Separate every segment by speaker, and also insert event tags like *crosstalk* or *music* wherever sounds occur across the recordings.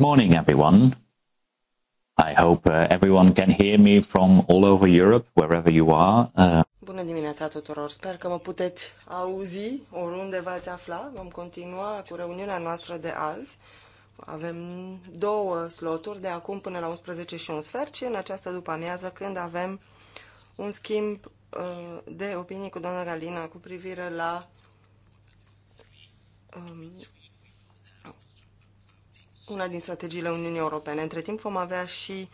Speaker 1: morning, everyone. I hope uh, everyone can hear me from all over Europe, wherever you are. Uh...
Speaker 2: Bună dimineața tuturor! Sper că mă puteți auzi oriunde v-ați afla. Vom continua cu reuniunea noastră de azi. Avem două sloturi de acum până la 11 și un sfert și în această după-amiază când avem un schimb uh, de opinii cu doamna Galina cu privire la um, una din strategiile Uniunii Europene. Între timp vom avea și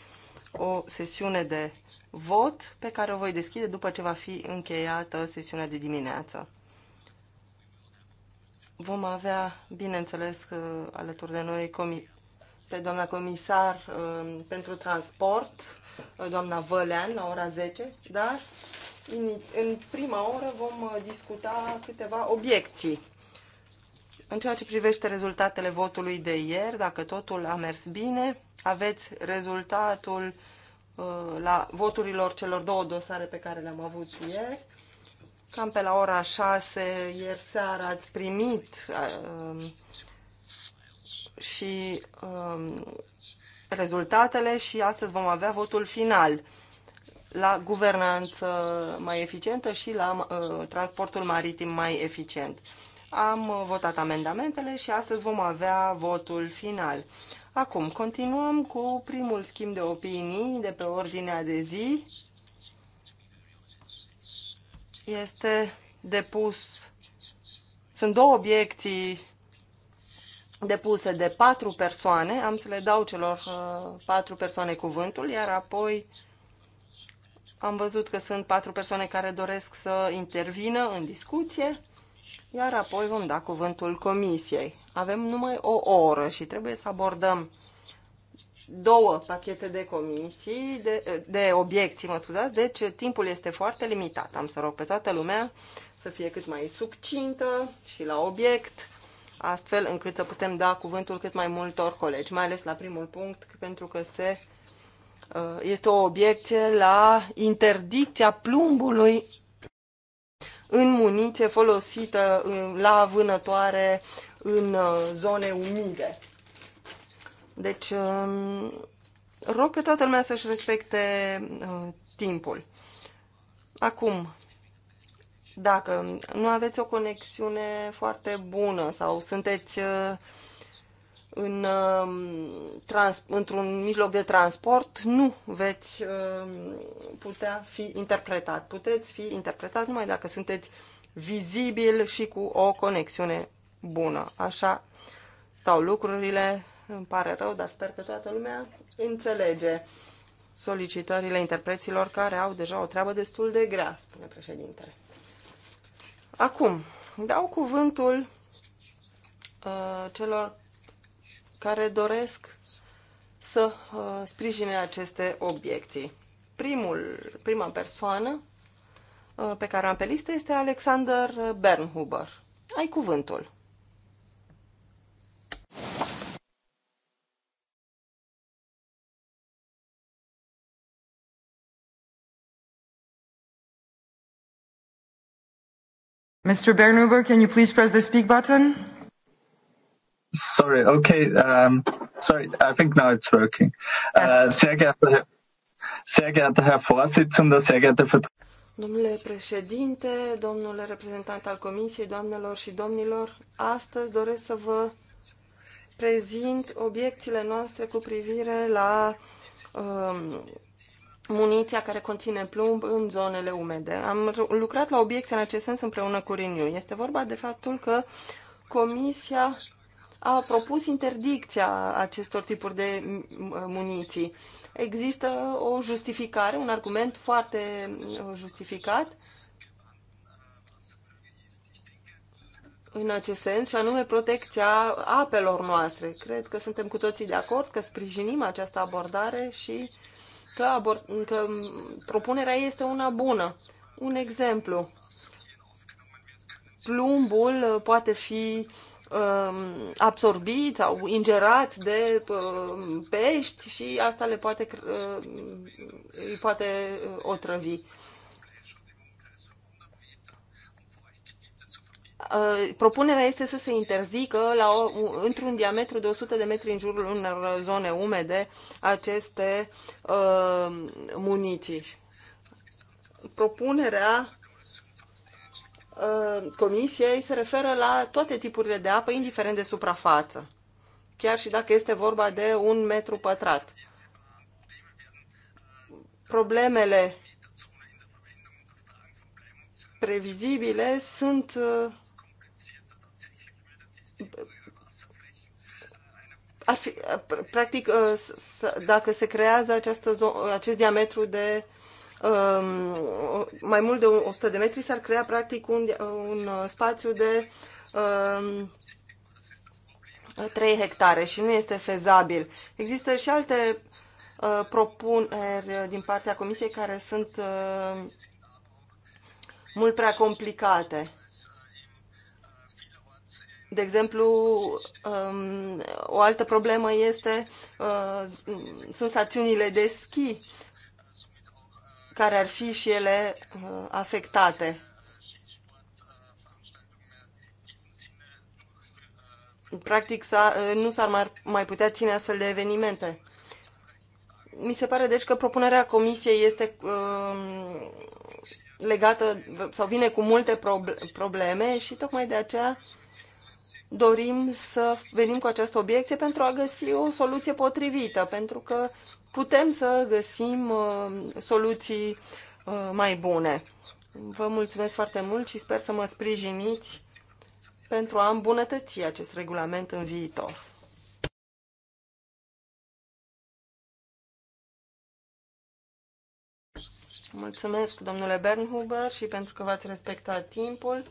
Speaker 2: o sesiune de vot pe care o voi deschide după ce va fi încheiată sesiunea de dimineață. Vom avea, bineînțeles, alături de noi pe doamna comisar um, pentru transport, doamna Vălean, la ora 10, dar în prima oră vom uh, discuta câteva obiecții în ceea ce privește rezultatele votului de ieri, dacă totul a mers bine, aveți rezultatul uh, la voturilor celor două dosare pe care le-am avut ieri. Cam pe la ora 6 ieri seara ați primit uh, și uh, rezultatele și astăzi vom avea votul final la guvernanță mai eficientă și la uh, transportul maritim mai eficient. Am votat amendamentele și astăzi vom avea votul final. Acum, continuăm cu primul schimb de opinii de pe ordinea de zi. Este depus. Sunt două obiecții depuse de patru persoane. Am să le dau celor uh, patru persoane cuvântul, iar apoi am văzut că sunt patru persoane care doresc să intervină în discuție iar apoi vom da cuvântul comisiei. Avem numai o oră și trebuie să abordăm două pachete de comisii, de, de obiecții, mă scuzați, deci timpul este foarte limitat. Am să rog pe toată lumea să fie cât mai succintă și la obiect, astfel încât să putem da cuvântul cât mai multor colegi, mai ales la primul punct, pentru că se uh, este o obiecție la interdicția plumbului în muniție folosită la vânătoare în uh, zone umide. Deci, um, rog pe toată lumea să-și respecte uh, timpul. Acum, dacă nu aveți o conexiune foarte bună sau sunteți uh, în, um, trans, într-un mijloc de transport nu veți um, putea fi interpretat. Puteți fi interpretat numai dacă sunteți vizibil și cu o conexiune bună. Așa stau lucrurile. Îmi pare rău, dar sper că toată lumea înțelege solicitările interpreților care au deja o treabă destul de grea, spune președintele. Acum, dau cuvântul uh, celor care doresc să uh, sprijine aceste obiecții. Primul, prima persoană uh, pe care am pe listă este Alexander Bernhuber. Ai cuvântul.
Speaker 3: Mr. Bernhuber,
Speaker 2: can you please press the speak button?
Speaker 3: Sorry, okay. Um,
Speaker 4: sorry, I think now it's working. Uh, yes. Uh, sehr, geehrter Herr, sehr geehrter Herr Vorsitzender, sehr geehrter Vertreter.
Speaker 2: Domnule președinte, domnule reprezentant al Comisiei, doamnelor și domnilor, astăzi doresc să vă prezint obiecțiile noastre cu privire la um, muniția care conține plumb în zonele umede. Am lucrat la obiecții în acest sens împreună cu Renew. Este vorba de faptul că Comisia a propus interdicția acestor tipuri de muniții. Există o justificare, un argument foarte uh, justificat în acest sens, și anume protecția apelor noastre. Cred că suntem cu toții de acord că sprijinim această abordare și că, abor- că propunerea este una bună. Un exemplu. Plumbul uh, poate fi uh, Um, absorbit sau ingerat de um, pești și asta le poate, um, îi poate uh, otrăvi. Uh, propunerea este să se interzică la o, într-un diametru de 100 de metri în jurul unor zone umede aceste uh, muniții. Propunerea Uh, comisiei se referă la toate tipurile de apă, indiferent de suprafață, chiar și dacă este vorba de un metru pătrat. Problemele previzibile sunt uh, ar fi, uh, practic, dacă se creează această, acest diametru de Um, mai mult de 100 de metri, s-ar crea practic un, un spațiu de 3 um, hectare și nu este fezabil. Există și alte uh, propuneri din partea Comisiei care sunt uh, mult prea complicate. De exemplu, um, o altă problemă este uh, sunt stațiunile de schi care ar fi și ele uh, afectate. Practic, uh, nu s-ar mai, putea ține astfel de evenimente. Mi se pare, deci, că propunerea Comisiei este um, legată sau vine cu multe probleme și tocmai de aceea dorim să venim cu această obiecție pentru a găsi o soluție potrivită, pentru că putem să găsim uh, soluții uh, mai bune. Vă mulțumesc foarte mult și sper să mă sprijiniți pentru a îmbunătăți acest regulament în viitor. Mulțumesc, domnule Bernhuber, și pentru că v-ați respectat timpul.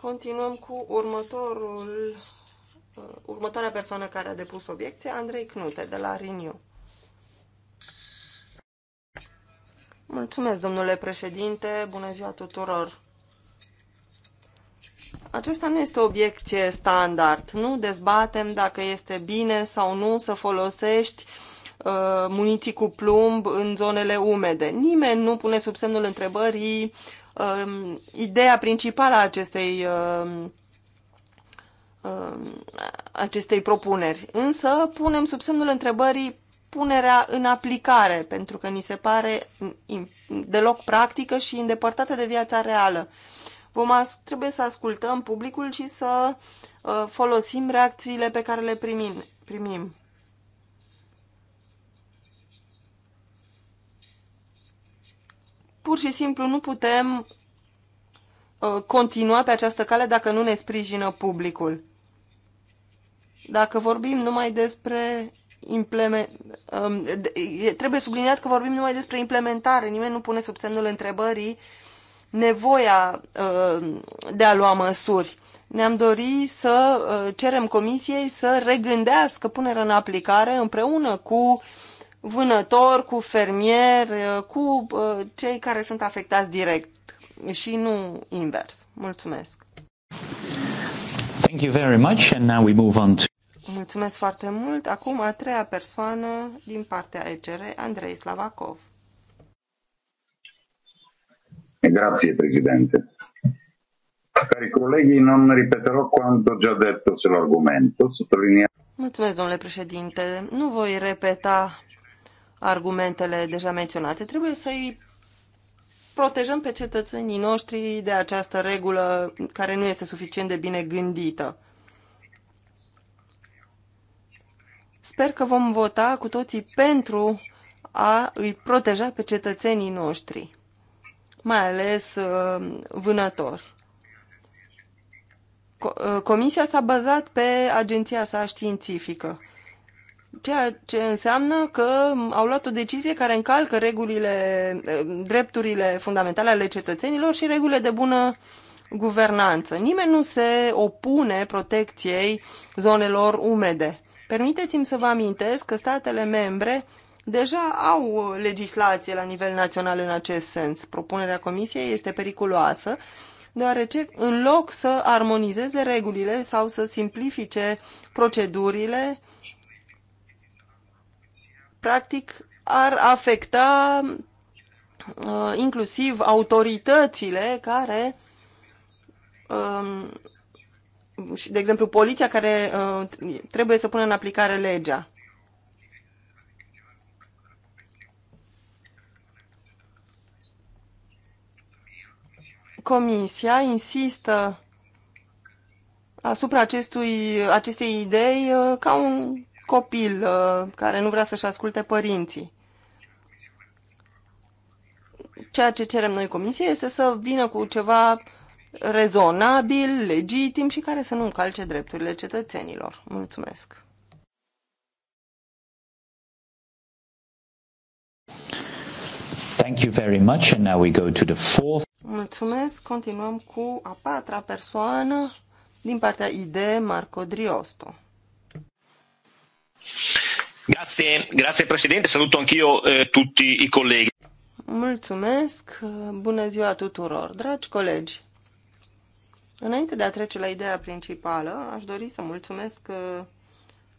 Speaker 2: Continuăm cu următorul, uh, următoarea persoană care a depus obiecție, Andrei Cnute, de la Renew. Mulțumesc, domnule președinte, bună ziua tuturor. Acesta nu este o obiecție standard. Nu dezbatem dacă este bine sau nu să folosești uh, muniții cu plumb în zonele umede. Nimeni nu pune sub semnul întrebării uh, Um, ideea principală a acestei, um, um, acestei propuneri. Însă punem sub semnul întrebării punerea în aplicare, pentru că ni se pare deloc practică și îndepărtată de viața reală. Vom as- trebuie să ascultăm publicul și să uh, folosim reacțiile pe care le primim. primim. pur și simplu nu putem uh, continua pe această cale dacă nu ne sprijină publicul. Dacă vorbim numai despre implement... Um, trebuie subliniat că vorbim numai despre implementare. Nimeni nu pune sub semnul întrebării nevoia uh, de a lua măsuri. Ne-am dorit să uh, cerem comisiei să regândească punerea în aplicare împreună cu uh, vânător, cu fermier uh, cu uh, cei care sunt afectați direct și nu invers. Mulțumesc!
Speaker 1: Thank you very much and now we move on to...
Speaker 2: Mulțumesc foarte mult. Acum a treia persoană din partea ECR, Andrei Slavakov.
Speaker 4: Grazie Presidente. Cari colleghi, non ripeterò quanto già detto sull'argomento, sottolineando...
Speaker 2: Mulțumesc, domnule președinte. Nu voi repeta argumentele deja menționate. Trebuie să-i protejăm pe cetățenii noștri de această regulă care nu este suficient de bine gândită. Sper că vom vota cu toții pentru a îi proteja pe cetățenii noștri, mai ales uh, vânători. Uh, comisia s-a bazat pe agenția sa științifică ceea ce înseamnă că au luat o decizie care încalcă regulile, eh, drepturile fundamentale ale cetățenilor și regulile de bună guvernanță. Nimeni nu se opune protecției zonelor umede. Permiteți-mi să vă amintesc că statele membre deja au legislație la nivel național în acest sens. Propunerea Comisiei este periculoasă, deoarece în loc să armonizeze regulile sau să simplifice procedurile, practic ar afecta uh, inclusiv autoritățile care, um, de exemplu, poliția care uh, trebuie să pună în aplicare legea. Comisia insistă asupra acestui, acestei idei uh, ca un copil uh, care nu vrea să-și asculte părinții. Ceea ce cerem noi comisie este să vină cu ceva rezonabil, legitim și care să nu încalce drepturile cetățenilor. Mulțumesc!
Speaker 3: Thank you very much and now we go to the fourth.
Speaker 2: Mulțumesc, continuăm cu a patra persoană din partea ID Marco Driosto.
Speaker 3: Grazie, grazie Presidente, saluto anch'io eh, tutti i colleghi.
Speaker 2: Mulțumesc, bună ziua tuturor, dragi colegi. Înainte de a trece la ideea principală, aș dori să mulțumesc eh,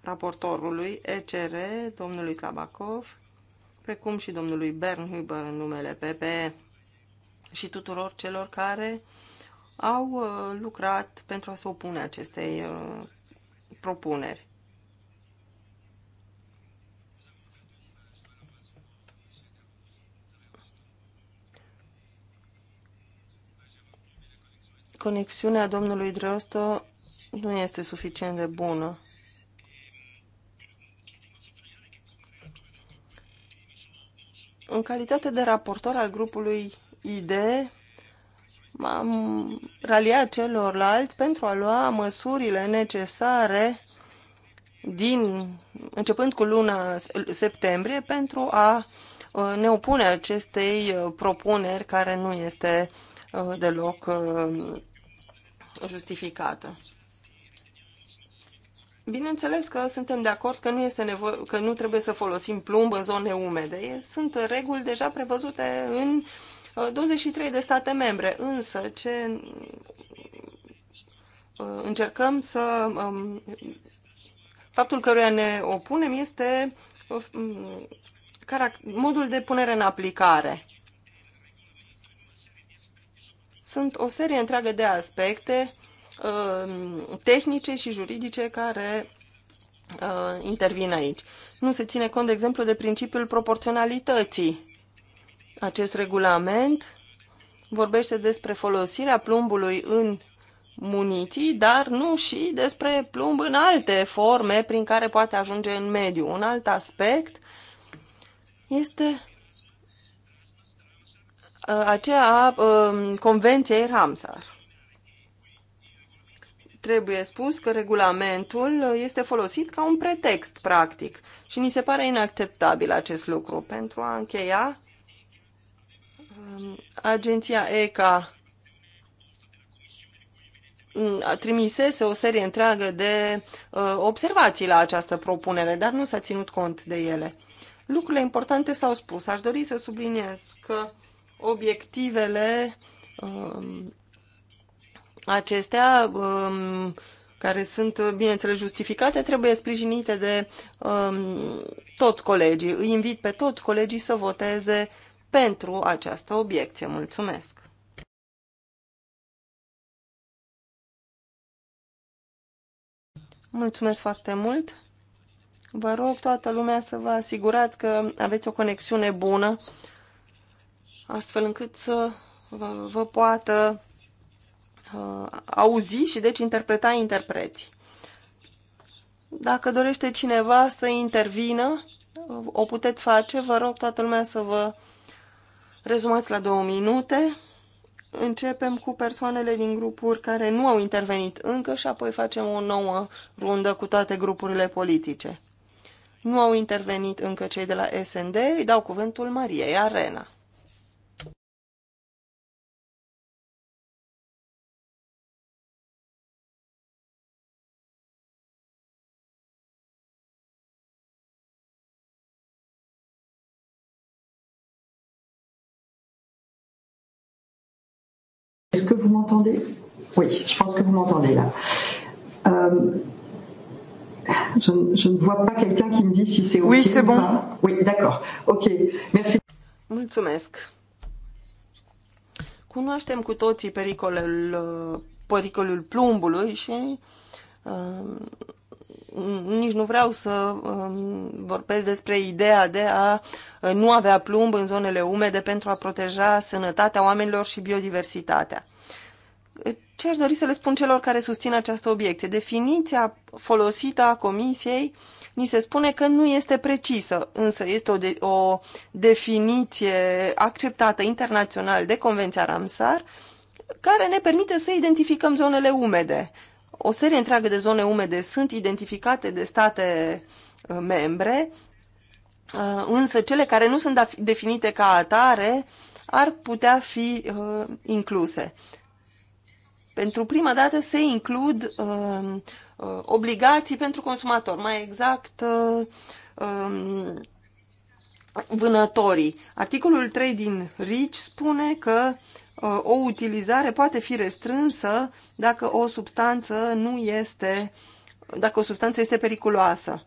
Speaker 2: raportorului ECR, domnului Slabakov, precum și domnului Bernhuber în numele PP și tuturor celor care au eh, lucrat pentru a se opune acestei eh, propuneri. conexiunea domnului Dreosto nu este suficient de bună. În calitate de raportor al grupului ID, m-am raliat celorlalți pentru a lua măsurile necesare din, începând cu luna septembrie pentru a uh, ne opune acestei uh, propuneri care nu este uh, deloc justificată. Bineînțeles că suntem de acord că nu, este nevo- că nu trebuie să folosim plumb în zone umede. Sunt reguli deja prevăzute în 23 uh, de state membre, însă ce uh, încercăm să... Um, faptul căruia ne opunem este uh, modul de punere în aplicare. Sunt o serie întreagă de aspecte uh, tehnice și juridice care uh, intervin aici. Nu se ține cont, de exemplu, de principiul proporționalității. Acest regulament vorbește despre folosirea plumbului în muniții, dar nu și despre plumb în alte forme prin care poate ajunge în mediu. Un alt aspect este Uh, aceea a um, Convenției Ramsar. Trebuie spus că regulamentul este folosit ca un pretext practic și ni se pare inacceptabil acest lucru. Pentru a încheia, um, agenția ECA mm, trimisese o serie întreagă de uh, observații la această propunere, dar nu s-a ținut cont de ele. Lucrurile importante s-au spus. Aș dori să subliniez că obiectivele um, acestea, um, care sunt, bineînțeles, justificate, trebuie sprijinite de um, toți colegii. Îi invit pe toți colegii să voteze pentru această obiecție. Mulțumesc! Mulțumesc foarte mult! Vă rog toată lumea să vă asigurați că aveți o conexiune bună astfel încât să vă, vă poată uh, auzi și deci interpreta interpreții. Dacă dorește cineva să intervină, uh, o puteți face. Vă rog toată lumea să vă rezumați la două minute. Începem cu persoanele din grupuri care nu au intervenit încă și apoi facem o nouă rundă cu toate grupurile politice. Nu au intervenit încă cei de la SND, îi dau cuvântul Mariei Arena.
Speaker 3: Est-ce que vous m'entendez Oui, je pense que
Speaker 2: vous m'entendez là. Euh, je, je ne vois pas quelqu'un qui me dit si c'est OK. Oui, c'est bon. Pas. Oui, d'accord. OK. Merci. Mulțumesc. Cunoaștem cu toții pericolul, uh, pericolul plumbului și uh, nici nu vreau să um, vorbesc despre ideea de a uh, nu avea plumb în zonele umede pentru a proteja sănătatea oamenilor și biodiversitatea. Ce aș dori să le spun celor care susțin această obiecție? Definiția folosită a Comisiei ni se spune că nu este precisă, însă este o, de, o definiție acceptată internațional de Convenția Ramsar care ne permite să identificăm zonele umede o serie întreagă de zone umede sunt identificate de state uh, membre, uh, însă cele care nu sunt definite ca atare ar putea fi uh, incluse. Pentru prima dată se includ obligații pentru consumator, mai exact um, vânătorii. Articolul 3 din RICI spune că Uh, o utilizare poate fi restrânsă dacă o substanță nu este, dacă o substanță este periculoasă.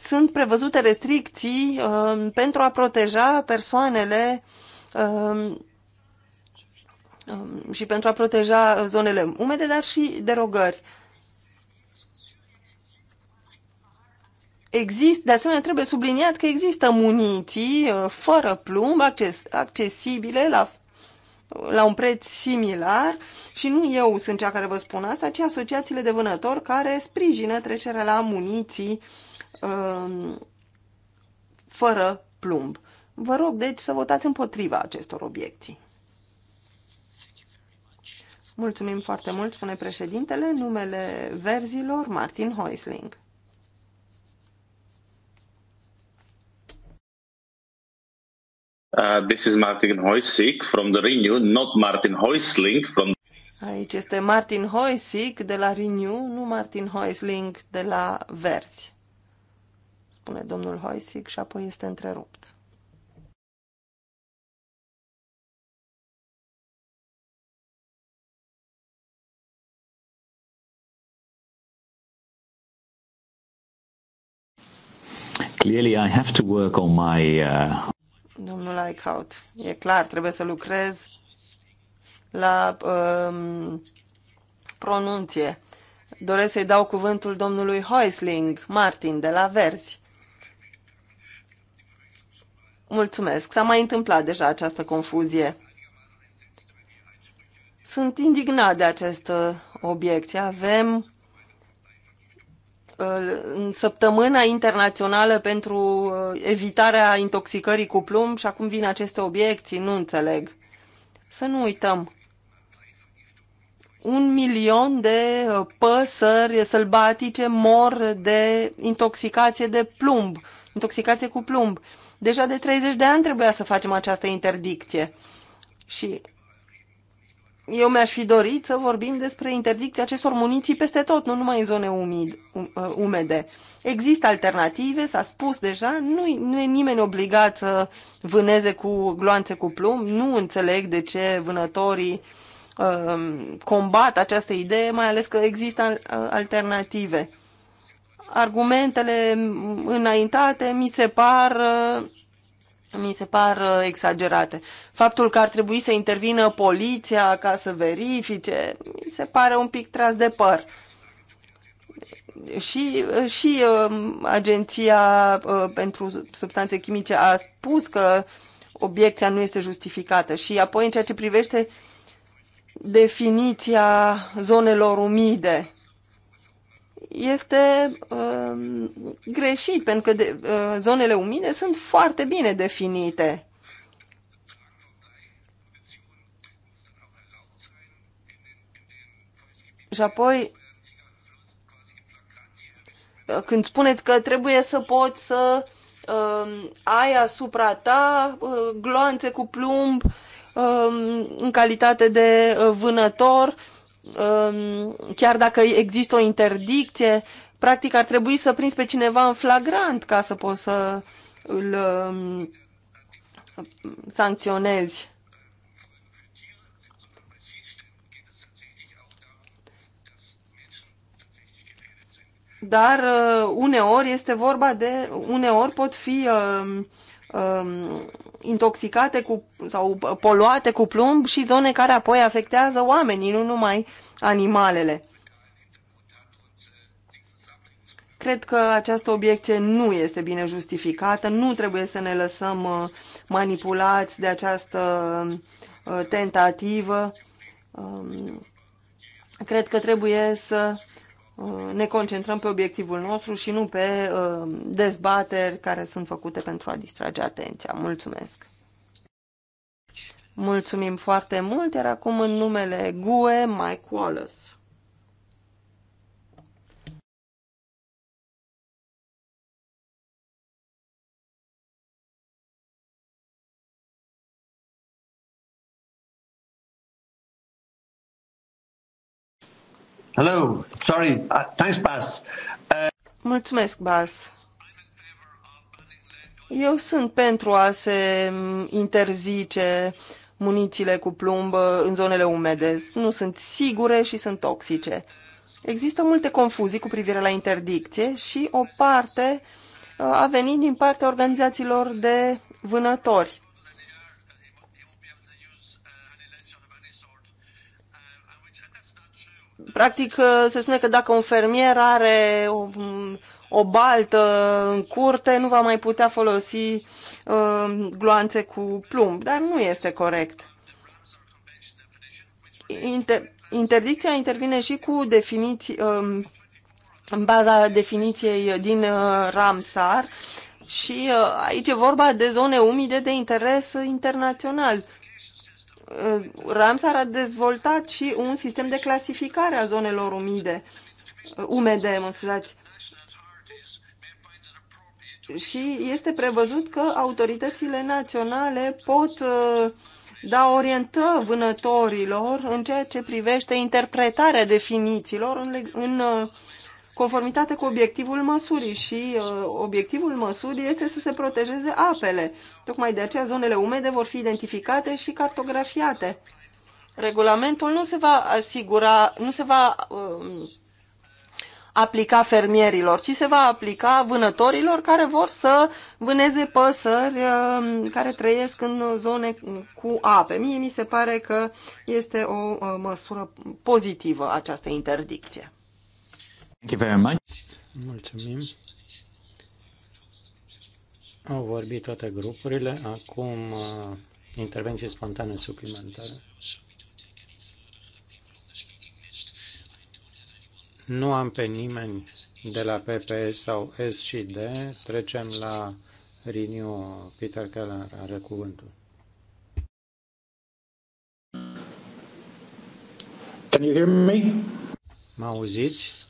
Speaker 2: Sunt prevăzute restricții uh, pentru a proteja persoanele uh, și pentru a proteja zonele umede, dar și derogări. Exist, de asemenea, trebuie subliniat că există muniții uh, fără plumb, acces, accesibile la, la un preț similar și nu eu sunt cea care vă spun asta, ci asociațiile de vânători care sprijină trecerea la muniții um, fără plumb. Vă rog, deci, să votați împotriva acestor obiecții. Mulțumim foarte mult, spune președintele, numele verzilor Martin Heusling.
Speaker 1: Uh, this is Martin Hoisig from the Renew, not Martin Hoisling from
Speaker 2: Aici este Martin Hoisig de la Renew, nu Martin Hoisling de la Verzi. Spune domnul Hoisig și apoi este întrerupt.
Speaker 3: Clearly I have to work on my uh
Speaker 2: domnul Eichhout. E clar, trebuie să lucrez la um, pronunție. Doresc să-i dau cuvântul domnului Heusling Martin de la Verzi. Mulțumesc. S-a mai întâmplat deja această confuzie. Sunt indignat de această obiecție. Avem Uh, în săptămâna internațională pentru uh, evitarea intoxicării cu plumb și acum vin aceste obiecții, nu înțeleg. Să nu uităm. Un milion de uh, păsări sălbatice mor de intoxicație de plumb, intoxicație cu plumb. Deja de 30 de ani trebuia să facem această interdicție. Și eu mi-aș fi dorit să vorbim despre interdicția acestor muniții peste tot, nu numai în zone umid, um, uh, umede. Există alternative, s-a spus deja, nu, nu e nimeni obligat să vâneze cu gloanțe cu plumb, nu înțeleg de ce vânătorii um, combat această idee, mai ales că există uh, alternative. Argumentele înaintate mi se par uh, mi se par uh, exagerate. Faptul că ar trebui să intervină poliția ca să verifice, mi se pare un pic tras de păr. Și, uh, și uh, Agenția uh, pentru Substanțe Chimice a spus că obiecția nu este justificată. Și apoi, în ceea ce privește definiția zonelor umide, este uh, greșit, pentru că de, uh, zonele umide sunt foarte bine definite. Și apoi, uh, când spuneți că trebuie să poți să uh, ai asupra ta uh, gloanțe cu plumb uh, în calitate de uh, vânător, uh, Um, chiar dacă există o interdicție, practic ar trebui să prinzi pe cineva în flagrant ca să poți să îl um, sancționezi. Dar uh, uneori este vorba de uneori pot fi uh, uh, intoxicate cu, sau uh, poluate cu plumb și zone care apoi afectează oamenii, nu numai animalele. Cred că această obiecție nu este bine justificată, nu trebuie să ne lăsăm uh, manipulați de această uh, tentativă. Um, cred că trebuie să Uh, ne concentrăm pe obiectivul nostru și nu pe uh, dezbateri care sunt făcute pentru a distrage atenția. Mulțumesc! Mulțumim foarte mult, iar acum în numele GUE Mike Wallace.
Speaker 1: Hello, sorry, uh, thanks, Bas. Uh...
Speaker 2: Mulțumesc, Bas. Eu sunt pentru a se interzice munițiile cu plumb în zonele umede. Nu sunt sigure și sunt toxice. Există multe confuzii cu privire la interdicție și o parte uh, a venit din partea organizațiilor de vânători. Practic, uh, se spune că dacă un fermier are o, o baltă în curte, nu va mai putea folosi uh, gloanțe cu plumb, dar nu este corect. Inter interdicția intervine și cu definiții, uh, în baza definiției din uh, Ramsar și uh, aici e vorba de zone umide de interes internațional Uh, Ramsar a dezvoltat și un sistem de clasificare a zonelor umide, uh, umede, mă scuzați. Și este prevăzut că autoritățile naționale pot uh, da orientă vânătorilor în ceea ce privește interpretarea definițiilor în, în uh, conformitate cu obiectivul măsurii și uh, obiectivul măsurii este să se protejeze apele. Tocmai de aceea zonele umede vor fi identificate și cartografiate. Regulamentul nu se va asigura, nu se va uh, aplica fermierilor, ci se va aplica vânătorilor care vor să vâneze păsări uh, care trăiesc în zone cu ape. Mie mi se pare că este o uh, măsură pozitivă această interdicție.
Speaker 1: Thank you very much. Mulțumim. Au vorbit toate grupurile. Acum uh, intervenții spontane suplimentare. Nu am pe nimeni de la PPS sau S și D. Trecem la Renew. Peter Keller are cuvântul. Can you hear me? Mă auziți?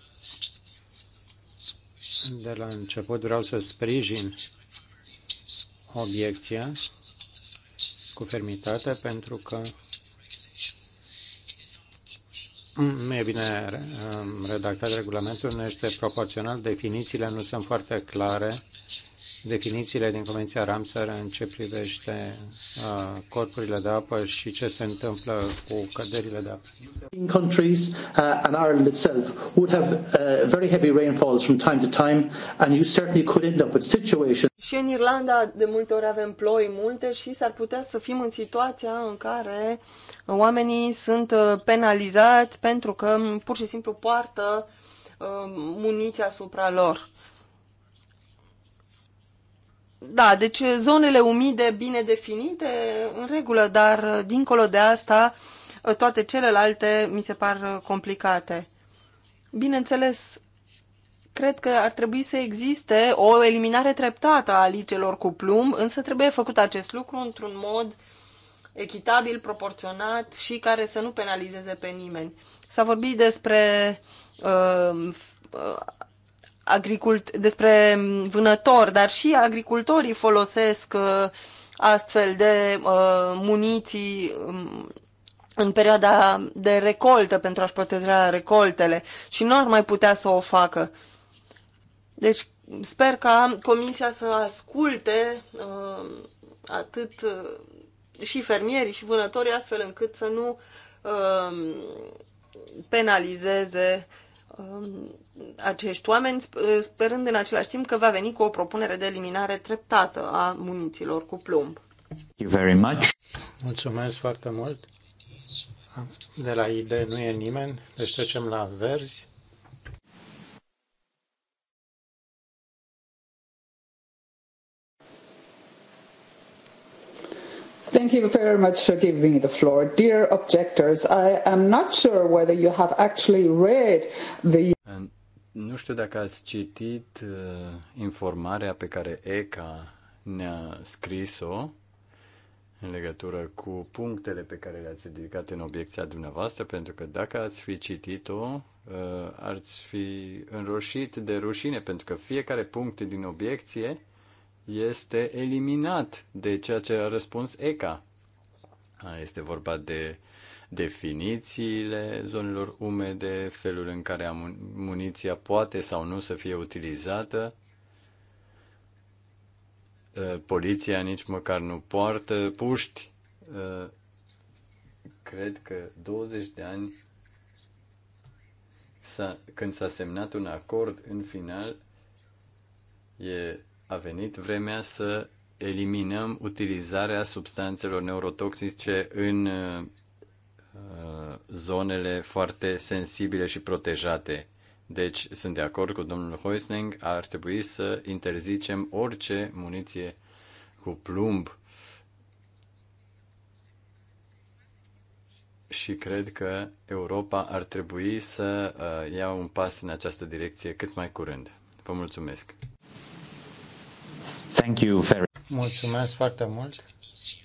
Speaker 1: De la început vreau să sprijin obiecția cu fermitate pentru că nu e bine redactat regulamentul, nu este proporțional, definițiile nu sunt foarte clare definițiile din Convenția Ramsar în ce privește uh, corpurile de apă și ce se întâmplă cu căderile de apă.
Speaker 3: In countries uh, and Ireland itself would have uh, very heavy rainfalls from time to time and you certainly could end up with situations
Speaker 2: și în Irlanda de multe ori avem ploi multe și s-ar putea să fim în situația în care oamenii sunt uh, penalizați pentru că pur și simplu poartă uh, muniția asupra lor. Da, deci zonele umide bine definite, în regulă, dar uh, dincolo de asta, uh, toate celelalte mi se par uh, complicate. Bineînțeles, cred că ar trebui să existe o eliminare treptată a alicelor cu plumb, însă trebuie făcut acest lucru într-un mod echitabil, proporționat și care să nu penalizeze pe nimeni. S-a vorbit despre uh, agricult, despre vânători, dar și agricultorii folosesc uh, astfel de uh, muniții um, în perioada de recoltă pentru a-și proteja recoltele și nu ar mai putea să o facă. Deci sper ca Comisia să asculte uh, atât uh, și fermierii și vânătorii astfel încât să nu uh, penalizeze Um, acești oameni, uh, sperând în același timp că va veni cu o propunere de eliminare treptată a muniților cu plumb.
Speaker 1: Thank
Speaker 4: you very much.
Speaker 1: Mulțumesc foarte mult. De la ID nu e nimeni, deci trecem la verzi.
Speaker 2: Thank you very much for giving me the floor. Dear objectors, I am not sure whether you have actually read the...
Speaker 4: Nu știu dacă ați citit uh, informarea pe care ECA ne-a scris-o în legătură cu punctele pe care le-ați dedicat în obiecția dumneavoastră, pentru că dacă ați fi citit-o, uh, ați fi înroșit de rușine, pentru că fiecare punct din obiecție este eliminat de ceea ce a răspuns ECA. Este vorba de definițiile zonelor umede, felul în care muniția poate sau nu să fie utilizată. Ă, poliția nici măcar nu poartă puști. Ă, cred că 20 de ani când s-a semnat un acord în final e a venit vremea să eliminăm utilizarea substanțelor neurotoxice în uh, zonele foarte sensibile și protejate. Deci sunt de acord cu domnul Hoisling, ar trebui să interzicem orice muniție cu plumb. Și cred că Europa ar trebui să uh, ia un pas în această direcție cât mai curând. Vă mulțumesc!
Speaker 1: Thank you very Mulțumesc foarte mult.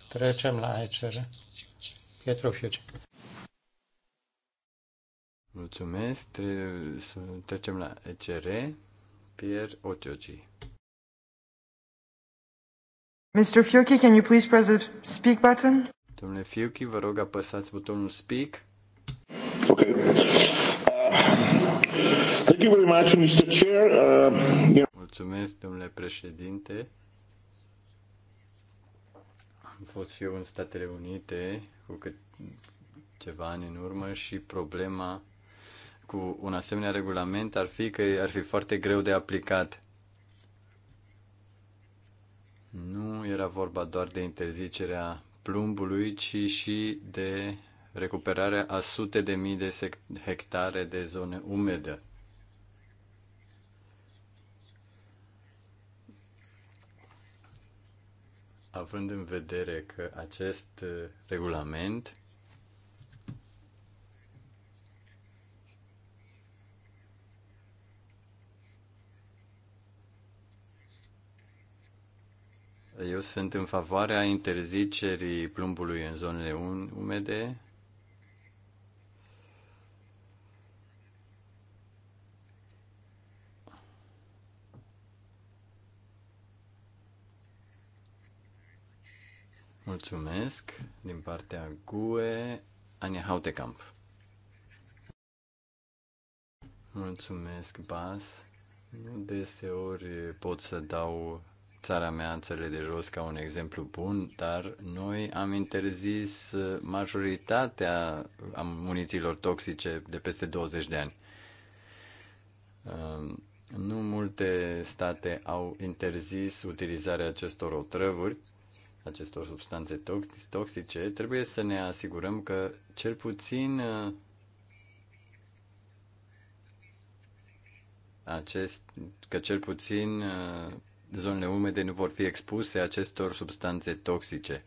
Speaker 1: Trecem la ECR. Pietro Fiuce.
Speaker 4: Mulțumesc. Tre- trecem la ECR. Pierre Otioci.
Speaker 3: Mr. Fiuchi, can you please press the speak
Speaker 2: button?
Speaker 4: Domnule Fiuchi, vă rog apăsați butonul speak. Ok. Uh,
Speaker 2: thank you very much, Mr. Chair.
Speaker 4: Uh, yeah. Mulțumesc, domnule președinte. Am fost și eu în Statele Unite cu cât ceva ani în urmă și problema cu un asemenea regulament ar fi că ar fi foarte greu de aplicat. Nu era vorba doar de interzicerea plumbului, ci și de recuperarea a sute de mii de hectare de zone umedă. având în vedere că acest uh, regulament Eu sunt în favoarea interzicerii plumbului în zonele umede Mulțumesc din partea GUE, Ania Hautekamp. Mulțumesc, Bas. Nu deseori pot să dau țara mea, țările de jos, ca un exemplu bun, dar noi am interzis majoritatea a munițiilor toxice de peste 20 de ani. Ehm, nu multe state au interzis utilizarea acestor otrăvuri acestor substanțe toxice, trebuie să ne asigurăm că cel puțin uh, acest, că cel puțin uh, zonele umede nu vor fi expuse acestor substanțe toxice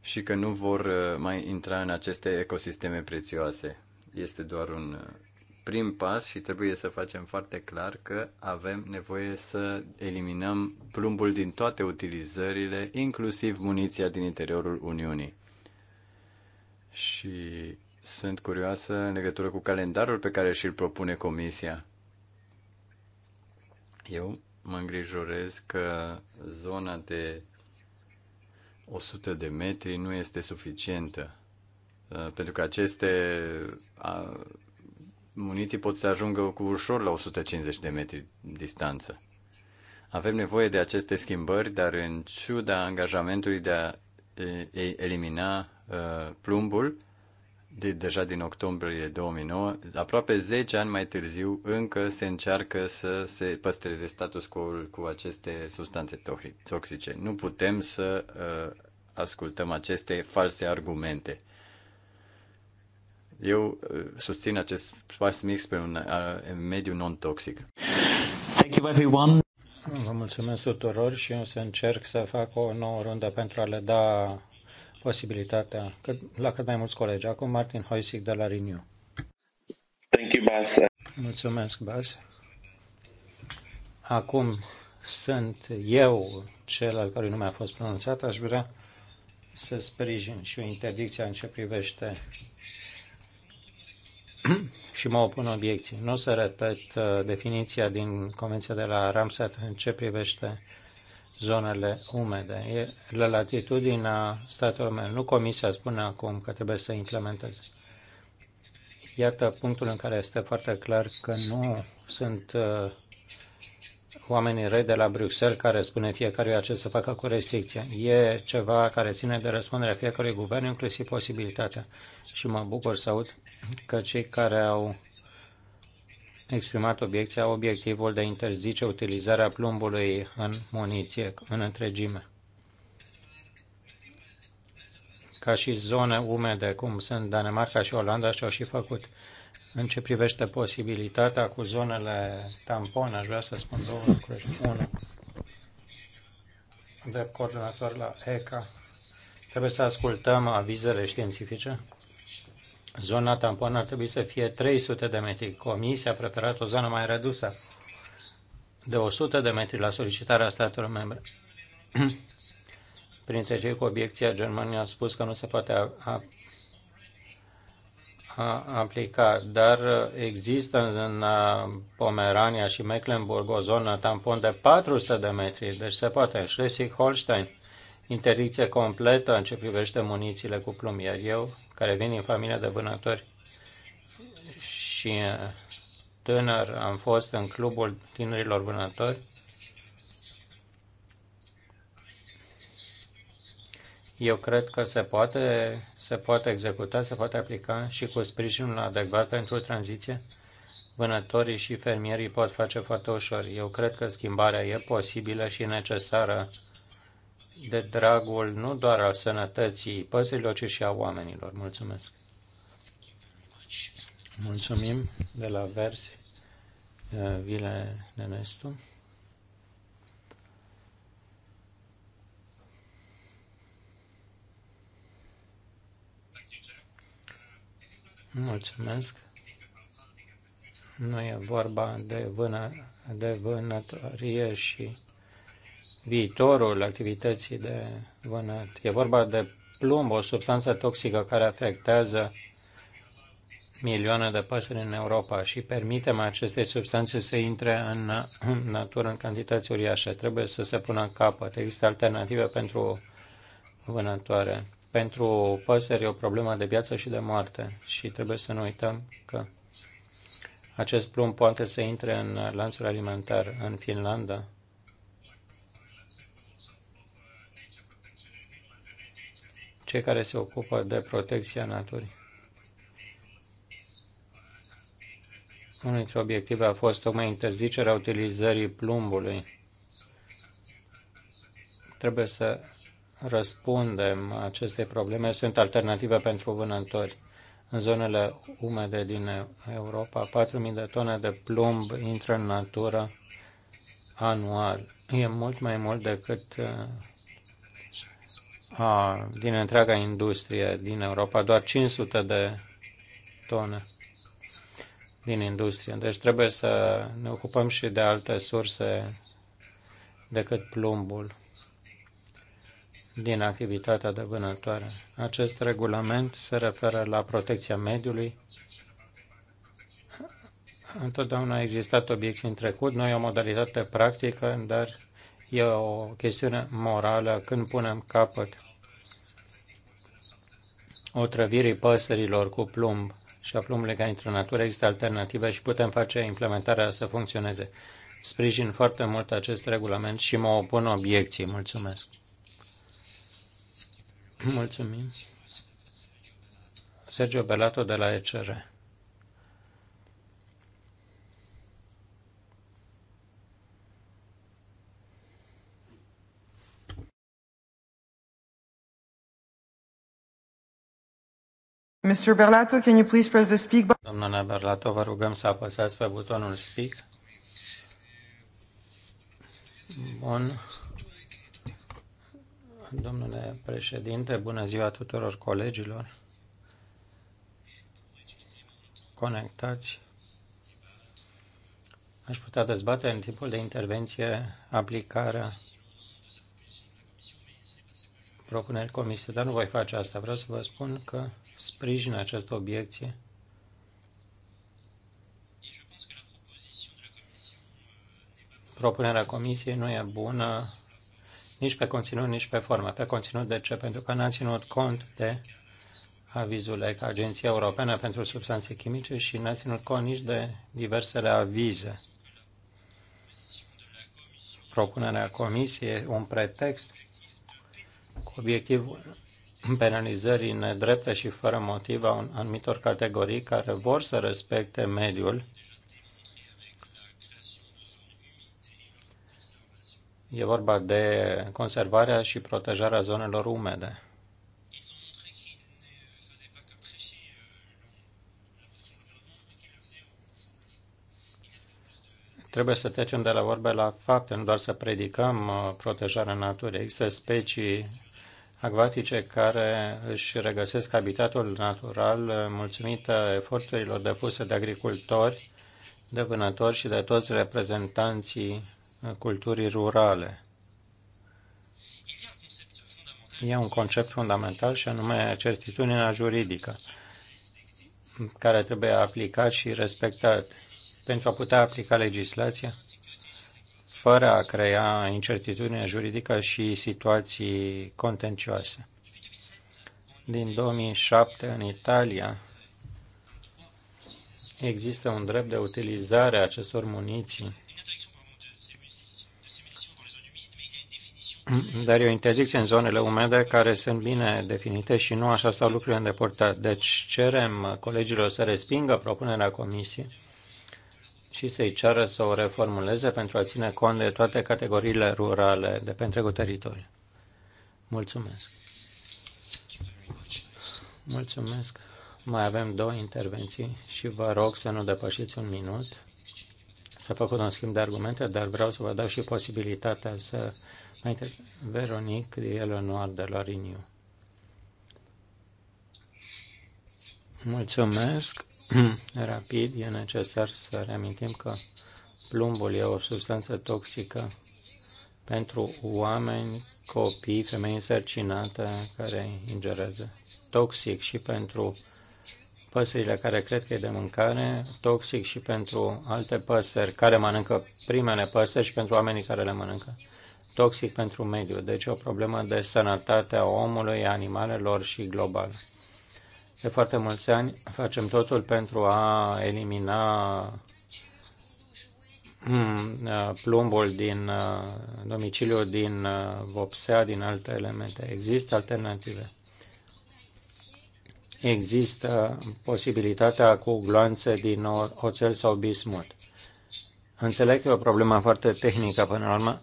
Speaker 4: și că nu vor uh, mai intra în aceste ecosisteme prețioase. Este doar un prim pas și trebuie să facem foarte clar că avem nevoie să eliminăm plumbul din toate utilizările, inclusiv muniția din interiorul Uniunii. Și sunt curioasă în legătură cu calendarul pe care și-l propune Comisia. Eu mă îngrijorez că zona de 100 de metri nu este suficientă, uh, pentru că aceste muniții pot să ajungă cu ușor la 150 de metri distanță. Avem nevoie de aceste schimbări, dar în ciuda angajamentului de a elimina plumbul, de, deja din octombrie 2009, aproape 10 ani mai târziu, încă se încearcă să se păstreze status quo cu aceste substanțe toxice. Nu putem să uh, ascultăm aceste false argumente. Eu uh, susțin acest spațiu mic spre un uh, mediu non-toxic. Thank
Speaker 1: you everyone. Vă mulțumesc tuturor și eu să încerc să fac o nouă rundă pentru a le da posibilitatea cât, la cât mai mulți colegi. Acum Martin Hoisic de la Renew. Thank you, Bas. Mulțumesc, Bas. Acum sunt eu cel al nu mi a fost pronunțat. Aș vrea să sprijin și o interdicție în ce privește *clears throat* și mă opun obiecții. Nu o să repet uh, definiția din Convenția de la Ramsat în ce privește zonele umede. E la latitudinea statelor mele. Nu Comisia spune acum că trebuie să implementeze. Iată punctul în care este foarte clar că nu sunt uh, oamenii răi de la Bruxelles care spune fiecare ce să facă cu restricția. E ceva care ține de răspunderea fiecărui guvern, inclusiv posibilitatea. Și mă bucur să aud că cei care au exprimat obiecția au obiectivul de a interzice utilizarea plumbului în muniție în întregime. Ca și zone umede, cum sunt Danemarca și Olanda, și-au și făcut. În ce privește posibilitatea cu zonele tampon, aș vrea să spun două lucruri. Unu, de coordonator la ECA, trebuie să ascultăm avizele științifice Zona tampon ar trebui să fie 300 de metri. Comisia a preferat o zonă mai redusă, de 100 de metri la solicitarea statelor membre. *clears throat* Printre cei cu obiecția, Germania a spus că nu se poate a, a, a aplica, dar există în uh, Pomerania și Mecklenburg o zonă tampon de 400 de metri, deci se poate. În Schleswig-Holstein, interdicție completă în ce privește munițiile cu plumb, iar eu care vin din familia de vânători. Și uh, tânăr am fost în clubul tinerilor vânători. Eu cred că se poate, se poate executa, se poate aplica și cu sprijinul adecvat pentru tranziție. Vânătorii și fermierii pot face foarte ușor. Eu cred că schimbarea e posibilă și necesară de dragul nu doar al sănătății păsărilor, ci și a oamenilor. Mulțumesc! Mulțumim de la Versi, uh, Vile Nenestu. Mulțumesc. Nu e vorba de, vână, de vânătorie și viitorul activității de vânat. E vorba de plumb, o substanță toxică care afectează milioane de păsări în Europa și permitem acestei substanțe să intre în natură în cantități uriașe. Trebuie să se pună în capăt. Există alternative pentru vânătoare. Pentru păsări e o problemă de viață și de moarte și trebuie să nu uităm că acest plumb poate să intre în lanțul alimentar în Finlanda. cei care se ocupă de protecția naturii. Unul dintre obiective a fost tocmai interzicerea utilizării plumbului. Trebuie să răspundem acestei probleme. Sunt alternative pentru vânători. În zonele umede din Europa, 4.000 de tone de plumb intră în natură anual. E mult mai mult decât a, din întreaga industrie din Europa, doar 500 de tone din industrie. Deci trebuie să ne ocupăm și de alte surse decât plumbul din activitatea de vânătoare. Acest regulament se referă la protecția mediului. Întotdeauna a existat obiecții în trecut, noi o modalitate practică, dar E o chestiune morală când punem capăt otrăvirii păsărilor cu plumb și a plumbului care intră în natură, există alternative și putem face implementarea să funcționeze. Sprijin foarte mult acest regulament și mă opun obiecții. Mulțumesc. Mulțumim. Sergio Belato de la ECR.
Speaker 3: Mr. Berlato, can you please press the speak
Speaker 1: button? Domnule Berlato, vă rugăm să apăsați pe butonul speak. Bun. Domnule președinte, bună ziua tuturor colegilor conectați. Aș putea dezbate în timpul de intervenție aplicarea propuneri comisiei, dar nu voi face asta. Vreau să vă spun că sprijin această obiecție. Propunerea comisiei nu e bună nici pe conținut, nici pe formă. Pe conținut de ce? Pentru că n-a ținut cont de avizul ECA, Agenția Europeană pentru Substanțe Chimice, și n-a ținut cont nici de diversele avize. Propunerea comisiei e un pretext cu obiectivul penalizării nedrepte și fără motiv a anumitor categorii care vor să respecte mediul. E vorba de conservarea și protejarea zonelor umede. Trebuie să trecem de la vorbe la fapte, nu doar să predicăm uh, protejarea naturii. Există specii acvatice care își regăsesc habitatul natural uh, mulțumită eforturilor depuse de agricultori, de vânători și de toți reprezentanții uh, culturii rurale. E un concept fundamental și anume certitudinea juridică care trebuie aplicat și respectat pentru a putea aplica legislația fără a crea incertitudine juridică și situații contencioase. Din 2007 în Italia există un drept de utilizare a acestor muniții dar e o interdicție în zonele umede care sunt bine definite și nu așa stau lucrurile deportat. Deci cerem colegilor să respingă propunerea comisiei și să-i ceară să o reformuleze pentru a ține cont de toate categoriile rurale de pe întregul teritoriu. Mulțumesc. Mulțumesc. Mai avem două intervenții și vă rog să nu depășiți un minut. S-a făcut un schimb de argumente, dar vreau să vă dau și posibilitatea să Înainte, Veronic de Eleanor de la Renew. Mulțumesc. *clears throat* Rapid, e necesar să reamintim că plumbul e o substanță toxică pentru oameni, copii, femei însărcinate care ingerează. Toxic și pentru păsările care cred că e de mâncare, toxic și pentru alte păsări care mănâncă primele păsări și pentru oamenii care le mănâncă toxic pentru mediu, deci o problemă de sănătate a omului, animalelor și global. De foarte mulți ani facem totul pentru a elimina hmm, plumbul din uh, domiciliu, din uh, vopsea, din alte elemente. Există alternative. Există posibilitatea cu gloanțe din oțel sau bismut. Înțeleg că e o problemă foarte tehnică până la urmă,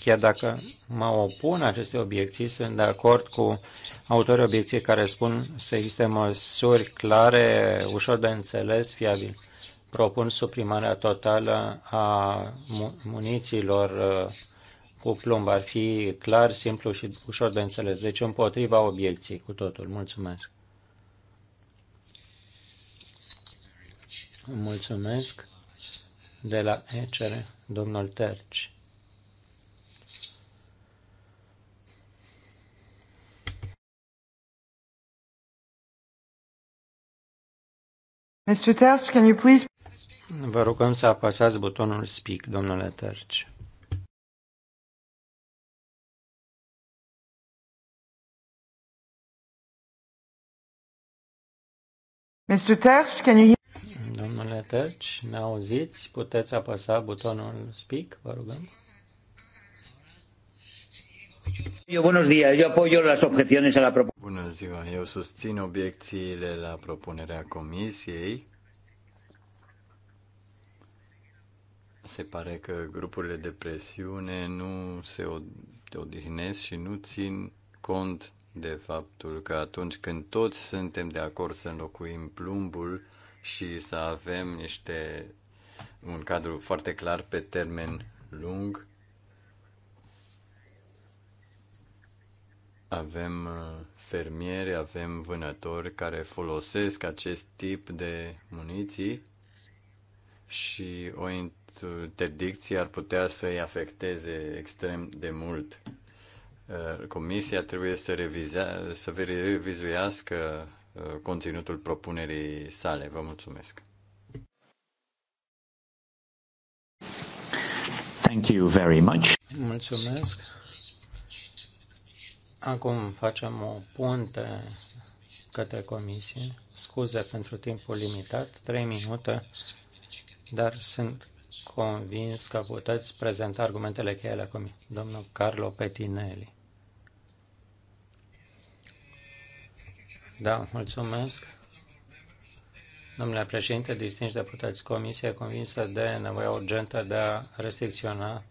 Speaker 1: Chiar dacă mă opun aceste obiecții, sunt de acord cu autorii obiecției care spun să existe măsuri clare, ușor de înțeles, fiabile. Propun suprimarea totală a munițiilor uh, cu plumb. Ar fi clar, simplu și ușor de înțeles. Deci împotriva obiecției cu totul. Mulțumesc. Mulțumesc de la ECR, domnul Terci.
Speaker 3: Mr. Terch, can you please... Vă rugăm să apăsați butonul Speak, domnule Terci. Mr. Terch, can you hear...
Speaker 1: Domnule Terci, ne auziți? Puteți apăsa butonul
Speaker 4: Speak, vă rugăm.
Speaker 1: Eu, buenos días. Eu apoyo
Speaker 4: las objeciones a la propuesta. Bună ziua. Eu susțin obiecțiile la propunerea comisiei. Se pare că grupurile de presiune nu se odihnesc și nu țin cont de faptul că atunci când toți suntem de acord să înlocuim plumbul și să avem niște un cadru foarte clar pe termen lung, Avem uh, fermieri, avem vânători care folosesc acest tip de muniții și o interdicție ar putea să-i afecteze extrem de mult. Uh, comisia trebuie să, revizea, să revizuiască uh, conținutul propunerii sale. Vă mulțumesc.
Speaker 3: Thank you very much.
Speaker 4: Mulțumesc.
Speaker 1: Acum facem o punte către comisie. Scuze pentru timpul limitat, 3 minute, dar sunt convins că puteți prezenta argumentele cheie la comisie. Domnul Carlo Petinelli. Da, mulțumesc. Domnule președinte, distinși deputați, comisia convinsă de nevoia urgentă de a restricționa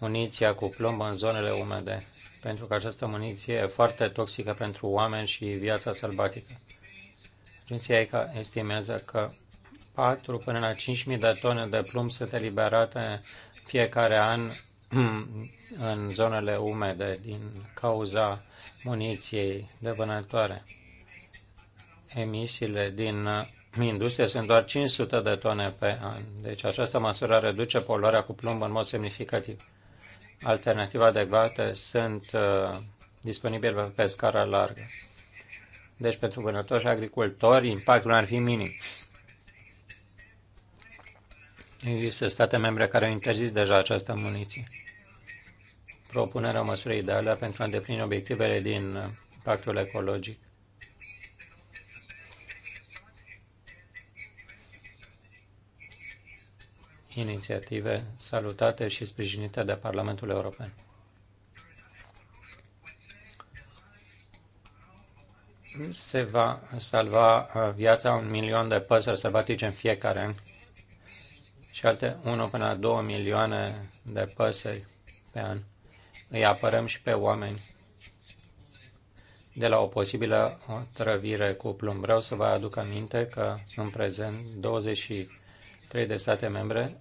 Speaker 1: muniția cu plumb în zonele umede pentru că această muniție e foarte toxică pentru oameni și viața sălbatică. Agenția ECA estimează că 4 până la 5.000 de tone de plumb sunt eliberate fiecare an *clears throat* în zonele umede din cauza muniției de vânătoare. Emisiile din industrie sunt doar 500 de tone pe an, deci această măsură reduce poluarea cu plumb în mod semnificativ alternative adecvate sunt uh, disponibile pe scară largă. Deci pentru vânători și agricultori impactul ar fi minim. Există state membre care au interzis deja această muniție. Propunerea măsurii ideală pentru a îndeplini obiectivele din uh, pactul ecologic inițiative salutate și sprijinite de Parlamentul European. Se va salva uh, viața un milion de păsări sălbatice în fiecare an și alte 1 până 2 milioane de păsări pe an. Îi apărăm și pe oameni de la o posibilă otrăvire cu plumb. Vreau să vă aduc aminte că în prezent 20. Trei de state membre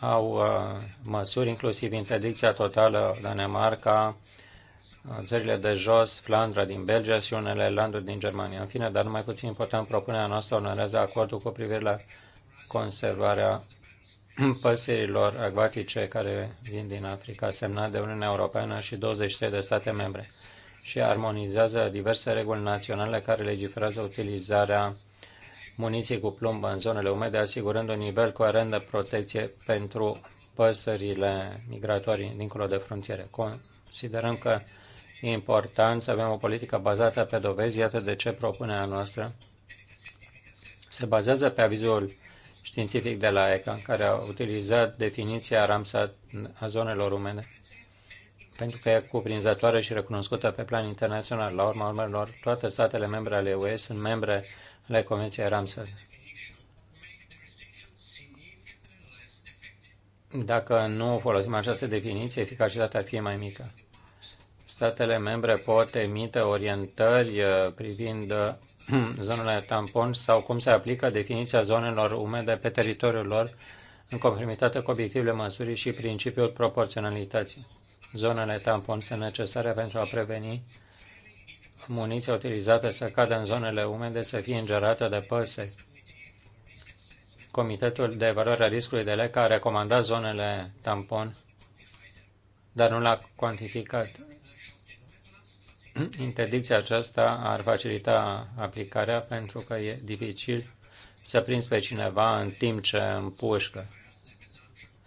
Speaker 1: au uh, măsuri, inclusiv interdicția totală Danemarca, uh, țările de jos, Flandra din Belgia și unele landuri din Germania. În fine, dar numai mai puțin important, propunerea noastră onorează acordul cu privire la conservarea *clears throat* păsărilor acvatice care vin din Africa, semnat de Uniunea Europeană și 23 de state membre și armonizează diverse reguli naționale care legiferează utilizarea muniții cu plumb în zonele umede, asigurând un nivel coerent de protecție pentru păsările migratorii dincolo de frontiere. Considerăm că e important să avem o politică bazată pe dovezi, iată de ce propunerea noastră se bazează pe avizul științific de la ECA, care a utilizat definiția Ramsat a zonelor umede pentru că e cuprinzătoare și recunoscută pe plan internațional. La urma urmelor, toate statele membre ale UE sunt membre ale Convenției Ramsar. Dacă nu folosim această definiție, eficacitatea ar fi mai mică. Statele membre pot emite orientări uh, privind uh, *clears throat* zonele tampon sau cum se aplică definiția zonelor umede pe teritoriul lor în conformitate cu obiectivele măsurii și principiul proporționalității. Zonele tampon sunt necesare pentru a preveni muniția utilizată să cadă în zonele umede să fie îngerată de păsări. Comitetul de evaluare a riscului de leca a recomandat zonele tampon, dar nu l-a cuantificat. *clears throat* Interdicția aceasta ar facilita aplicarea pentru că e dificil să prinzi pe cineva în timp ce împușcă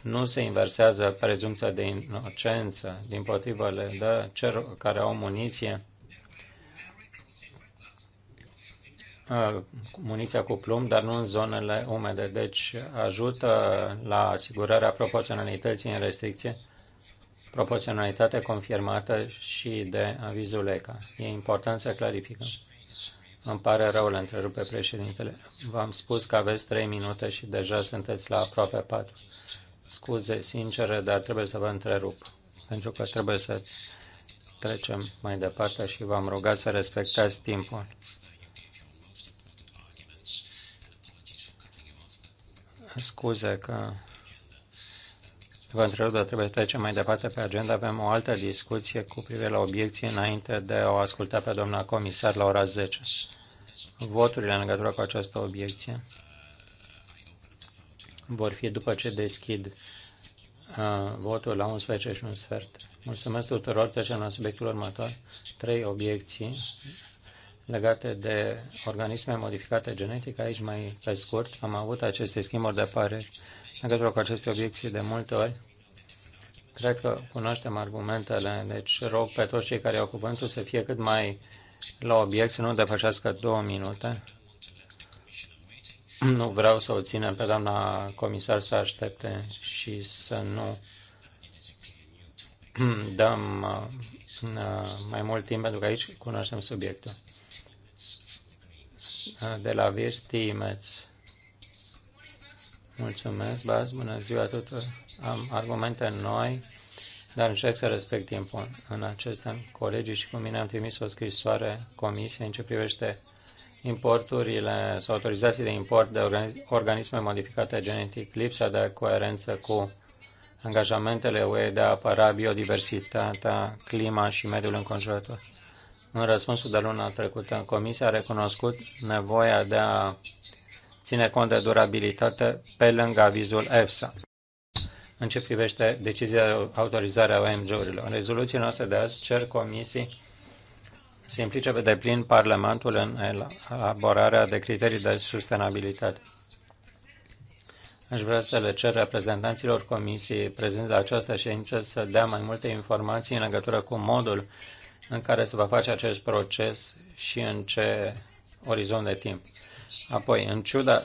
Speaker 1: nu se inversează prezumția de inocență, din potrivă le dă cer care au muniție muniția cu plumb, dar nu în zonele umede. Deci ajută la asigurarea proporționalității în restricție, proporționalitate confirmată și de avizul ECA. E important să clarificăm. Îmi pare rău, le întrerupe președintele. V-am spus că aveți 3 minute și deja sunteți la aproape 4 scuze sincere, dar trebuie să vă întrerup, pentru că trebuie să trecem mai departe și v-am rugat să respectați timpul. Scuze că vă întrerup, dar trebuie să trecem mai departe pe agenda. Avem o altă discuție cu privire la obiecții înainte de a o asculta pe doamna comisar la ora 10. Voturile în legătură cu această obiecție vor fi după ce deschid uh, votul la 11 și un sfert. Mulțumesc tuturor, trecem la subiectul următor. Trei obiecții legate de organisme modificate genetic. Aici, mai pe scurt, am avut aceste schimburi de păreri legătură cu aceste obiecții de multe ori. Cred că cunoaștem argumentele, deci rog pe toți cei care au cuvântul să fie cât mai la obiect, să nu depășească două minute. Nu vreau să o ținem pe doamna comisar să aștepte și să nu dăm uh, mai mult timp pentru că aici cunoaștem subiectul. Uh, de la Virsti Imeț. Mulțumesc, Baz, bună ziua tuturor. Am argumente noi, dar încerc să respect timpul. În acest an, colegii și cu mine am trimis o scrisoare comisiei în ce privește importurile sau autorizații de import de organisme modificate genetic, lipsa de coerență cu angajamentele UE de a apăra biodiversitatea, clima și mediul înconjurător. În răspunsul de luna trecută, Comisia a recunoscut nevoia de a ține cont de durabilitate pe lângă avizul EFSA în ce privește decizia de autorizare a OMG-urilor. În rezoluția noastră de azi cer Comisiei se implice pe deplin Parlamentul în elaborarea de criterii de sustenabilitate. Aș vrea să le cer reprezentanților comisiei prezenți la această ședință să dea mai multe informații în legătură cu modul în care se va face acest proces și în ce orizont de timp. Apoi, în ciuda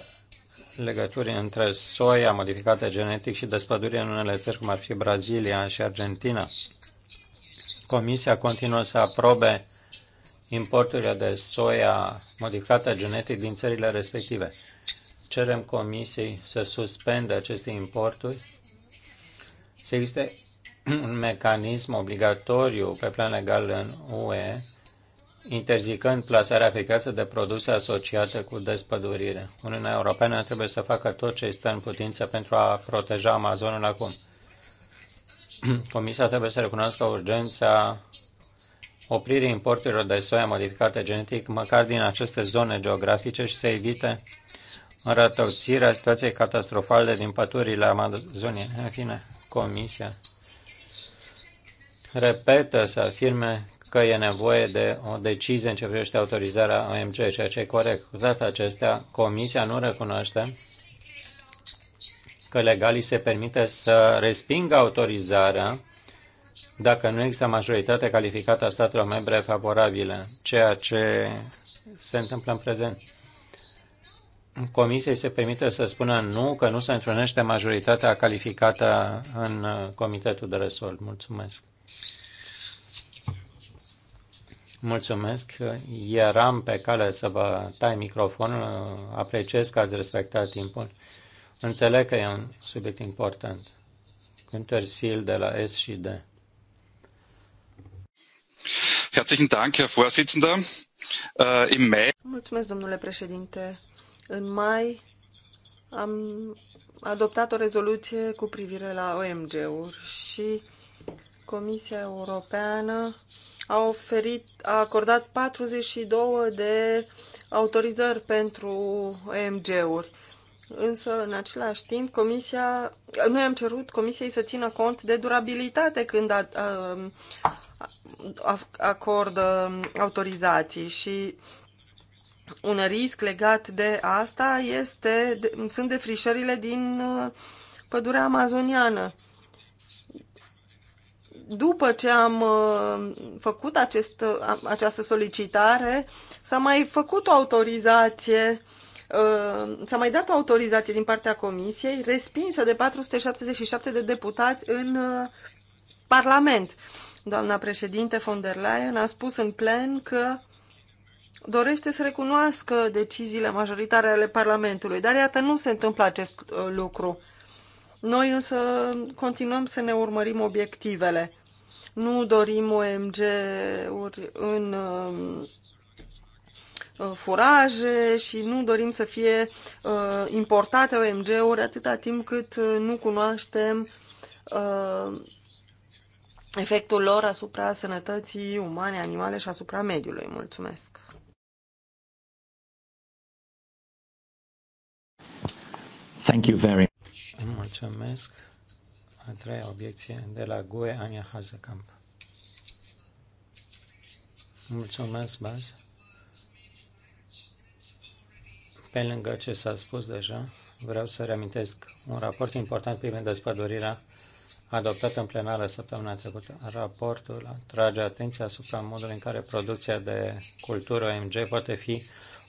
Speaker 1: legăturii între soia modificată genetic și despădurile în unele țări, cum ar fi Brazilia și Argentina, Comisia continuă să aprobe uh, importurile de soia modificată genetic din țările respective. Cerem Comisiei să suspende aceste importuri, să existe un mecanism obligatoriu pe plan legal în UE, interzicând plasarea pe piață de produse asociate cu despădurire. Uniunea Europeană trebuie să facă tot ce este în putință pentru a proteja Amazonul acum. *clears throat* Comisia trebuie să recunoască urgența opririi importurilor de soia modificată genetic, măcar din aceste zone geografice și să evite înrătățirea situației catastrofale din păturile amazoniene. În fine, Comisia repetă să afirme că e nevoie de o decizie în ce privește autorizarea OMC, ceea ce e corect. Cu toate acestea, Comisia nu recunoaște că legalii se permite să respingă autorizarea dacă nu există majoritate calificată a statelor membre favorabile, ceea ce se întâmplă în prezent. Comisiei se permite să spună nu, că nu se întrunește majoritatea calificată în uh, Comitetul de Resort. Mulțumesc. Mulțumesc. Eram pe cale să vă tai microfonul. Apreciez că ați respectat timpul. Înțeleg că e un subiect important. Cânter Sil de la S și D.
Speaker 4: Herzlichen Dank,
Speaker 2: Herr Vorsitzender. Äh, mai... Mulțumesc, domnule președinte. În mai am adoptat o rezoluție cu privire la OMG-uri și Comisia Europeană a oferit, a acordat 42 de autorizări pentru OMG-uri. Însă, în același timp, comisia, noi am cerut comisiei să țină cont de durabilitate când a, a, acordă autorizații și un risc legat de asta este, sunt defrișările din uh, pădurea amazoniană. După ce am uh, făcut acest, uh, această solicitare, s-a mai făcut o autorizație s-a mai dat o autorizație din partea Comisiei, respinsă de 477 de deputați în Parlament. Doamna președinte von der Leyen a spus în plen că dorește să recunoască deciziile majoritare ale Parlamentului, dar iată, nu se întâmplă acest uh, lucru. Noi însă continuăm să ne urmărim obiectivele. Nu dorim OMG-uri în uh, uh, furaje și nu dorim să fie importate OMG-uri atâta timp cât nu cunoaștem efectul lor asupra sănătății umane, animale și asupra mediului. Mulțumesc!
Speaker 3: Thank you very
Speaker 1: much. Mulțumesc. A treia obiecție de la GUE Ania Hazekamp. Mulțumesc, Baz. Pe lângă ce s-a spus deja, vreau să reamintesc un raport important privind despădurirea adoptat în plenară săptămâna trecută. Raportul atrage atenția asupra modului în care producția de cultură OMG poate fi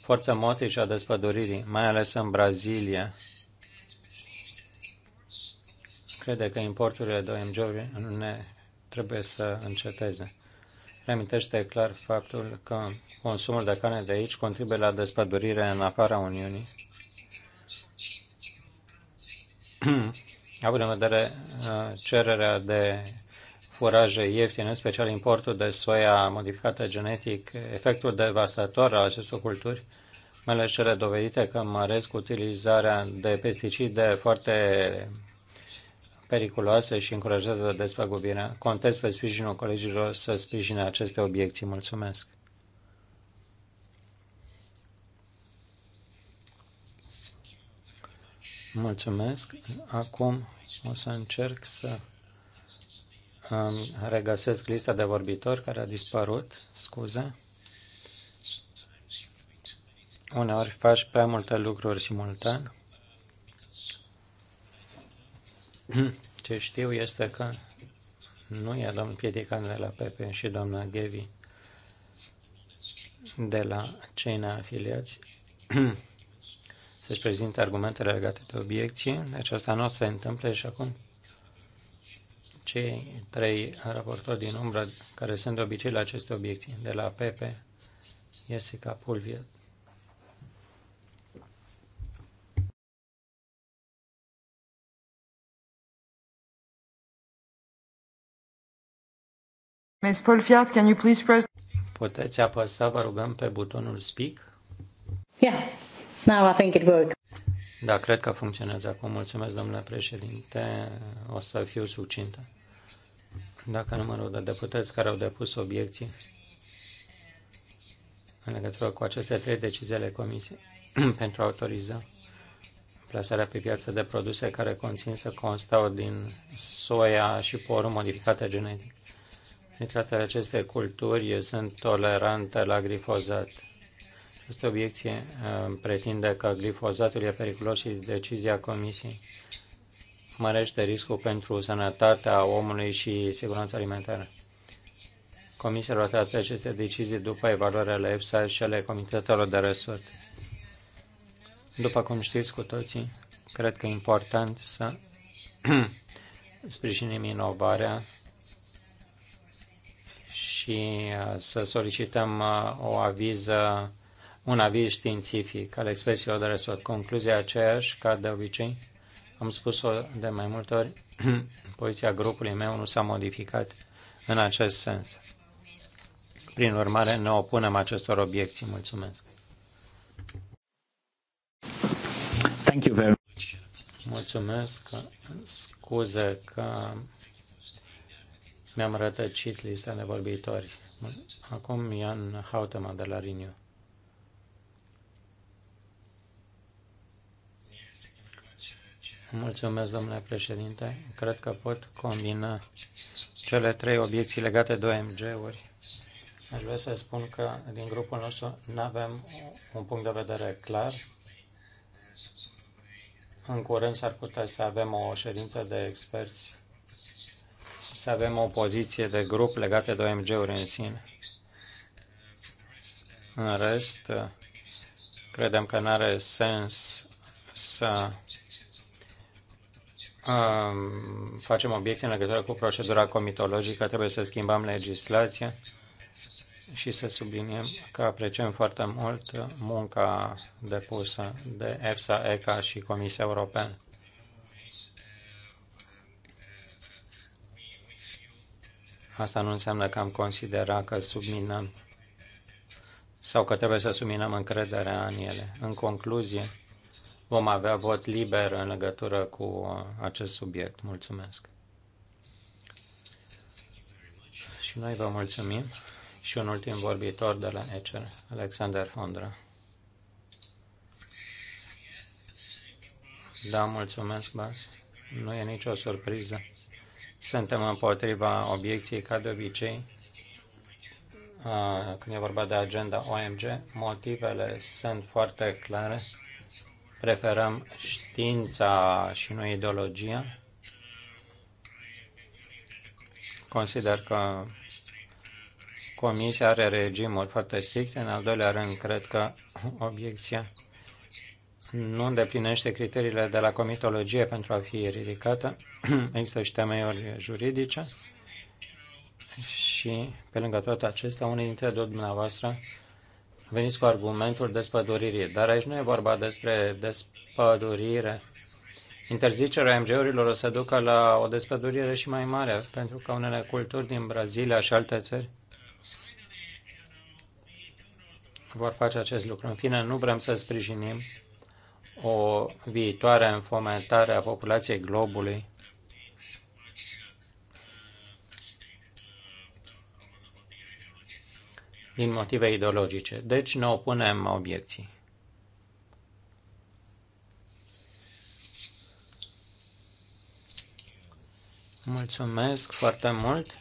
Speaker 1: forță motrice a despăduririi, mai ales în Brazilia. Crede că importurile de OMG nu ne trebuie să înceteze. Reamintește clar faptul că consumul de carne de aici contribuie la despădurire în afara Uniunii. *clears throat* având în vedere uh, cererea de furaje ieftine, în special importul de soia modificată genetic, efectul devastator al acestor culturi, mai ales cele dovedite că măresc utilizarea de pesticide foarte periculoase și încurajează despăgubirea. Contez pe sprijinul colegilor să sprijine aceste obiecții. Mulțumesc! Mulțumesc. Acum o să încerc să um, regăsesc lista de vorbitori care a dispărut. Scuze. Uneori faci prea multe lucruri simultan. *clears throat* Ce știu este că nu e domnul Piedican de la Pepe și doamna Gevi de la cei neafiliați *clears throat* să-și prezinte argumentele legate de obiecție. Deci asta nu o să se întâmple și acum cei trei raportori din umbră care sunt de obicei la aceste obiecții, de la PP, Jessica Pulviet.
Speaker 3: Ms. Polfiat, can you please press...
Speaker 1: Puteți apăsa, vă rugăm, pe butonul speak?
Speaker 2: Yeah. Now I think it works.
Speaker 1: Da, cred că funcționează acum. Mulțumesc, domnule președinte. O să fiu sucintă. Dacă numărul de deputați care au depus obiecții în legătură cu aceste trei decizii ale Comisiei *clears throat* pentru a autoriza plasarea pe piață de produse care conțin să constau din soia și porumb modificate genetic. Nitratele acestei culturi sunt tolerante la glifozat această obiecție uh, pretinde că glifozatul e periculos și decizia Comisiei mărește riscul pentru sănătatea omului și siguranța alimentară. Comisia a luat aceste decizii după evaluarea EFSA și ale comitetelor de răsut. După cum știți cu toții, cred că e important să *clears throat* sprijinim inovarea și uh, să solicităm uh, o aviză un aviz științific al experților de răsot. Concluzia aceeași, ca de obicei, am spus-o de mai multe ori, *clears throat* poziția grupului meu nu s-a modificat în acest sens. Prin urmare, ne opunem acestor obiecții. Mulțumesc. Thank you very much. Mulțumesc. Scuze că mi-am rătăcit lista de vorbitori. Acum Ian Hautema de la Renew. Mulțumesc, domnule președinte. Cred că pot combina cele trei obiecții legate de OMG-uri. Aș vrea să spun că din grupul nostru nu avem un punct de vedere clar. În curând s-ar putea să avem o ședință de experți, să avem o poziție de grup legată de OMG-uri în sine. În rest, credem că nu are sens să facem obiecții în legătură cu procedura comitologică, trebuie să schimbăm legislația și să subliniem că apreciem foarte mult munca depusă de EFSA, ECA și Comisia Europeană. Asta nu înseamnă că am considerat că subminăm sau că trebuie să subminăm încrederea în ele. În concluzie, vom avea vot liber în legătură cu acest subiect. Mulțumesc! Și noi vă mulțumim. Și un ultim vorbitor de la ECER, Alexander Fondra. Da, mulțumesc, Bas. Nu e nicio surpriză. Suntem împotriva obiecției, ca de obicei, când e vorba de agenda OMG. Motivele sunt foarte clare preferăm știința și nu ideologia. Consider că Comisia are regimul foarte strict. În al doilea rând, cred că obiecția nu îndeplinește criteriile de la comitologie pentru a fi ridicată. *clears throat* Există și temeiuri juridice și, pe lângă toate acestea, unii dintre dumneavoastră veniți cu argumentul despăduririi, dar aici nu e vorba despre despădurire. Interzicerea MG-urilor o să ducă la o despădurire și mai mare, pentru că unele culturi din Brazilia și alte țări vor face acest lucru. În fine, nu vrem să sprijinim o viitoare înfomentare a populației globului din motive ideologice. Deci ne opunem obiecții. Mulțumesc foarte mult.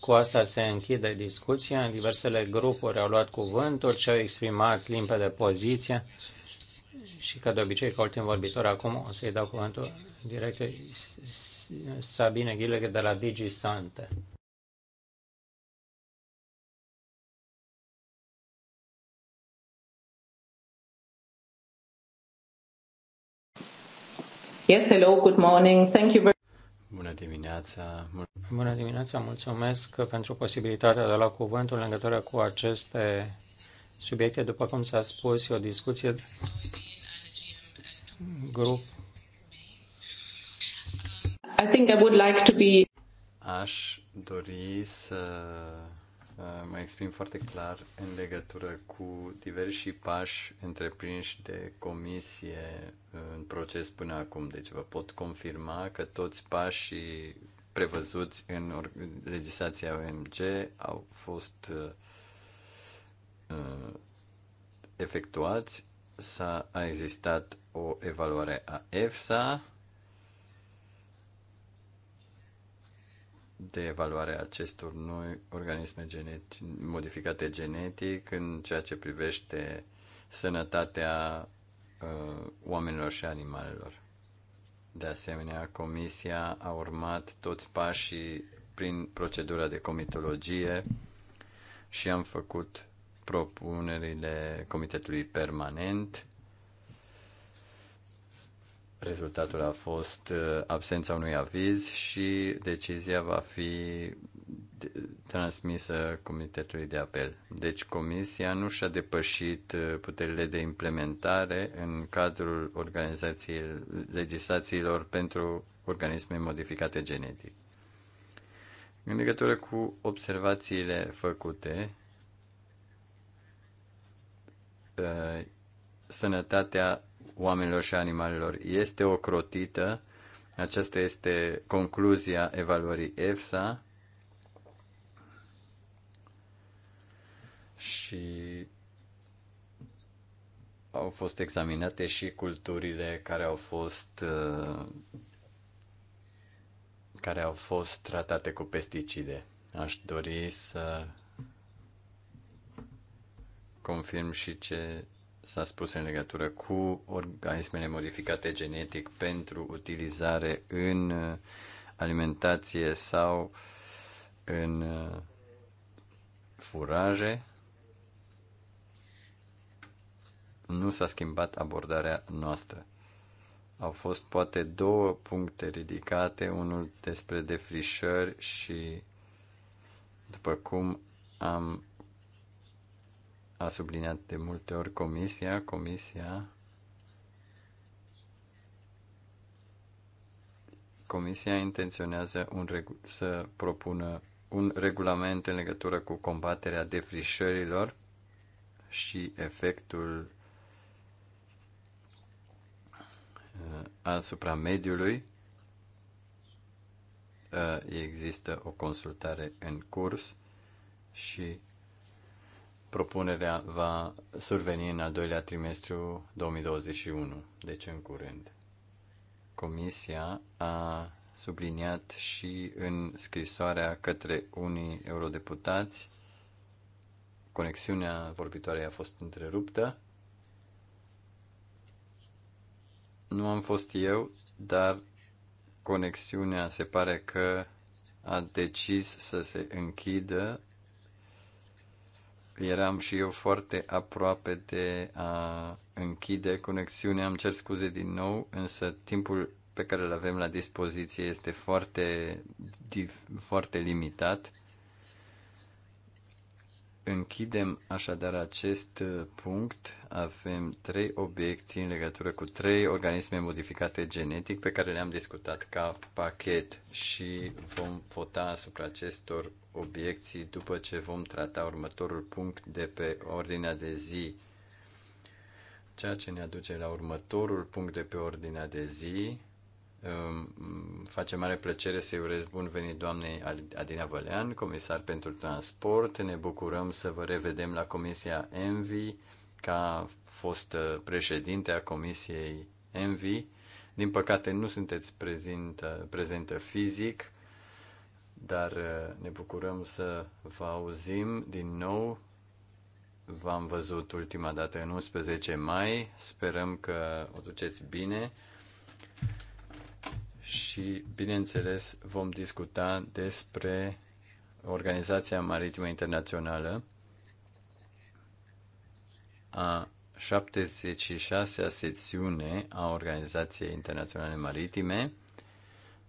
Speaker 1: Cu asta se închide discuția. Diversele grupuri au luat cuvântul și au exprimat limpede poziția și ca de obicei, ca ultim vorbitor, acum o să-i dau cuvântul direct Sabine Ghilec de la DigiSante.
Speaker 3: Yes, hello, good morning. Thank you very
Speaker 4: Bună dimineața!
Speaker 1: Bună dimineața! Mulțumesc pentru posibilitatea de a lua cuvântul în legătură cu aceste subiecte. După cum s-a spus, e o discuție grup.
Speaker 4: I think I would like to be... Aș dori să Uh, mă exprim foarte clar în legătură cu diversi pași întreprinși de comisie în proces până acum. Deci vă pot confirma că toți pașii prevăzuți în legislația OMG au fost uh, efectuați. S-a, a existat o evaluare a EFSA de evaluare a acestor noi organisme genetic, modificate genetic în ceea ce privește sănătatea uh, oamenilor și animalelor. De asemenea, Comisia a urmat toți pașii prin procedura de comitologie și am făcut propunerile Comitetului Permanent Rezultatul a fost uh, absența unui aviz și decizia va fi transmisă Comitetului de Apel. Deci Comisia nu și-a depășit uh, puterile de implementare în cadrul organizației legislațiilor pentru organisme modificate genetic. În legătură cu observațiile făcute, uh, sănătatea oamenilor și animalelor este ocrotită. Aceasta este concluzia evaluării EFSA. Și au fost examinate și culturile care au fost uh, care au fost tratate cu pesticide. Aș dori să confirm și ce s-a spus în legătură cu organismele modificate genetic pentru utilizare în uh, alimentație sau în uh, furaje, nu s-a schimbat abordarea noastră. Au fost poate două puncte ridicate, unul despre defrișări și după cum am a subliniat de multe ori comisia, comisia comisia intenționează un regu- să propună un regulament în legătură cu combaterea defrișărilor și efectul uh, asupra mediului. Uh, există o consultare în curs și propunerea va surveni în al doilea trimestru 2021, deci în curând. Comisia a subliniat și în scrisoarea către unii eurodeputați conexiunea vorbitoare a fost întreruptă. Nu am fost eu, dar conexiunea se pare că a decis să se închidă eram și eu foarte aproape de a închide conexiunea. am cer scuze din nou, însă timpul pe care îl avem la dispoziție este foarte, foarte limitat. Închidem așadar acest uh, punct. Avem trei obiecții în legătură cu trei organisme modificate genetic pe care le-am discutat ca pachet și vom vota asupra acestor obiecții după ce vom trata următorul punct de pe ordinea de zi. Ceea ce ne aduce la următorul punct de pe ordinea de zi, face mare plăcere să-i urez bun venit doamnei Adina Vălean, comisar pentru transport. Ne bucurăm să vă revedem la Comisia Envi ca fost președinte a Comisiei Envi. Din păcate nu sunteți prezentă, prezentă fizic, dar uh, ne bucurăm să vă auzim din nou. V-am văzut ultima dată în 11 mai. Sperăm că o duceți bine și, bineînțeles, vom discuta despre Organizația Maritimă Internațională a 76-a secțiune a Organizației Internaționale Maritime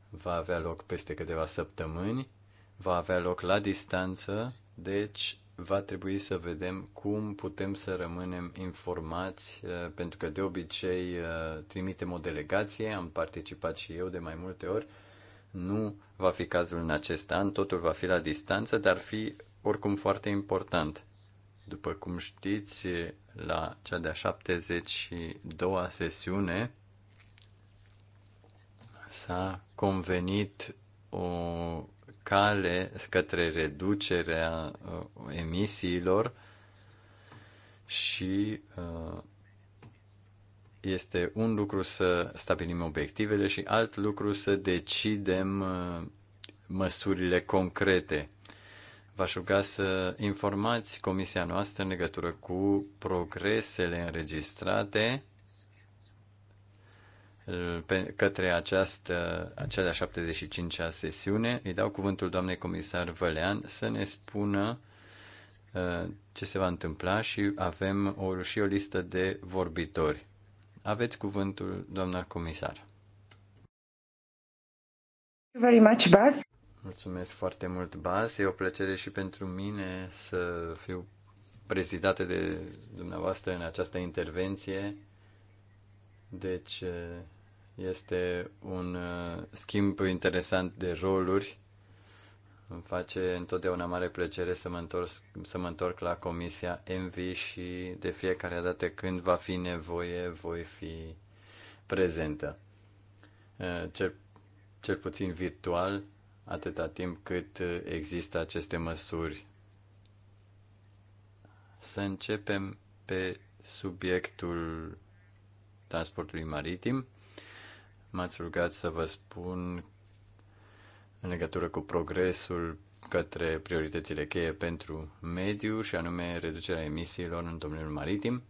Speaker 4: va avea loc peste câteva săptămâni, va avea loc la distanță, deci va trebui să vedem cum putem să rămânem informați, uh, pentru că de obicei uh, trimitem o delegație, am participat și eu de mai multe ori, nu va fi cazul în acest an, totul va fi la distanță, dar fi oricum foarte important. După cum știți, la cea de-a 72-a sesiune s-a convenit o cale către reducerea uh, emisiilor și uh, este un lucru să stabilim obiectivele și alt lucru să decidem uh, măsurile concrete. V-aș ruga să informați comisia noastră în legătură cu progresele înregistrate Uh, către această, acea de-a 75-a sesiune. Îi dau cuvântul doamnei comisar Vălean să ne spună uh, ce se va întâmpla și avem o, și o listă de vorbitori. Aveți cuvântul, doamna comisar.
Speaker 3: Very much, Bas.
Speaker 4: Mulțumesc foarte mult, Bas. E o plăcere și pentru mine să fiu prezidată de dumneavoastră în această intervenție. Deci, uh, este un uh, schimb interesant de roluri. Îmi face întotdeauna mare plăcere să mă întorc, să mă întorc la Comisia MV și de fiecare dată când va fi nevoie, voi fi prezentă. Uh, cel, cel puțin virtual, atâta timp cât uh, există aceste măsuri. Să începem pe subiectul transportului maritim. M-ați rugat să vă spun în legătură cu progresul către prioritățile cheie pentru mediu și anume reducerea emisiilor în domeniul maritim.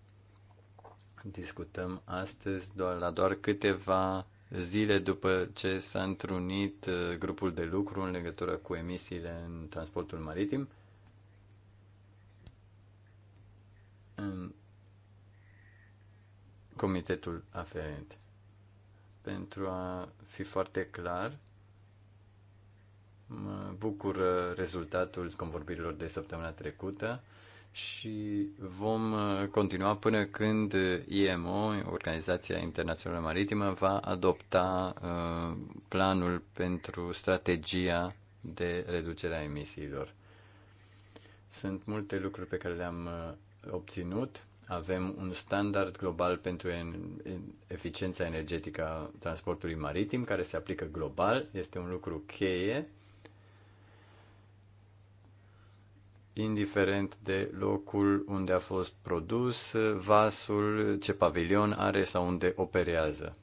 Speaker 4: Discutăm astăzi doar la doar câteva zile după ce s-a întrunit uh, grupul de lucru în legătură cu emisiile în transportul maritim. În comitetul aferent pentru a fi foarte clar. Mă bucur rezultatul convorbirilor de săptămâna trecută și vom uh, continua până când IMO, Organizația Internațională Maritimă, va adopta uh, planul pentru strategia de reducere a emisiilor. Sunt multe lucruri pe care le-am uh, obținut avem un standard global pentru eficiența energetică a transportului maritim care se aplică global, este un lucru cheie, indiferent de locul unde a fost produs vasul, ce pavilion are sau unde operează.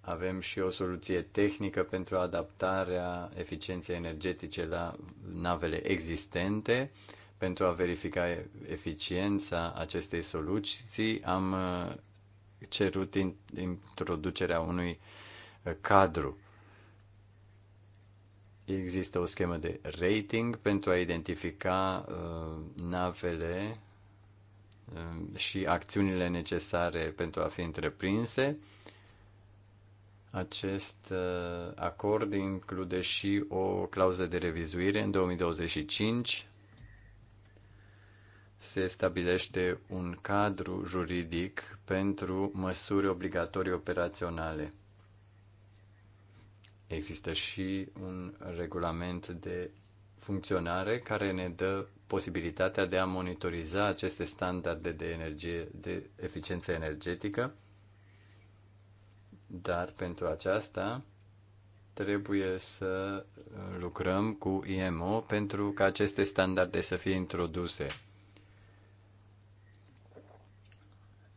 Speaker 4: Avem și o soluție tehnică pentru adaptarea eficienței energetice la navele existente pentru a verifica eficiența acestei soluții, am uh, cerut introducerea unui uh, cadru. Există o schemă de rating pentru a identifica uh, navele și acțiunile necesare pentru a fi întreprinse. Acest acord include și o clauză de revizuire în 2025 se stabilește un cadru juridic pentru măsuri obligatorii operaționale. Există și un regulament de funcționare care ne dă posibilitatea de a monitoriza aceste standarde de energie, de eficiență energetică, dar pentru aceasta trebuie să lucrăm cu IMO pentru ca aceste standarde să fie introduse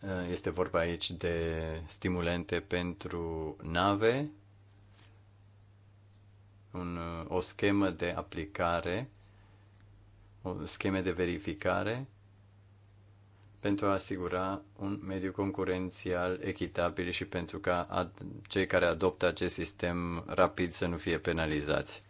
Speaker 4: Eh, este vorba aici de stimulente pentru nave, un, o schemă de aplicare, o schemă de verificare pentru a asigura un mediu concurențial echitabil și pentru ca ad, cei care adoptă acest sistem rapid să nu fie penalizați.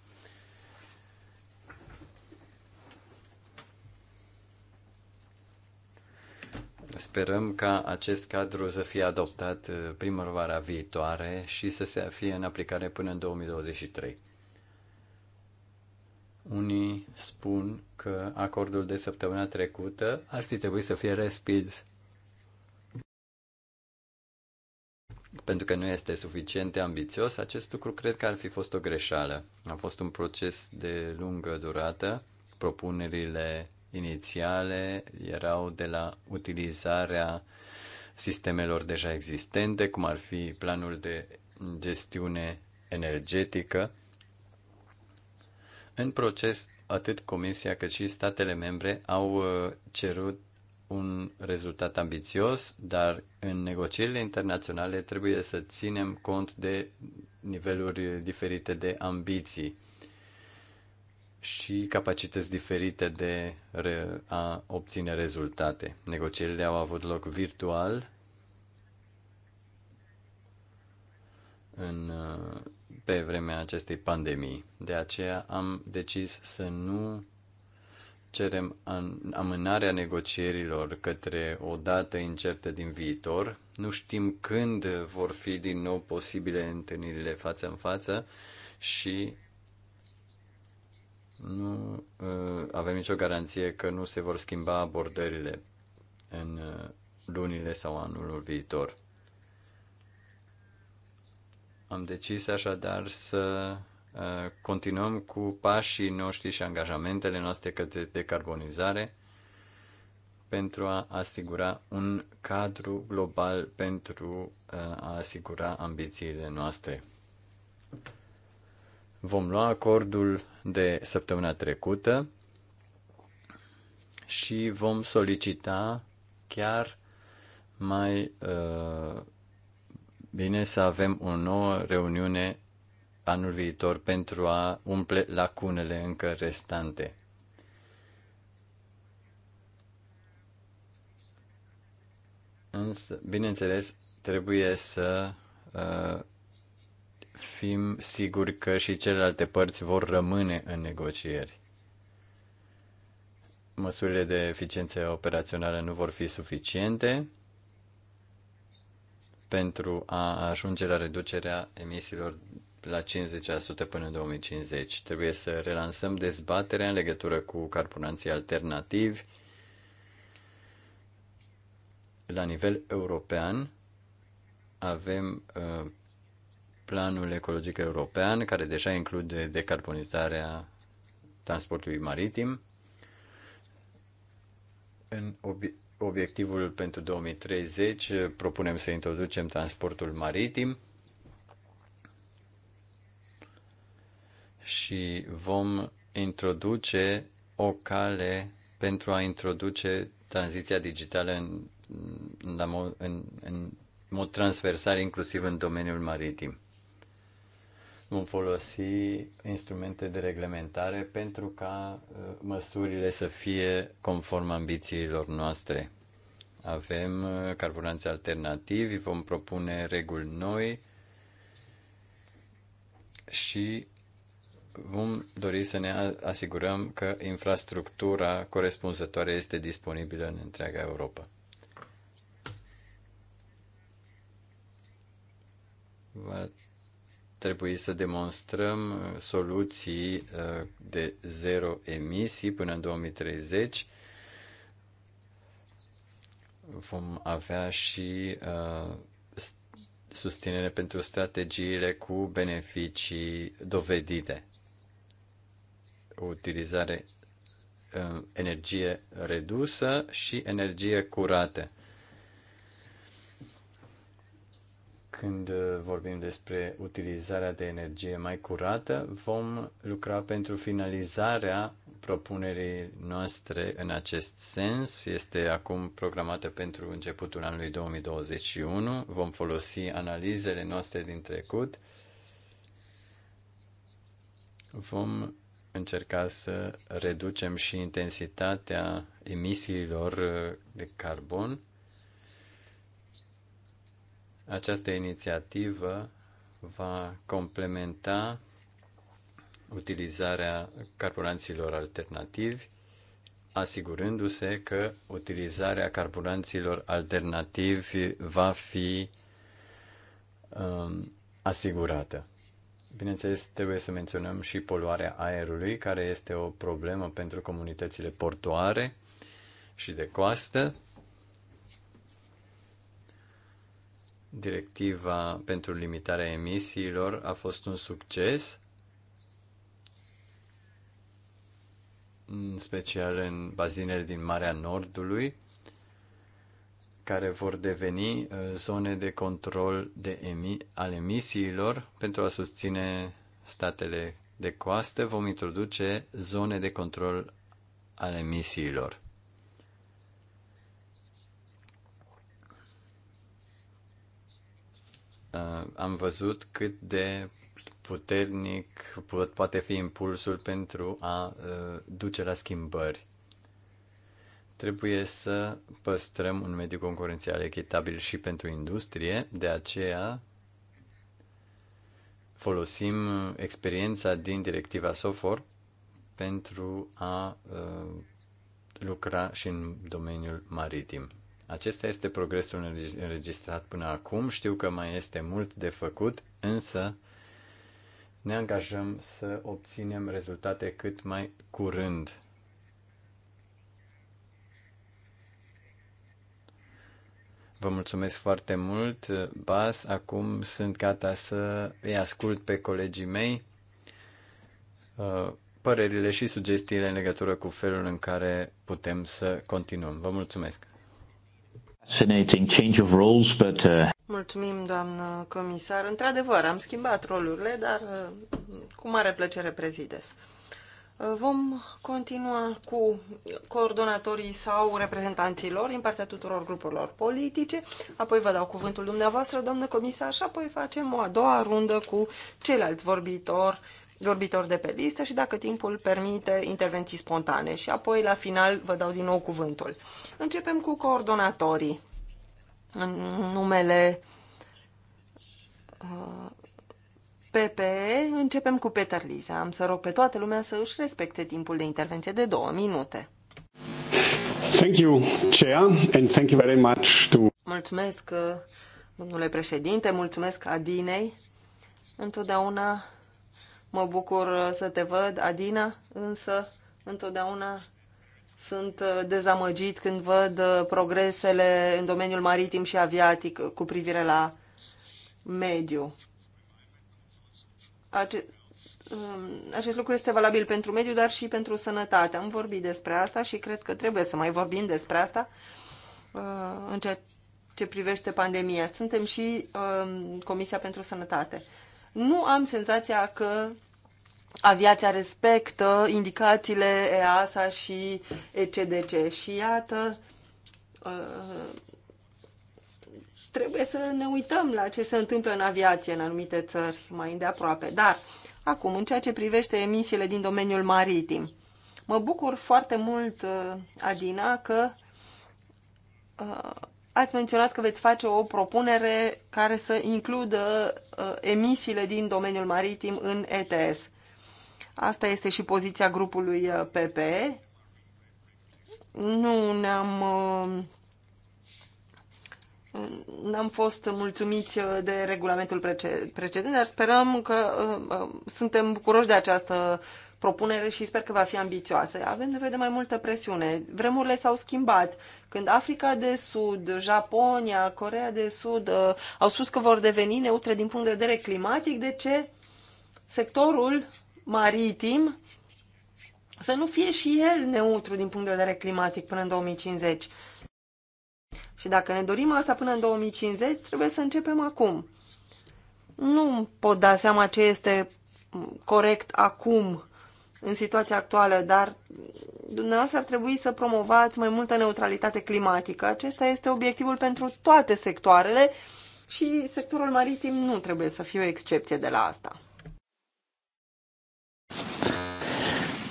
Speaker 4: Sperăm ca acest cadru să fie adoptat uh, primăvara viitoare și să se fie în aplicare până în 2023. Unii spun că acordul de săptămâna trecută ar fi trebuit să fie respins pentru că nu este suficient de ambițios, acest lucru cred că ar fi fost o greșeală. A fost un proces de lungă durată, propunerile inițiale erau de la utilizarea sistemelor deja existente, cum ar fi planul de gestiune energetică. În proces, atât Comisia cât și statele membre au uh, cerut un rezultat ambițios, dar în negocierile internaționale trebuie să ținem cont de niveluri diferite de ambiții și capacități diferite de a obține rezultate. Negocierile au avut loc virtual în, pe vremea acestei pandemii. De aceea am decis să nu cerem amânarea negocierilor către o dată incertă din viitor. Nu știm când vor fi din nou posibile întâlnirile față în față și nu uh, avem nicio garanție că nu se vor schimba abordările în uh, lunile sau anul viitor. Am decis așadar să uh, continuăm cu pașii noștri și angajamentele noastre către decarbonizare pentru a asigura un cadru global pentru a asigura ambițiile noastre. Vom lua acordul de săptămâna trecută și vom solicita chiar mai uh, bine să avem o nouă reuniune anul viitor pentru a umple lacunele încă restante. Însă, bineînțeles, trebuie să uh, fim siguri că și celelalte părți vor rămâne în negocieri. Măsurile de eficiență operațională nu vor fi suficiente pentru a ajunge la reducerea emisiilor la 50% până în 2050. Trebuie să relansăm dezbaterea în legătură cu carburanții alternativi la nivel european. Avem uh, planul ecologic european, care deja include decarbonizarea transportului maritim. În obiectivul pentru 2030 propunem să introducem transportul maritim și vom introduce o cale pentru a introduce tranziția digitală în, în, în, în mod transversal, inclusiv în domeniul maritim. Vom folosi instrumente de reglementare pentru ca uh, măsurile să fie conform ambițiilor noastre. Avem uh, carburanți alternativi, vom propune reguli noi și vom dori să ne asigurăm că infrastructura corespunzătoare este disponibilă în întreaga Europa. Trebuie să demonstrăm uh, soluții uh, de zero emisii până în 2030. Vom avea și uh, susținere pentru strategiile cu beneficii dovedite. Utilizare energie redusă și energie curată. când uh, vorbim despre utilizarea de energie mai curată, vom lucra pentru finalizarea propunerii noastre în acest sens. Este acum programată pentru începutul anului 2021. Vom folosi analizele noastre din trecut. Vom încerca să reducem și intensitatea emisiilor uh, de carbon această inițiativă va complementa utilizarea carburanților alternativi, asigurându-se că utilizarea carburanților alternativi va fi um, asigurată. Bineînțeles, trebuie să menționăm și poluarea aerului, care este o problemă pentru comunitățile portoare și de coastă. Directiva pentru limitarea emisiilor a fost un succes, în special în bazinele din Marea Nordului, care vor deveni uh, zone de control de emi- al emisiilor pentru a susține statele de coastă. Vom introduce zone de control al emisiilor. Uh, am văzut cât de puternic poate fi impulsul pentru a uh, duce la schimbări. Trebuie să păstrăm un mediu concurențial echitabil și pentru industrie, de aceea folosim experiența din directiva SOFOR pentru a uh, lucra și în domeniul maritim. Acesta este progresul înregistrat până acum. Știu că mai este mult de făcut, însă ne angajăm să obținem rezultate cât mai curând. Vă mulțumesc foarte mult, Bas. Acum sunt gata să îi ascult pe colegii mei uh, părerile și sugestiile în legătură cu felul în care putem să continuăm. Vă mulțumesc! Fascinating change of roles, but... Uh...
Speaker 2: Mulțumim, doamnă comisar. Într-adevăr, am schimbat rolurile, dar uh, cu mare plăcere prezides. Uh, vom continua cu coordonatorii sau reprezentanții lor în partea tuturor grupurilor politice, apoi vă dau cuvântul dumneavoastră, doamnă comisar, și apoi facem o a doua rundă cu ceilalți vorbitori vorbitori de pe listă și, dacă timpul permite, intervenții spontane. Și apoi, la final, vă dau din nou cuvântul. Începem cu coordonatorii. În numele uh, PPE, începem cu Peter Liza. Am să rog pe toată lumea să își respecte timpul de intervenție de două minute. Thank you, Chair, and thank you very much to... Mulțumesc, uh, domnule președinte, mulțumesc Adinei. Întotdeauna Mă bucur uh, să te văd, Adina, însă întotdeauna sunt uh, dezamăgit când văd uh, progresele în domeniul maritim și aviatic cu privire la mediu. Ace- um, acest lucru este valabil pentru mediu, dar și pentru sănătate. Am vorbit despre asta și cred că trebuie să mai vorbim despre asta în ceea ce privește pandemia. Suntem și um, Comisia pentru Sănătate nu am senzația că aviația respectă indicațiile EASA și ECDC. Și iată, uh, trebuie să ne uităm la ce se întâmplă în aviație în anumite țări mai îndeaproape. Dar, acum, în ceea ce privește emisiile din domeniul maritim, mă bucur foarte mult, uh, Adina, că uh, Ați menționat că veți face o propunere care să includă uh, emisiile din domeniul maritim în ETS. Asta este și poziția grupului PP. Uh, nu ne-am uh, N-am fost mulțumiți de regulamentul precedent, dar sperăm că uh, suntem bucuroși de această propunere și sper că va fi ambițioasă. Avem nevoie de mai multă presiune. Vremurile s-au schimbat. Când Africa de Sud, Japonia, Corea de Sud uh, au spus că vor deveni neutre din punct de vedere climatic, de ce sectorul maritim să nu fie și el neutru din punct de vedere climatic până în 2050? Și dacă ne dorim asta până în 2050, trebuie să începem acum. Nu pot da seama ce este corect acum în situația actuală, dar dumneavoastră ar trebui să promovați mai multă neutralitate climatică. Acesta este obiectivul pentru toate sectoarele și sectorul maritim nu trebuie să fie o excepție de la asta.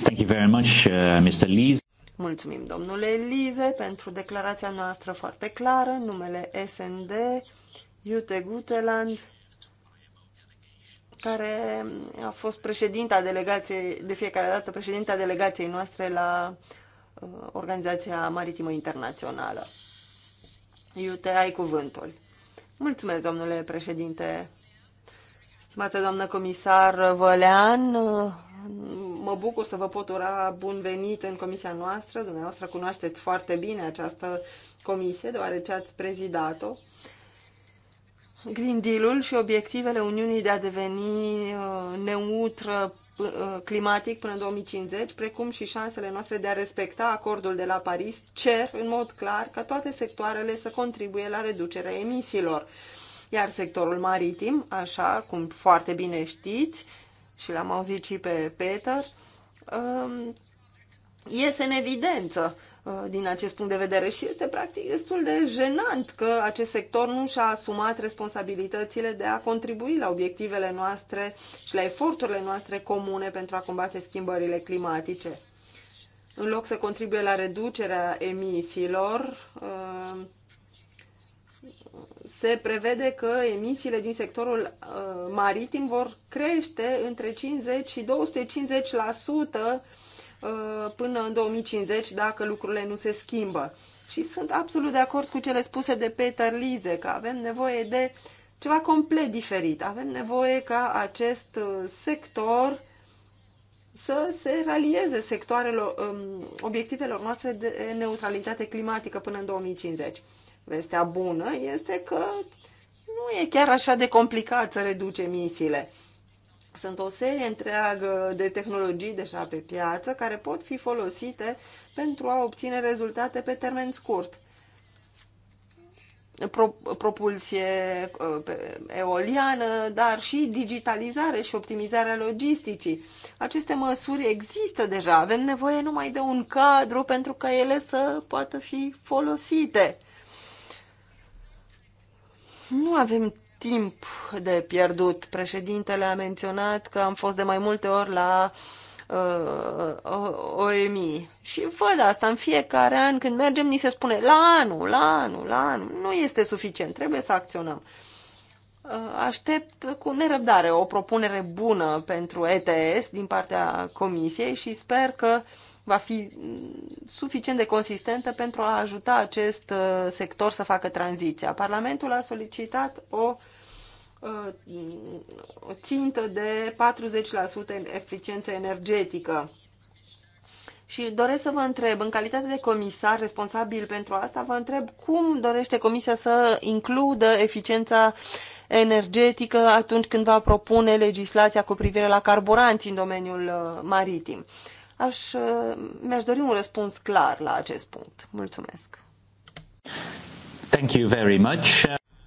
Speaker 4: Thank you very much, uh, Mr. Lees.
Speaker 2: Mulțumim, domnule Elize, pentru declarația noastră foarte clară, numele SND, Jute Guteland, care a fost președinta delegației, de fiecare dată președinta delegației noastre la uh, Organizația Maritimă Internațională. Iute, ai cuvântul. Mulțumesc, domnule președinte. Stimată doamnă comisar Vălean, uh, mă bucur să vă pot ura bun venit în comisia noastră. Dumneavoastră cunoașteți foarte bine această comisie, deoarece ați prezidat-o Green Deal-ul și obiectivele Uniunii de a deveni uh, neutră uh, climatic până în 2050, precum și șansele noastre de a respecta acordul de la Paris, cer în mod clar ca toate sectoarele să contribuie la reducerea emisiilor. Iar sectorul maritim, așa cum foarte bine știți, și l-am auzit și pe Peter, um, iese în evidență Uh, din acest punct de vedere și este practic destul de jenant că acest sector nu și-a asumat responsabilitățile de a contribui la obiectivele noastre și la eforturile noastre comune pentru a combate schimbările climatice. În loc să contribuie la reducerea emisiilor, uh, se prevede că emisiile din sectorul uh, maritim vor crește între 50 și 250% Uh, până în 2050 dacă lucrurile nu se schimbă. Și sunt absolut de acord cu cele spuse de Peter Lize, că avem nevoie de ceva complet diferit. Avem nevoie ca acest uh, sector să se ralieze sectoarelor, um, obiectivelor noastre de neutralitate climatică până în 2050. Vestea bună este că nu e chiar așa de complicat să reduce emisiile. Sunt o serie întreagă de tehnologii deja pe piață care pot fi folosite pentru a obține rezultate pe termen scurt. Pro, propulsie ă, eoliană, dar și digitalizare și optimizarea logisticii. Aceste măsuri există deja, avem nevoie numai de un cadru pentru ca ele să poată fi folosite. Nu avem timp de pierdut. Președintele a menționat că am fost de mai multe ori la uh, OMI și văd asta în fiecare an când mergem ni se spune la anul, la anul, la anul. Nu este suficient, trebuie să acționăm. Uh, aștept cu nerăbdare o propunere bună pentru ETS din partea Comisiei și sper că va fi suficient de consistentă pentru a ajuta acest uh, sector să facă tranziția. Parlamentul a solicitat o o uh, țintă de 40% eficiență energetică. Și doresc să vă întreb, în calitate de comisar responsabil pentru asta, vă întreb cum dorește Comisia să includă eficiența energetică atunci când va propune legislația cu privire la carburanți în domeniul uh, maritim. Aș, uh, mi-aș dori un răspuns clar la acest punct. Mulțumesc.
Speaker 1: Thank you very much.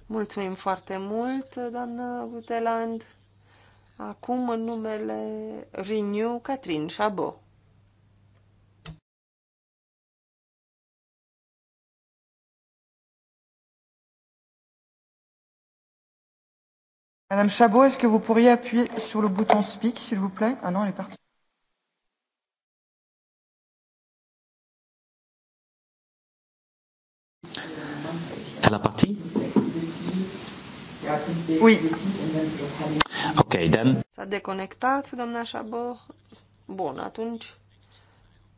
Speaker 2: Mulțumim foarte mult, doamnă Guteland. Acum, în numele Renew, Catrin Chabot.
Speaker 3: Madame Chabot, est-ce que vous pourriez appuyer sur le bouton speak, s'il vous plaît Ah non, elle est partie. Elle a partie
Speaker 2: Oui. Ok, then. S-a deconectat, doamna Șabo? Bun, atunci,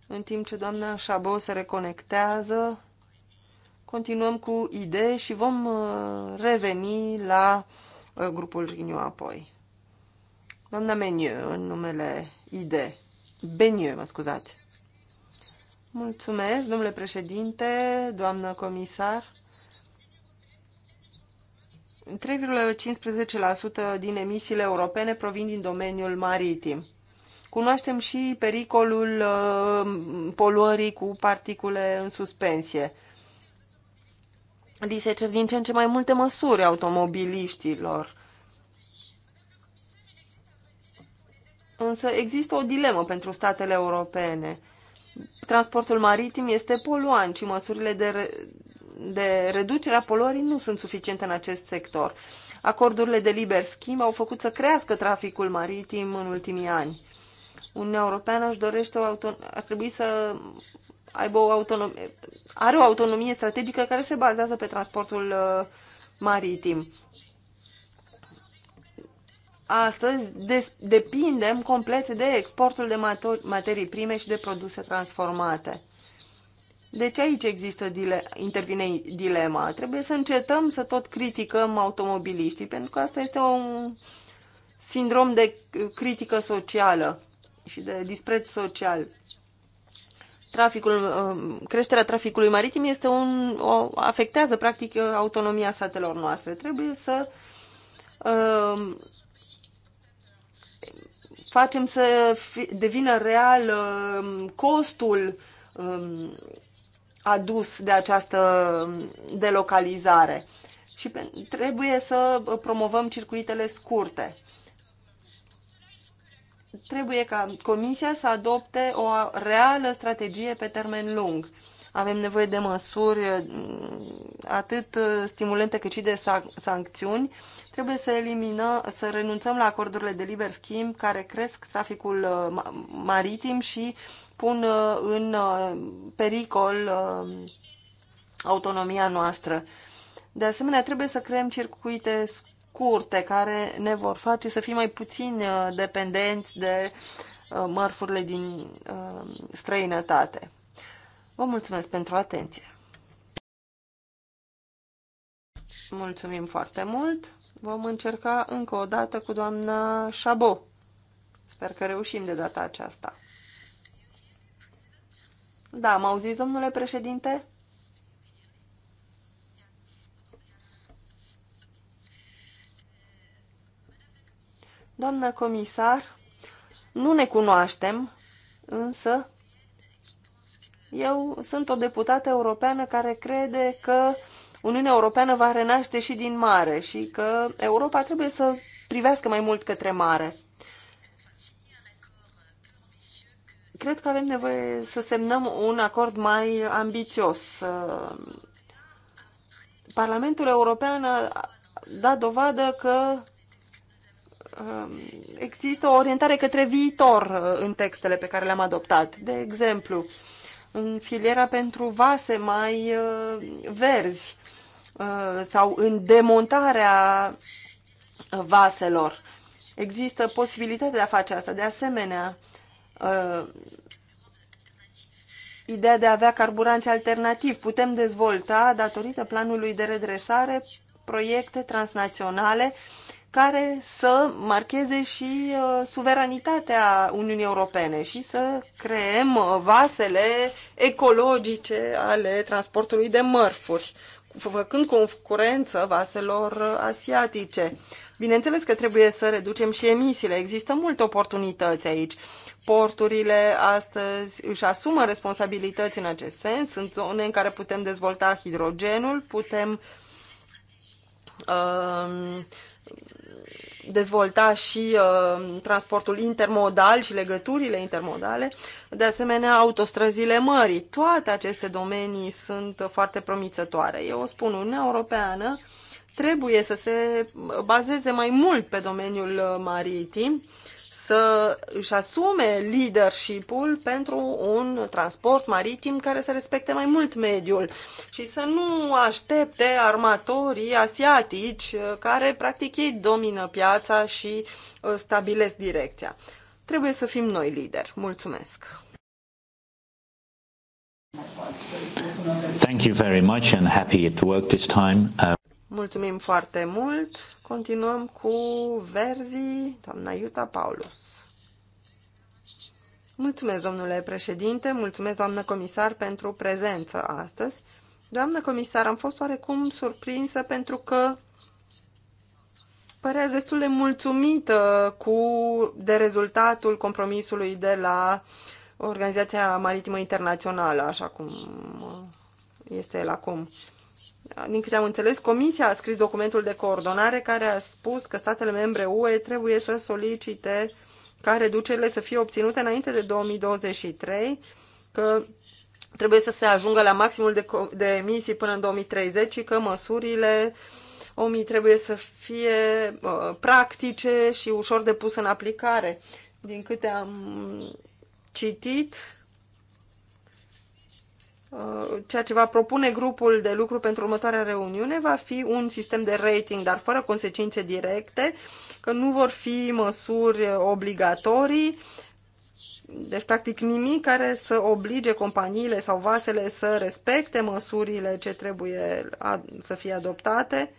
Speaker 2: în timp ce doamna Șabo se reconectează, continuăm cu idei și vom uh, reveni la uh, grupul Renew apoi. Doamna Meniu, în numele ID. Beniu, mă scuzați. Mulțumesc, domnule președinte, doamnă comisar. 3,15% din emisiile europene provin din domeniul maritim. Cunoaștem și pericolul uh, poluării cu particule în suspensie. Li se cer din ce în ce mai multe măsuri automobiliștilor. Însă există o dilemă pentru statele europene. Transportul maritim este poluant și măsurile de de reducerea poluării nu sunt suficiente în acest sector. Acordurile de liber schimb au făcut să crească traficul maritim în ultimii ani. Uniunea Europeană își dorește o auton- ar trebui să aibă o autonomie, are o autonomie strategică care se bazează pe transportul uh, maritim. Astăzi des, depindem complet de exportul de materii prime și de produse transformate. Deci aici există dile- intervine dilema. Trebuie să încetăm să tot criticăm automobiliștii, pentru că asta este un sindrom de critică socială și de dispreț social. Traficul, um, creșterea traficului maritim este un, o, afectează practic autonomia satelor noastre. Trebuie să uh, facem să fi, devină real uh, costul adus de această delocalizare. Și trebuie să promovăm circuitele scurte. Trebuie ca Comisia să adopte o reală strategie pe termen lung. Avem nevoie de măsuri mm, atât uh, stimulente cât și de sancțiuni. Trebuie să eliminăm, să renunțăm la acordurile de liber schimb care cresc traficul uh, maritim și uh, pun în uh, pericol uh, autonomia noastră. De asemenea, trebuie să creăm circuite scurte care ne vor face să fim mai puțin uh, dependenți de mărfurile din străinătate. Vă mulțumesc pentru atenție! Mulțumim foarte mult! Vom încerca încă o dată cu doamna Șabo. Sper că reușim de data aceasta. Da, mă auziți, domnule președinte? Doamnă comisar, nu ne cunoaștem, însă eu sunt o deputată europeană care crede că Uniunea Europeană va renaște și din mare și că Europa trebuie să privească mai mult către mare. cred că avem nevoie să semnăm un acord mai ambițios. Parlamentul European a dat dovadă că um, există o orientare către viitor uh, în textele pe care le-am adoptat. De exemplu, în filiera pentru vase mai uh, verzi uh, sau în demontarea vaselor. Există posibilitatea de a face asta. De asemenea, uh, ideea de a avea carburanți alternativi. Putem dezvolta, datorită planului de redresare, proiecte transnaționale care să marcheze și uh, suveranitatea Uniunii Europene și să creăm uh, vasele ecologice ale transportului de mărfuri, făcând concurență vaselor uh, asiatice. Bineînțeles că trebuie să reducem și emisiile. Există multe oportunități aici porturile astăzi își asumă responsabilități în acest sens. Sunt zone în care putem dezvolta hidrogenul, putem um, dezvolta și uh, transportul intermodal și legăturile intermodale, de asemenea autostrăzile mării. Toate aceste domenii sunt foarte promițătoare. Eu o spun, Uniunea Europeană trebuie să se bazeze mai mult pe domeniul uh, maritim, să își asume leadership-ul pentru un transport maritim care să respecte mai mult mediul și să nu aștepte armatorii asiatici uh, care practic ei domină piața și uh, stabilesc direcția. Trebuie să fim noi lideri. Mulțumesc!
Speaker 1: Thank you very much and happy it worked this time. Uh...
Speaker 2: Mulțumim foarte mult. Continuăm cu verzii, doamna Iuta Paulus. Mulțumesc, domnule președinte, mulțumesc, doamnă comisar, pentru prezență astăzi. Doamnă comisar, am fost oarecum surprinsă pentru că părea destul de mulțumită cu, de rezultatul compromisului de la Organizația Maritimă Internațională, așa cum este el acum. Din câte am înțeles, Comisia a scris documentul de coordonare care a spus că statele membre UE trebuie să solicite ca reducerile să fie obținute înainte de 2023, că trebuie să se ajungă la maximul de, de emisii până în 2030 și că măsurile omii trebuie să fie uh, practice și ușor de pus în aplicare. Din câte am citit, Uh, ceea ce va propune grupul de lucru pentru următoarea reuniune va fi un sistem de rating, dar fără consecințe directe, că nu vor fi măsuri obligatorii, deci practic nimic care să oblige companiile sau vasele să respecte măsurile ce trebuie să fie adoptate.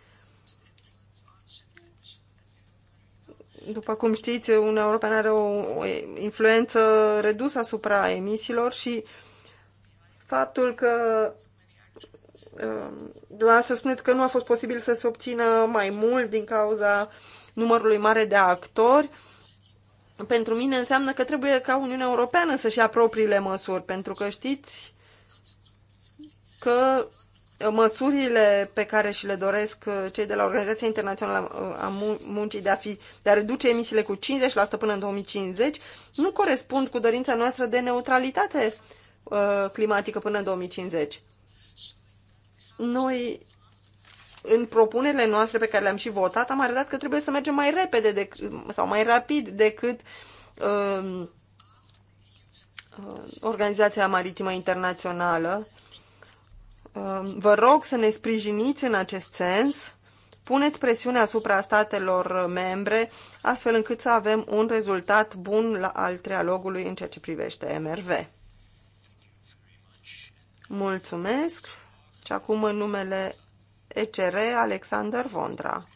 Speaker 2: După cum știți, Uniunea Europeană are o influență redusă asupra emisiilor și uh, faptul că um, doar să spuneți că nu a fost posibil să se obțină mai mult din cauza numărului mare de actori, pentru mine înseamnă că trebuie ca Uniunea Europeană să-și ia propriile măsuri, pentru că știți că măsurile pe care și le doresc uh, cei de la Organizația Internațională uh, a Muncii de a, fi, de a reduce emisiile cu 50% până în 2050 nu corespund cu dorința noastră de neutralitate Uh, climatică până în 2050. Noi, în propunerile noastre pe care le-am și votat, am arătat că trebuie să mergem mai repede dec- sau mai rapid decât um, uh, Organizația Maritimă Internațională. Uh, vă rog să ne sprijiniți în acest sens puneți presiune asupra statelor membre, astfel încât să avem un rezultat bun la, al trialogului în ceea ce privește MRV. Mulțumesc. Și acum în numele ECR, Alexander Vondra.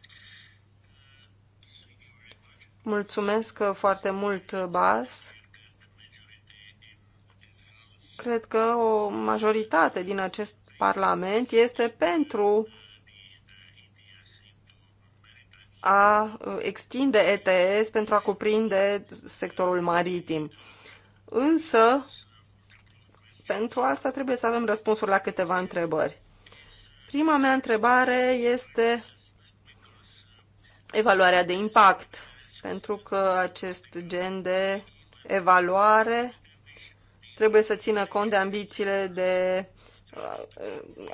Speaker 2: Mulțumesc foarte mult, Bas. Cred că o majoritate din acest Parlament este pentru a extinde ETS pentru a cuprinde sectorul maritim. Însă, pentru asta trebuie să avem răspunsuri la câteva întrebări. Prima mea întrebare este evaluarea de impact, pentru că acest gen de evaluare trebuie să țină cont de ambițiile de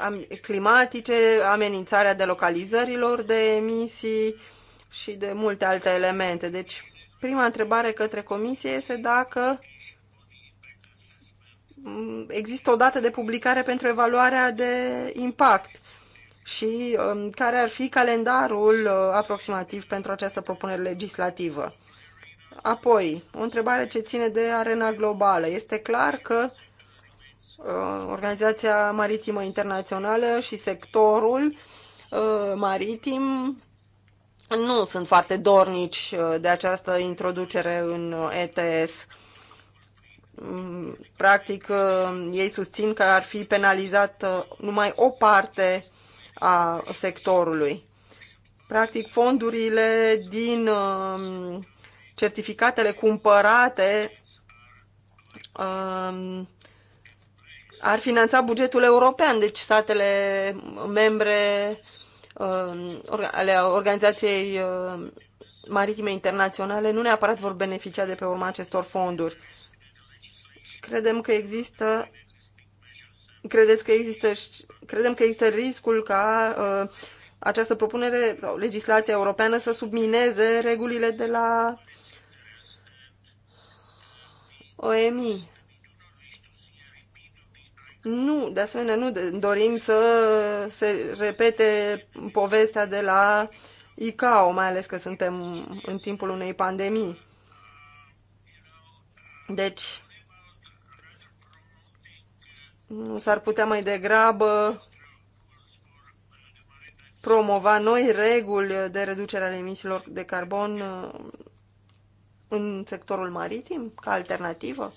Speaker 2: uh, climatice, amenințarea de localizărilor de emisii și de multe alte elemente. Deci, prima întrebare către comisie este dacă există o dată de publicare pentru evaluarea de impact și um, care ar fi calendarul uh, aproximativ pentru această propunere legislativă. Apoi, o întrebare ce ține de arena globală. Este clar că uh, Organizația Maritimă Internațională și sectorul uh, maritim nu sunt foarte dornici de această introducere în ETS practic uh, ei susțin că ar fi penalizată uh, numai o parte a sectorului. Practic, fondurile din um, certificatele cumpărate um, ar finanța bugetul european, deci statele membre um, ale Organizației uh, Maritime Internaționale nu neapărat vor beneficia de pe urma acestor fonduri. Credem că există credeți că există credem că există riscul ca uh, această propunere sau legislația europeană să submineze regulile de la OMI. Nu, de asemenea, nu dorim să se repete povestea de la ICAO, mai ales că suntem în timpul unei pandemii. Deci, nu s-ar putea mai degrabă promova noi reguli de reducere ale emisiilor de carbon uh, în sectorul maritim ca alternativă?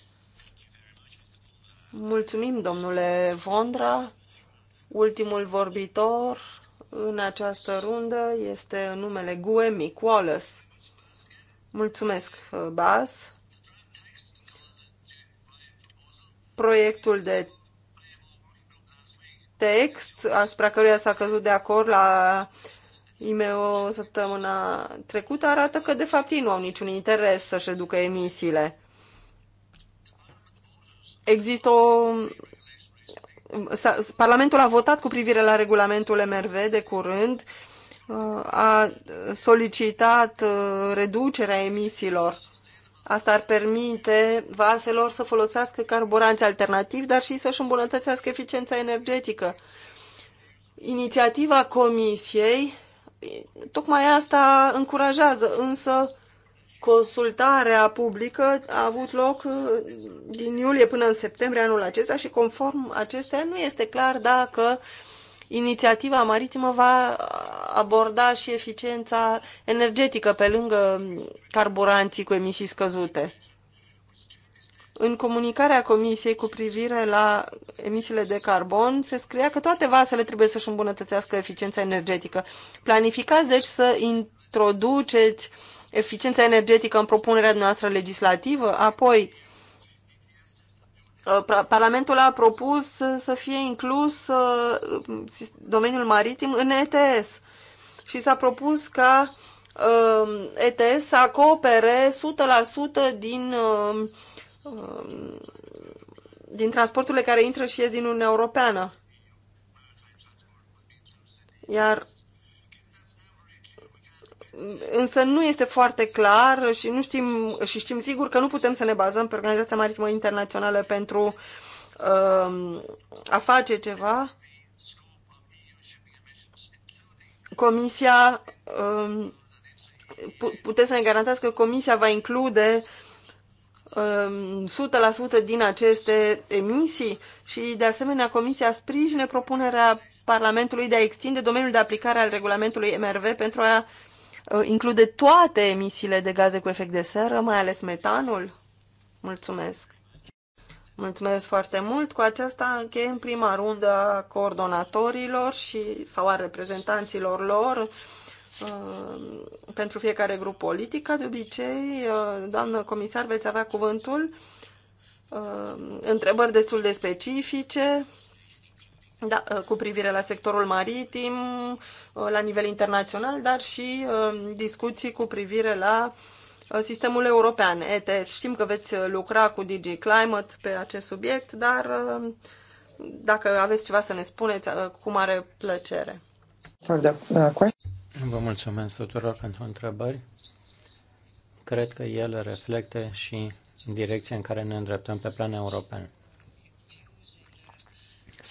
Speaker 2: Mulțumim, domnule Vondra. Ultimul vorbitor în această rundă este numele GUE Mick Wallace. Mulțumesc, uh, Bas. Proiectul de text asupra căruia s-a căzut de acord la IMEO săptămâna trecută arată că de fapt ei nu au niciun interes să-și reducă emisiile. Există o... Parlamentul a votat cu privire la regulamentul MRV de curând, uh, a solicitat uh, reducerea emisiilor Asta ar permite vaselor să folosească carburanți alternativi, dar și să-și îmbunătățească eficiența energetică. Inițiativa Comisiei tocmai asta încurajează, însă consultarea publică a avut loc uh, din iulie până în septembrie anul acesta și conform acestea nu este clar dacă uh, Inițiativa maritimă va aborda și eficiența energetică pe lângă carburanții cu emisii scăzute. În comunicarea Comisiei cu privire la emisiile de carbon se scria că toate vasele trebuie să-și îmbunătățească eficiența energetică. Planificați deci să introduceți eficiența energetică în propunerea noastră legislativă, apoi Uh, Parlamentul a propus să fie inclus uh, domeniul maritim în ETS și s-a propus ca um, ETS să acopere 100% din, um, um, din transporturile care intră și ies din Uniunea Europeană. Iar însă nu este foarte clar și nu știm și știm sigur că nu putem să ne bazăm pe Organizația Maritimă Internațională pentru uh, a face ceva. Comisia uh, puteți să ne garantați că Comisia va include uh, um, 100% din aceste emisii și, de asemenea, Comisia sprijine propunerea Parlamentului de a extinde domeniul de aplicare al regulamentului MRV pentru a Uh, include toate emisiile de gaze cu efect de seră, mai ales metanul? Mulțumesc! Mulțumesc foarte mult! Cu aceasta încheiem prima rundă a coordonatorilor și, sau a reprezentanților lor uh, pentru fiecare grup politic. Ca de obicei, uh, doamnă comisar, veți avea cuvântul întrebări destul de specifice da, uh, cu privire la sectorul maritim, uh, la nivel internațional, dar și uh, discuții cu privire la sistemul european, ETS. Știm că veți lucra cu DG Climate pe acest subiect, dar dacă aveți ceva să ne spuneți, cu mare plăcere.
Speaker 1: Vă mulțumesc tuturor pentru întrebări. Cred că ele reflecte și direcția în care ne îndreptăm pe plan european.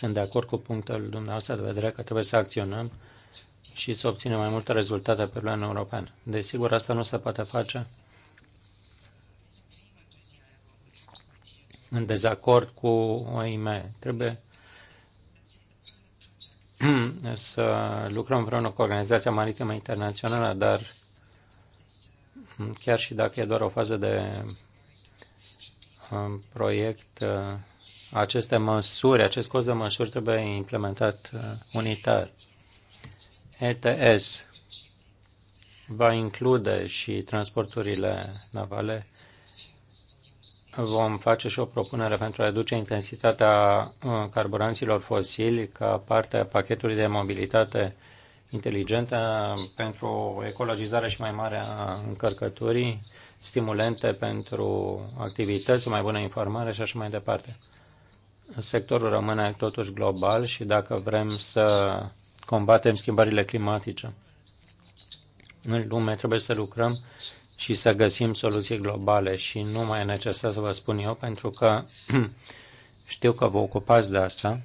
Speaker 1: Sunt de acord cu punctul dumneavoastră de vedere că trebuie să acționăm și să obținem mai multe rezultate pe plan european. Desigur, asta nu se poate face în dezacord cu OIM. Trebuie *clears throat* să lucrăm împreună cu Organizația Maritimă Internațională, dar chiar și dacă e doar o fază de um, proiect uh, aceste măsuri, acest cost de măsuri trebuie implementat uh, unitar. ETS va include și transporturile navale. Vom face și o propunere pentru a reduce intensitatea uh, carburanților fosili ca parte a pachetului de mobilitate inteligentă uh, pentru ecologizare și mai mare a încărcăturii, stimulente pentru activități, mai bună informare și așa mai departe sectorul rămâne totuși global și dacă vrem să combatem schimbările climatice în lume, trebuie să lucrăm și să găsim soluții globale și nu mai e necesar să vă spun eu pentru că *clears throat* știu că vă ocupați de asta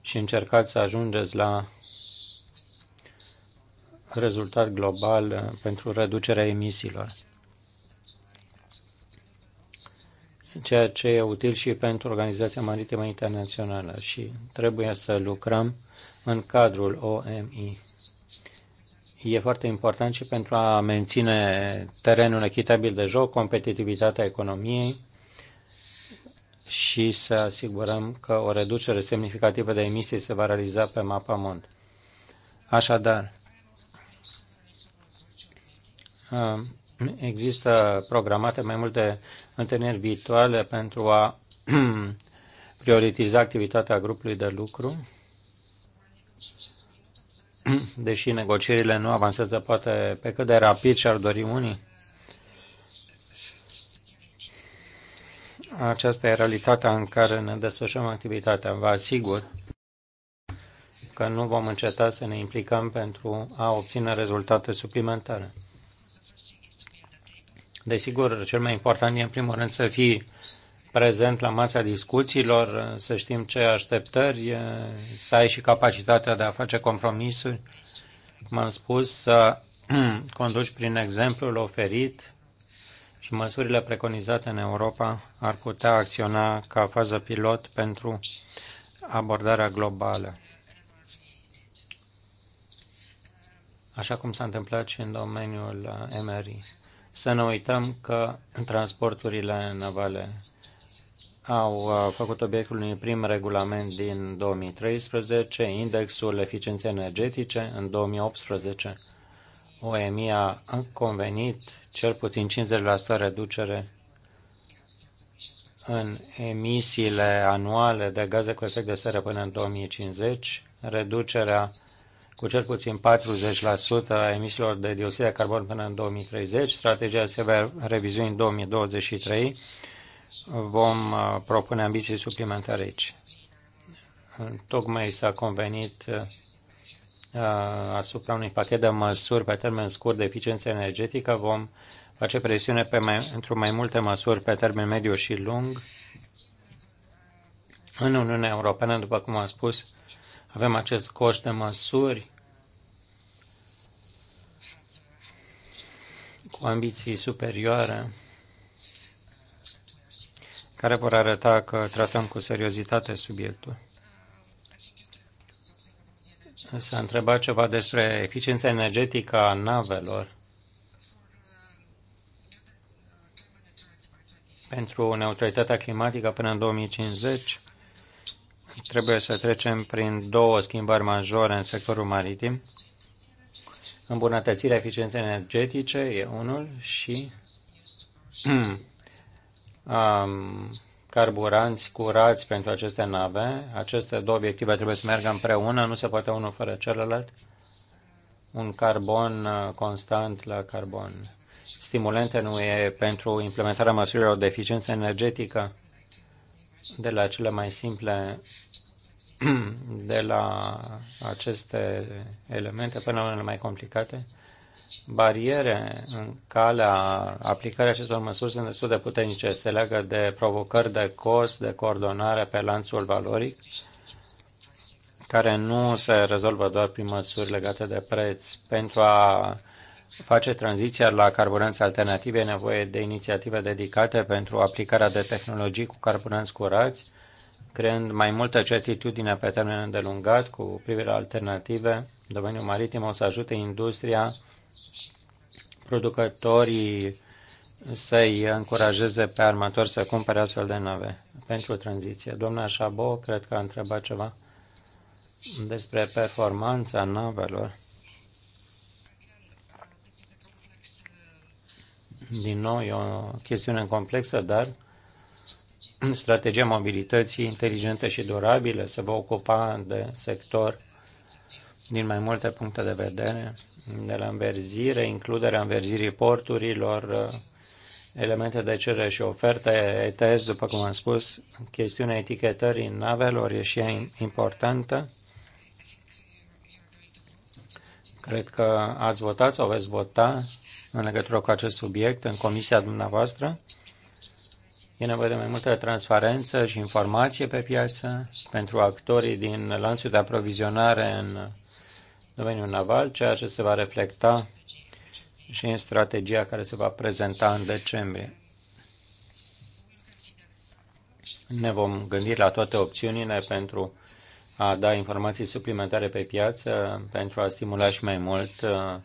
Speaker 1: și încercați să ajungeți la rezultat global pentru reducerea emisiilor. ceea ce e util și pentru Organizația Maritimă Internațională și trebuie să lucrăm în cadrul OMI. E foarte important și pentru a menține terenul echitabil de joc, competitivitatea economiei și să asigurăm că o reducere semnificativă de emisii se va realiza pe mapa mond. Așadar, Există programate mai multe întâlniri virtuale pentru a *clears throat* prioritiza activitatea grupului de lucru. *clears throat* Deși negocierile nu avansează poate pe cât de rapid și-ar dori unii, aceasta e realitatea în care ne desfășurăm activitatea. Vă asigur că nu vom înceta să ne implicăm pentru a obține rezultate suplimentare. Desigur, cel mai important e în primul rând să fii prezent la masa discuțiilor, să știm ce așteptări, să ai și capacitatea de a face compromisuri, cum am spus, să *clears throat* conduci prin exemplul oferit și măsurile preconizate în Europa ar putea acționa ca fază pilot pentru abordarea globală. Așa cum s-a întâmplat și în domeniul uh, MRI să ne uităm că transporturile navale au făcut obiectul unui prim regulament din 2013, indexul eficienței energetice în 2018. OMI a convenit cel puțin 50% reducere în emisiile anuale de gaze cu efect de seră până în 2050, reducerea cu cel puțin 40% a emisiilor de dioxid de carbon până în 2030. Strategia se va revizui în 2023. Vom uh, propune ambiții suplimentare aici. Tocmai s-a convenit uh, asupra unui pachet de măsuri pe termen scurt de eficiență energetică. Vom face presiune pe mai, într-o mai multe măsuri pe termen mediu și lung în Uniunea Europeană, după cum am spus, avem acest coș de măsuri cu ambiții superioare care vor arăta că tratăm cu seriozitate subiectul. S-a întrebat ceva despre eficiența energetică a navelor pentru neutralitatea climatică până în 2050 trebuie să trecem prin două schimbări majore în sectorul maritim. Îmbunătățirea eficienței energetice e unul și um, *clears throat* carburanți curați pentru aceste nave. Aceste două obiective trebuie să meargă împreună, nu se poate unul fără celălalt. Un carbon uh, constant la carbon. Stimulente nu e pentru implementarea măsurilor de eficiență energetică de la cele mai simple *clears throat* de la aceste elemente până la unele mai complicate, bariere în calea aplicării acestor măsuri sunt destul de puternice. Se leagă de provocări de cost, de coordonare pe lanțul valoric, care nu se rezolvă doar prin măsuri legate de preț. Pentru a face tranziția la carburanți alternative e nevoie de inițiative dedicate pentru aplicarea de tehnologii cu carburanți curați, creând mai multă certitudine pe termen îndelungat cu privire la alternative. Domeniul maritim o să ajute industria, producătorii să-i încurajeze pe armatori să cumpere astfel de nave pentru tranziție. Domnul Șabo, cred că a întrebat ceva despre performanța navelor. Din nou, e o chestiune complexă, dar strategia mobilității inteligente și durabile se va ocupa de sector din mai multe puncte de vedere, de la înverzire, includerea înverzirii porturilor, elemente de cerere și oferte, ETS, după cum am spus, chestiunea etichetării navelor e și ea importantă. Cred că ați votat sau veți vota în legătură cu acest subiect în comisia dumneavoastră. E nevoie de mai multă transparență și informație pe piață pentru actorii din lanțul de aprovizionare în domeniul naval, ceea ce se va reflecta și în strategia care se va prezenta în decembrie. Ne vom gândi la toate opțiunile pentru a da informații suplimentare pe piață, pentru a stimula și mai mult uh,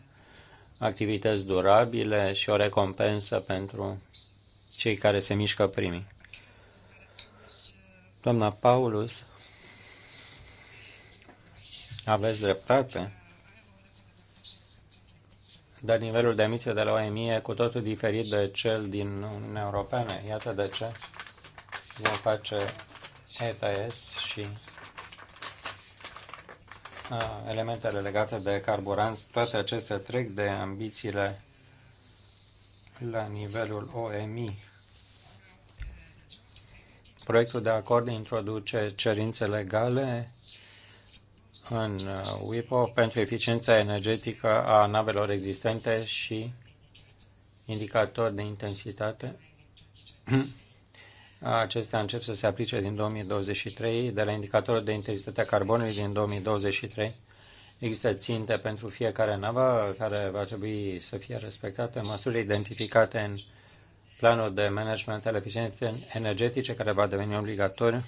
Speaker 1: activități durabile și o recompensă pentru cei care se mișcă primii. Doamna Paulus, aveți dreptate, dar nivelul de emisie de la OMI e cu totul diferit de cel din Uniunea Europeană. Iată de ce vom face ETS și elementele legate de carburanți, toate acestea trec de ambițiile la nivelul OMI. Proiectul de acord introduce cerințe legale în uh, WIPO pentru eficiența energetică a navelor existente și indicatori de intensitate. *clears throat* Acestea încep să se aplice din 2023, de la indicatorul de intensitate a carbonului din 2023 Există ținte pentru fiecare navă care va trebui să fie respectate, măsuri identificate în planul de management al eficienței energetice care va deveni obligatoriu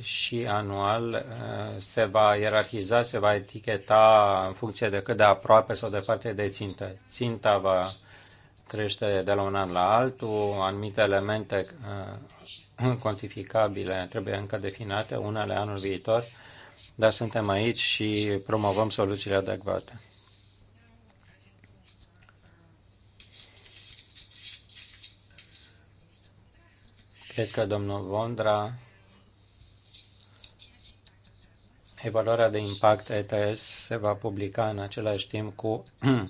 Speaker 1: și anual uh, se va ierarhiza, se va eticheta în funcție de cât de aproape sau de departe de țintă. Ținta va crește de la un an la altul, anumite elemente uh, *coughs* cuantificabile trebuie încă definite, unele anul viitor, dar suntem aici și promovăm soluțiile adecvate. Cred că domnul Vondra, evaluarea de impact ETS se va publica în același timp cu *clears throat*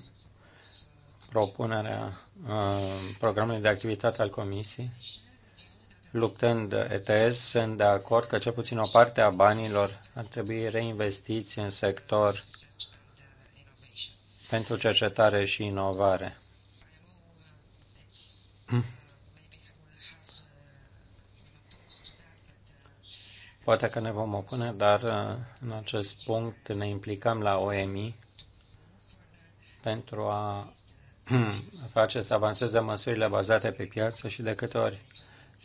Speaker 1: propunerea uh, programului de activitate al Comisiei luptând ETS, sunt de acord că cel puțin o parte a banilor ar trebui reinvestiți în sector pentru cercetare și inovare. Poate că ne vom opune, dar în acest punct ne implicăm la OMI pentru a *clears throat* face să avanseze măsurile bazate pe piață și de câte ori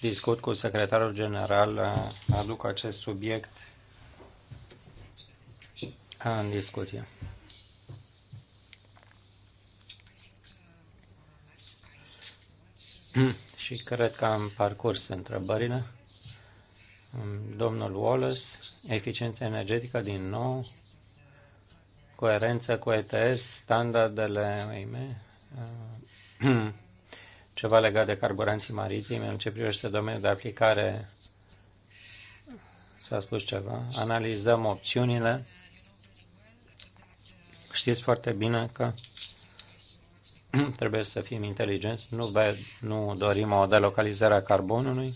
Speaker 1: discut cu secretarul general, uh, aduc acest subiect în discuție. *clears throat* și cred că am parcurs întrebările. Domnul Wallace, eficiență energetică din nou, coerență cu ETS, standardele OIM, *clears throat* ceva legat de carburanții maritime, în ce privește domeniul de aplicare s-a spus ceva, analizăm opțiunile. Știți foarte bine că *clears throat* trebuie să fim inteligenți, nu, nu dorim o delocalizare a carbonului,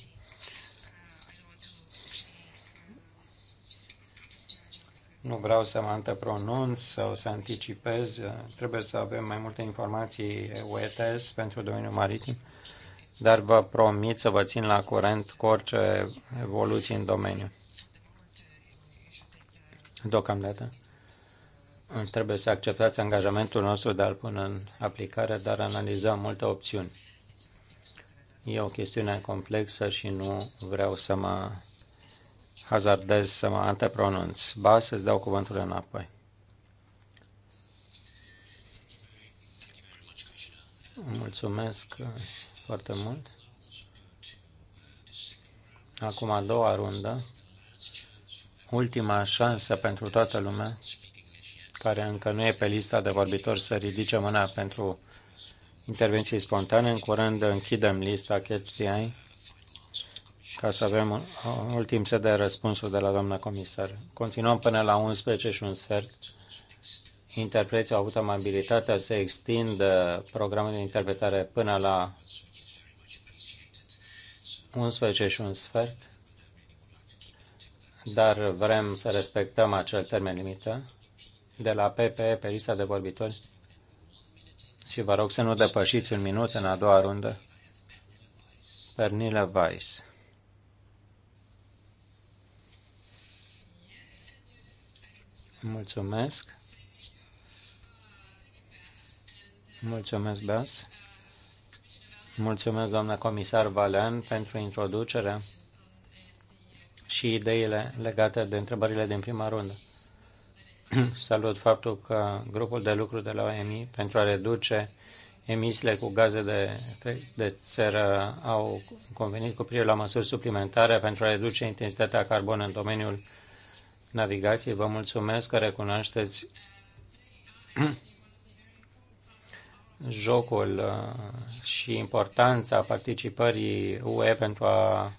Speaker 1: Nu vreau să mă antepronunț sau să anticipez. Trebuie să avem mai multe informații UETS pentru domeniul maritim, dar vă promit să vă țin la curent cu orice evoluții în domeniu. Deocamdată trebuie să acceptați angajamentul nostru de a-l pune în aplicare, dar analizăm multe opțiuni. E o chestiune complexă și nu vreau să mă hazardez să mă antepronunț. Ba să-ți dau cuvântul înapoi. Mulțumesc foarte mult. Acum a doua rundă, ultima șansă pentru toată lumea care încă nu e pe lista de vorbitori să ridice mâna pentru intervenții spontane. În curând închidem lista Eye ca să avem un ultim set de răspunsuri de la doamna comisar. Continuăm până la 11 și un sfert. Interpreții au avut amabilitatea să extindă programul de interpretare până la 11 și un sfert, dar vrem să respectăm acel termen limită de la PPE pe lista de vorbitori și vă rog să nu depășiți un minut în a doua rundă. Pernile Weiss. Mulțumesc. Mulțumesc, Bas. Mulțumesc, doamna comisar Valen, pentru introducere și ideile legate de întrebările din prima rundă. *clears throat* Salut faptul că grupul de lucru de la OMI pentru a reduce emisiile cu gaze de efect de țară au convenit cu privire la măsuri suplimentare pentru a reduce intensitatea carbon în domeniul Navigație. Vă mulțumesc că recunoașteți *clears throat* jocul uh, și importanța participării UE pentru a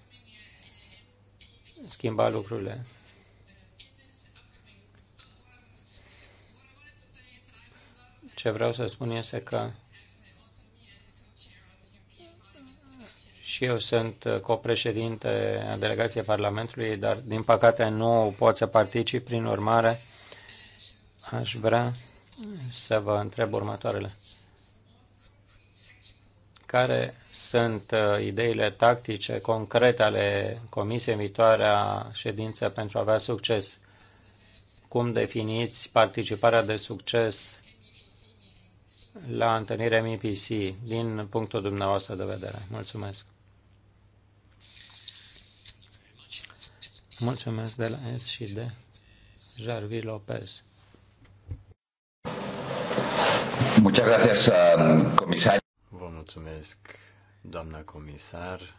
Speaker 1: schimba lucrurile. Ce vreau să spun este că și eu sunt uh, copreședinte a delegației Parlamentului, dar din păcate nu pot să particip. Prin urmare, aș vrea să vă întreb următoarele. Care sunt uh, ideile tactice concrete ale Comisiei viitoarea ședință pentru a avea succes? Cum definiți participarea de succes la întâlnirea MPC din punctul dumneavoastră de vedere? Mulțumesc! Mulțumesc de la S și de Jarvi Lopez.
Speaker 4: Muchas gracias, uh, comisar. Vă mulțumesc, doamna comisar.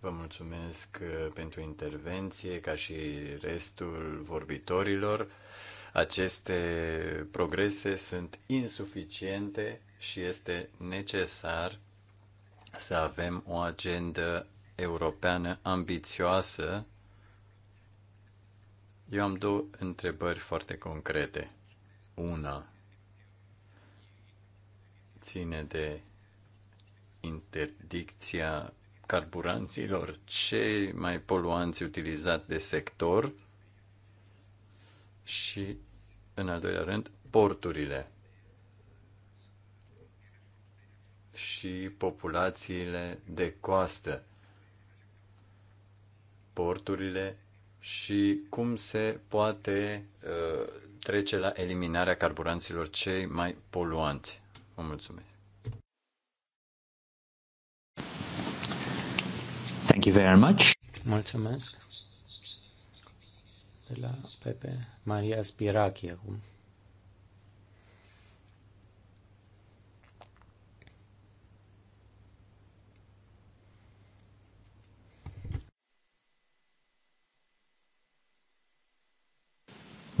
Speaker 4: Vă mulțumesc uh, pentru intervenție, ca și restul vorbitorilor. Aceste progrese sunt insuficiente și este necesar să avem o agendă europeană ambițioasă, eu am două întrebări foarte concrete. Una ține de interdicția carburanților cei mai poluanți utilizat de sector și, în al doilea rând, porturile și populațiile de coastă porturile și cum se poate uh, trece la eliminarea carburanților cei mai poluanți. Vă mulțumesc.
Speaker 1: Thank you very much. Mulțumesc. De la Pepe Maria Spirachi acum.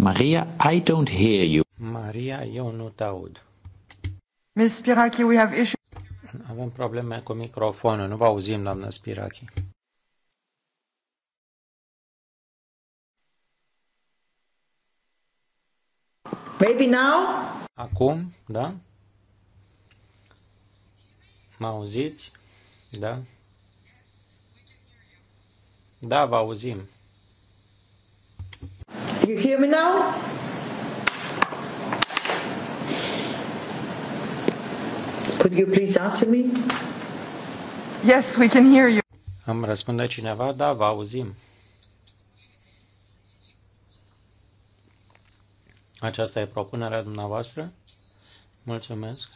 Speaker 1: Maria, I don't hear you. Maria, eu nu te aud. Miss Spiraki, we have issues. Avem probleme cu microfonul, nu vă auzim, doamnă Spiraki.
Speaker 2: Maybe now?
Speaker 1: Acum, da? Mă auziți? Da? Da, vă auzim.
Speaker 2: You hear me now? Could you please answer me? Yes, we can hear you.
Speaker 1: Am răspunde cineva? Da, vă auzim. Aceasta e propunerea dumneavoastră? Mulțumesc.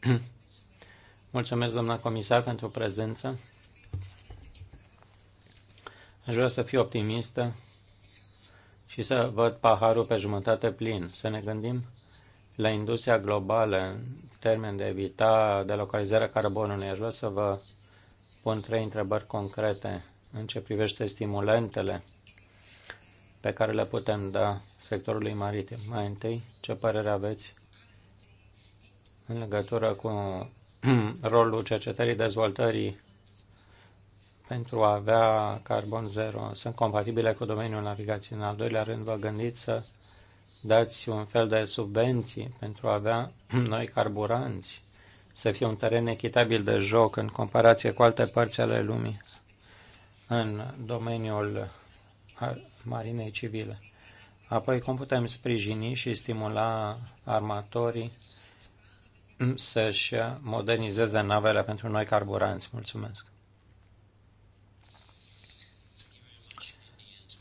Speaker 1: *clears throat* Mulțumesc, doamna comisar, pentru prezență. Aș vrea să fiu optimistă și să văd paharul pe jumătate plin. Să ne gândim la industria globală în termen de evita delocalizarea carbonului. Aș vrea să vă pun trei întrebări concrete în ce privește stimulentele pe care le putem da sectorului maritim. Mai întâi, ce părere aveți în legătură cu *clears throat* rolul cercetării dezvoltării pentru a avea carbon zero sunt compatibile cu domeniul navigației. În al doilea rând, vă gândiți să dați un fel de subvenții pentru a avea *clears throat* noi carburanți, să fie un teren echitabil de joc în comparație cu alte părți ale lumii în domeniul marinei civile. Apoi, cum putem sprijini și stimula armatorii să-și modernizeze navele pentru noi carburanți? Mulțumesc!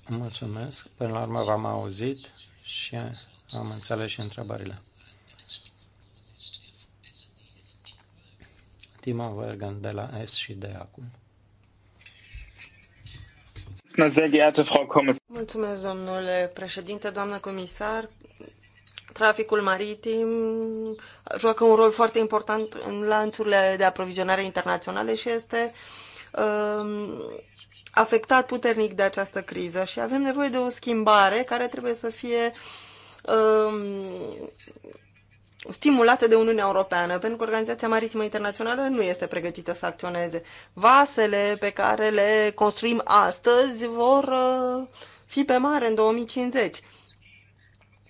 Speaker 1: Mulțumesc. Până la urmă v-am auzit și am înțeles și întrebările. Timo Vergen de la S și de acum.
Speaker 2: Mulțumesc, domnule președinte, doamnă comisar. Traficul maritim joacă un rol foarte important în lanțurile de aprovizionare internaționale și este uh, Um, afectat puternic de această criză și avem nevoie de o schimbare care trebuie să fie um, stimulată de Uniunea Europeană, pentru că Organizația Maritimă Internațională nu este pregătită să acționeze. Vasele pe care le construim astăzi vor uh, fi pe mare în 2050.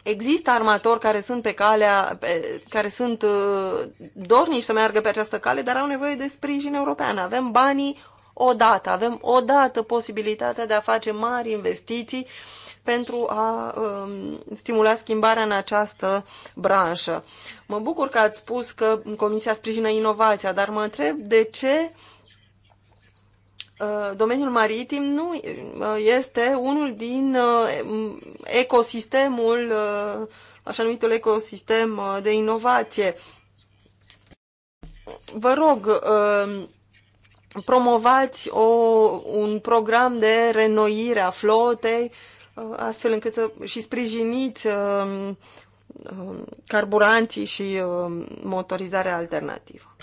Speaker 2: Există armatori care sunt pe calea, pe, care sunt uh, dorniși să meargă pe această cale, dar au nevoie de sprijin european. Avem banii o dată. Avem o dată posibilitatea de a face mari investiții pentru a um, stimula schimbarea în această branșă. Mă bucur că ați spus că Comisia sprijină inovația, dar mă întreb de ce uh, domeniul maritim nu uh, este unul din uh, ecosistemul, așa numitul ecosistem de inovație. Vă rog, promovați o, un program de renoire a flotei, uh, astfel încât să și sprijiniți um, um, carburanții și um, motorizarea alternativă.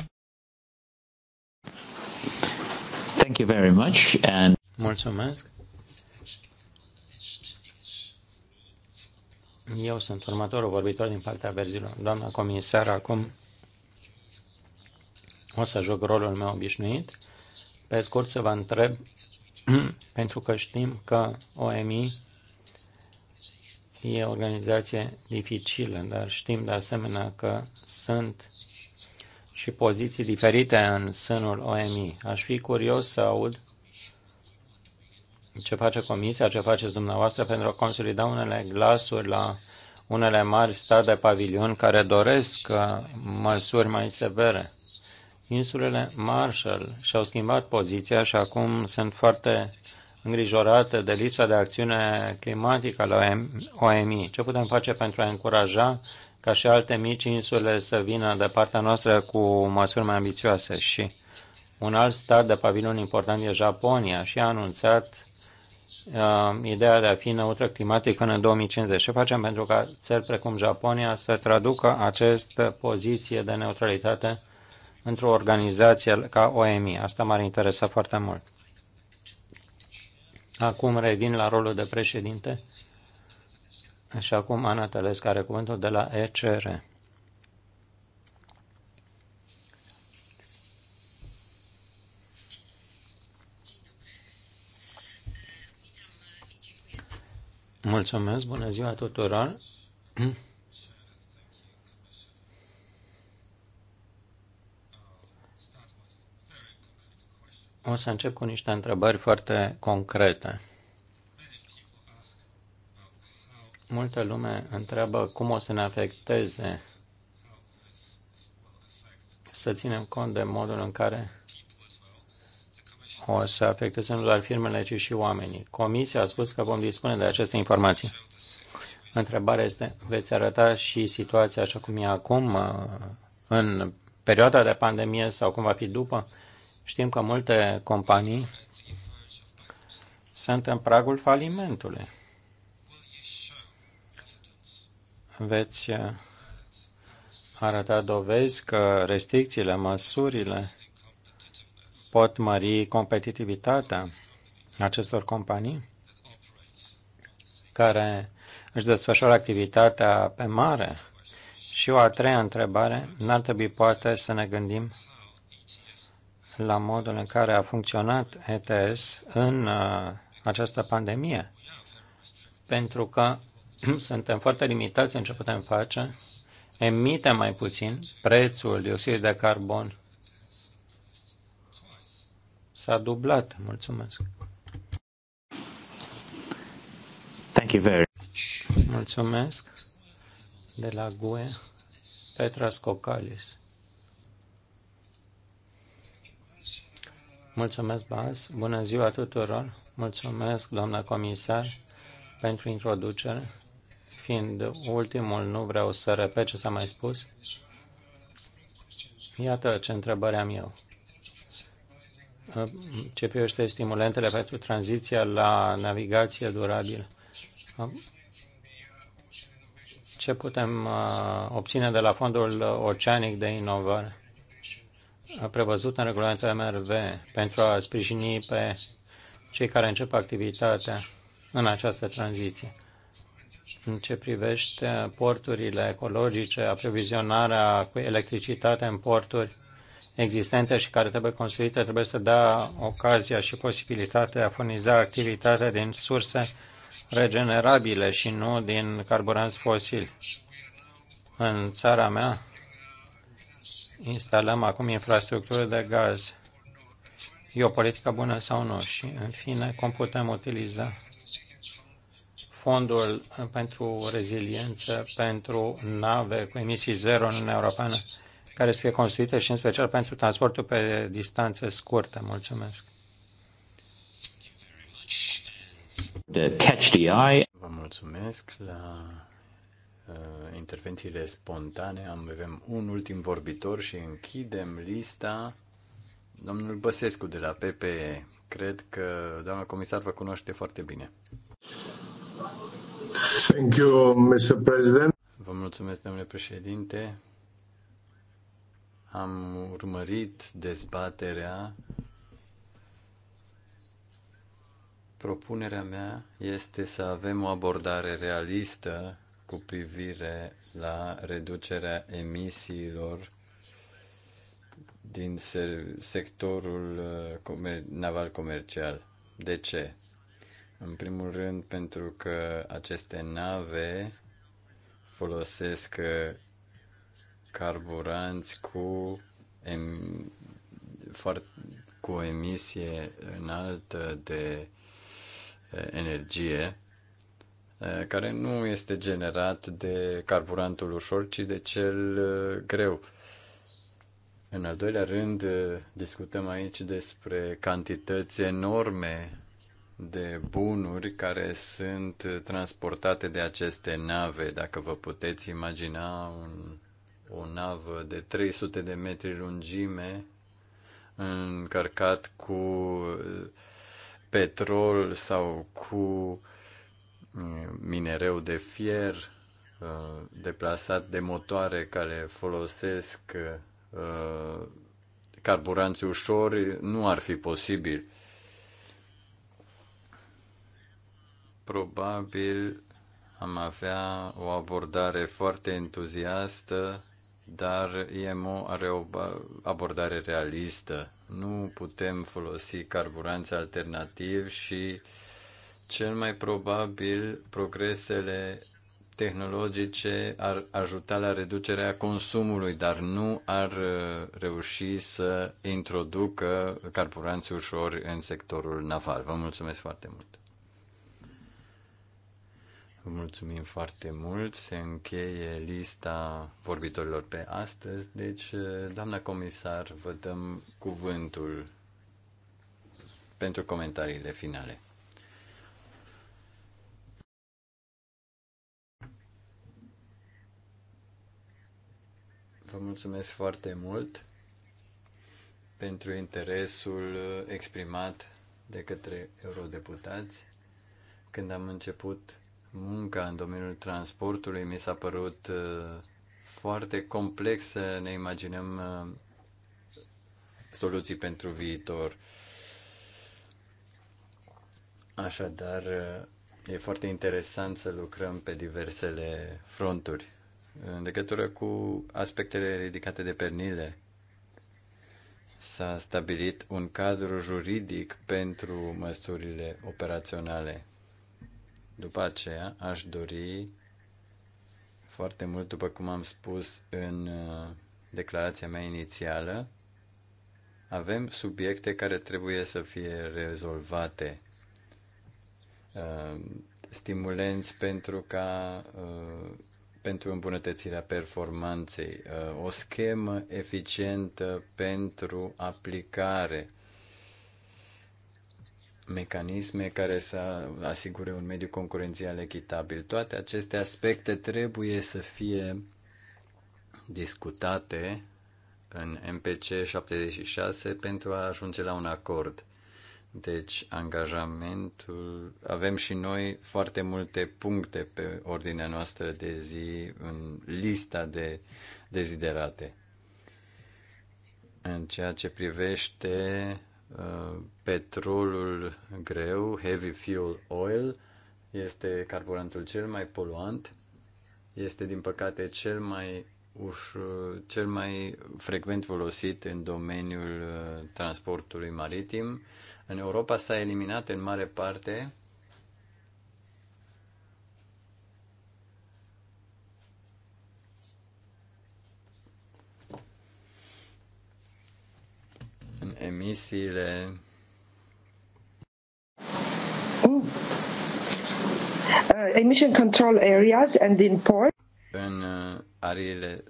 Speaker 1: Thank you very much and Mulțumesc. Eu sunt următorul vorbitor din partea verzilor. Doamna comisar, acum o să joc rolul meu obișnuit pe scurt să vă întreb, *clears throat* pentru că știm că OMI e o organizație dificilă, dar știm de asemenea că sunt și poziții diferite în sânul OMI. Aș fi curios să aud ce face Comisia, ce faceți dumneavoastră pentru a consolida unele glasuri la unele mari state de pavilion care doresc uh, măsuri mai severe. Insulele Marshall și-au schimbat poziția și acum sunt foarte îngrijorate de lipsa de acțiune climatică la OMI. Ce putem face pentru a încuraja ca și alte mici insule să vină de partea noastră cu măsuri mai ambițioase? Și un alt stat de pavilion important e Japonia și a anunțat uh, ideea de a fi neutră climatic până în 2050. Ce facem pentru ca țări precum Japonia să traducă această poziție de neutralitate într-o organizație ca OMI. Asta m-ar interesa foarte mult. Acum revin la rolul de președinte și acum Ana Tălesc are cuvântul de la ECR. Mulțumesc, bună ziua tuturor! *clears throat* O să încep cu niște întrebări foarte concrete. Multă lume întreabă cum o să ne afecteze să ținem cont de modul în care o să afecteze nu doar firmele, ci și oamenii. Comisia a spus că vom dispune de aceste informații. Întrebarea este, veți arăta și situația așa cum e acum, în perioada de pandemie sau cum va fi după? Știm că multe companii sunt în pragul falimentului. Veți uh, arăta dovezi că restricțiile, măsurile pot mări competitivitatea acestor companii care își desfășoară activitatea pe mare. Și o a treia întrebare, n-ar trebui poate să ne gândim la modul în care a funcționat ETS în uh, această pandemie, pentru că *clears throat* suntem foarte limitați în ce putem face, emitem mai puțin, prețul dioxidului de carbon s-a dublat. Mulțumesc! Thank you very much. Mulțumesc de la GUE, Petra Scocalis. Mulțumesc, Bas. Bună ziua tuturor. Mulțumesc, doamna comisar, pentru introducere. Fiind ultimul, nu vreau să repet ce s-a mai spus. Iată ce întrebare am eu. Ce privește stimulentele pentru tranziția la navigație durabilă? Ce putem uh, obține de la Fondul Oceanic de Inovare? prevăzut în regulamentul MRV pentru a sprijini pe cei care încep activitatea în această tranziție. În ce privește porturile ecologice, aprovizionarea cu electricitate în porturi existente și care trebuie construite, trebuie să dea ocazia și posibilitatea de a furniza activitatea din surse regenerabile și nu din carburanți fosili. În țara mea, instalăm acum infrastructură de gaz. E o politică bună sau nu? Și, în fine, cum putem utiliza fondul pentru reziliență pentru nave cu emisii zero în Uniunea Europeană, care să fie construite și în special pentru transportul pe distanțe scurte. Mulțumesc!
Speaker 4: Vă mulțumesc la uh, intervențiile spontane. Am, avem un ultim vorbitor și închidem lista. Domnul Băsescu de la PPE. Cred că doamna comisar vă cunoaște foarte bine.
Speaker 1: Thank you, Mr. President.
Speaker 4: Vă mulțumesc, domnule președinte. Am urmărit dezbaterea. Propunerea mea este să avem o abordare realistă cu privire la reducerea emisiilor din sectorul uh, comer- naval comercial. De ce? În primul rând pentru că aceste nave folosesc uh, carburanți cu, em, foarte, cu emisie înaltă de uh, energie care nu este generat de carburantul ușor, ci de cel greu. În al doilea rând, discutăm aici despre cantități enorme de bunuri care sunt transportate de aceste nave. Dacă vă puteți imagina un, o navă de 300 de metri lungime încărcat cu petrol sau cu minereu de fier uh, deplasat de motoare care folosesc uh, carburanți ușori nu ar fi posibil. Probabil am avea o abordare foarte entuziastă, dar IMO are o abordare realistă. Nu putem folosi carburanți alternativi și uh, cel mai probabil progresele tehnologice ar ajuta la reducerea consumului, dar nu ar uh, reuși să introducă carburanți ușor în sectorul naval. Vă mulțumesc foarte mult! Vă mulțumim foarte mult. Se încheie lista vorbitorilor pe astăzi. Deci, uh, doamna comisar, vă dăm cuvântul pentru comentariile finale. Vă mulțumesc foarte mult pentru interesul exprimat de către eurodeputați. Când am început munca în domeniul transportului, mi s-a părut uh, foarte complex să ne imaginăm uh, soluții pentru viitor. Așadar, uh, e foarte interesant să lucrăm pe diversele fronturi în legătură cu aspectele ridicate de pernile, s-a stabilit un cadru juridic pentru măsurile operaționale. După aceea, aș dori foarte mult, după cum am spus în uh, declarația mea inițială, avem subiecte care trebuie să fie rezolvate. Uh, stimulenți pentru ca uh, pentru îmbunătățirea performanței, uh, o schemă eficientă pentru aplicare, mecanisme care să asigure un mediu concurențial echitabil. Toate aceste aspecte trebuie să fie discutate în MPC 76 pentru a ajunge la un acord. Deci, angajamentul. Avem și noi foarte multe puncte pe ordinea noastră de zi în lista de deziderate. În ceea ce privește uh, petrolul greu, heavy fuel oil, este carburantul cel mai poluant, este din păcate cel mai uș, cel mai frecvent folosit în domeniul uh, transportului maritim în Europa s-a eliminat în mare parte în emisiile uh,
Speaker 3: emission control areas and in port
Speaker 4: în uh, ariile,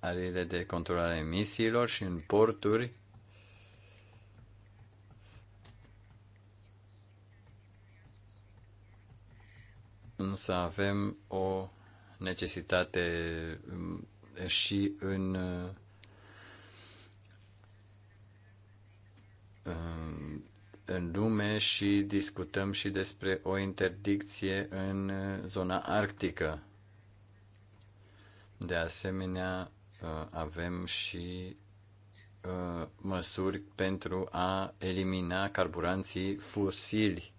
Speaker 4: ariile de control a emisiilor și în porturi însă avem o necesitate mm, și în mm, în lume și discutăm și despre o interdicție în zona arctică. De asemenea, uh, avem și uh, măsuri pentru a elimina carburanții fosili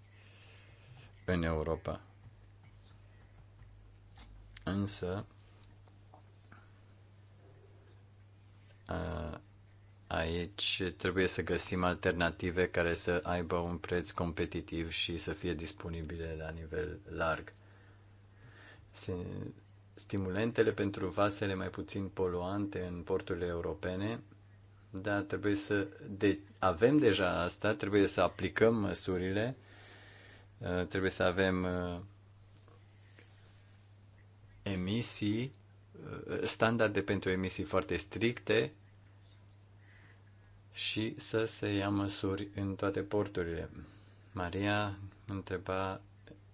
Speaker 4: în Europa. Însă, aici trebuie să găsim alternative care să aibă un preț competitiv și să fie disponibile la nivel larg. Stimulentele pentru vasele mai puțin poluante în porturile europene da, trebuie să. De, avem deja asta, trebuie să aplicăm măsurile, trebuie să avem emisii, uh, standarde pentru emisii foarte stricte și să se ia măsuri în toate porturile. Maria întreba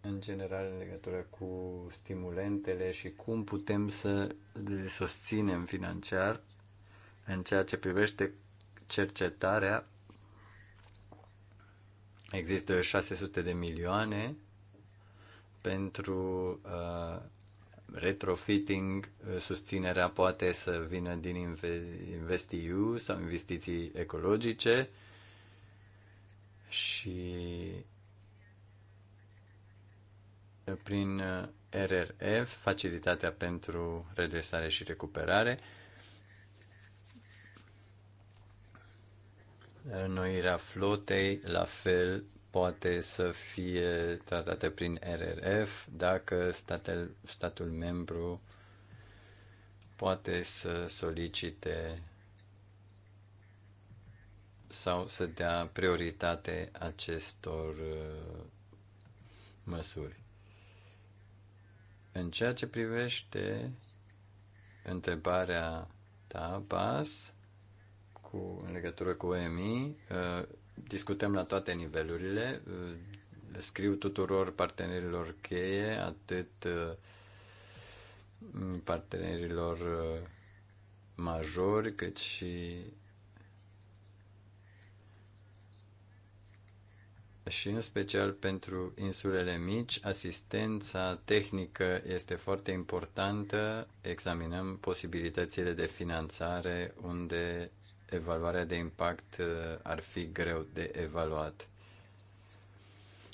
Speaker 4: în general în legătură cu stimulentele și cum putem să le susținem financiar în ceea ce privește cercetarea. Există 600 de milioane pentru uh, retrofitting, susținerea poate să vină din InvestEU sau investiții ecologice și prin RRF, facilitatea pentru redresare și recuperare, înnoirea flotei, la fel poate să fie tratate prin RRF dacă statel, statul membru poate să solicite sau să dea prioritate acestor uh, măsuri. În ceea ce privește întrebarea ta, BAS, cu, în legătură cu EMI, discutăm la toate nivelurile, uh, le scriu tuturor partenerilor cheie, atât uh, partenerilor uh, majori, cât și și în special pentru insulele mici, asistența tehnică este foarte importantă. Examinăm posibilitățile de finanțare unde evaluarea de impact uh, ar fi greu de evaluat.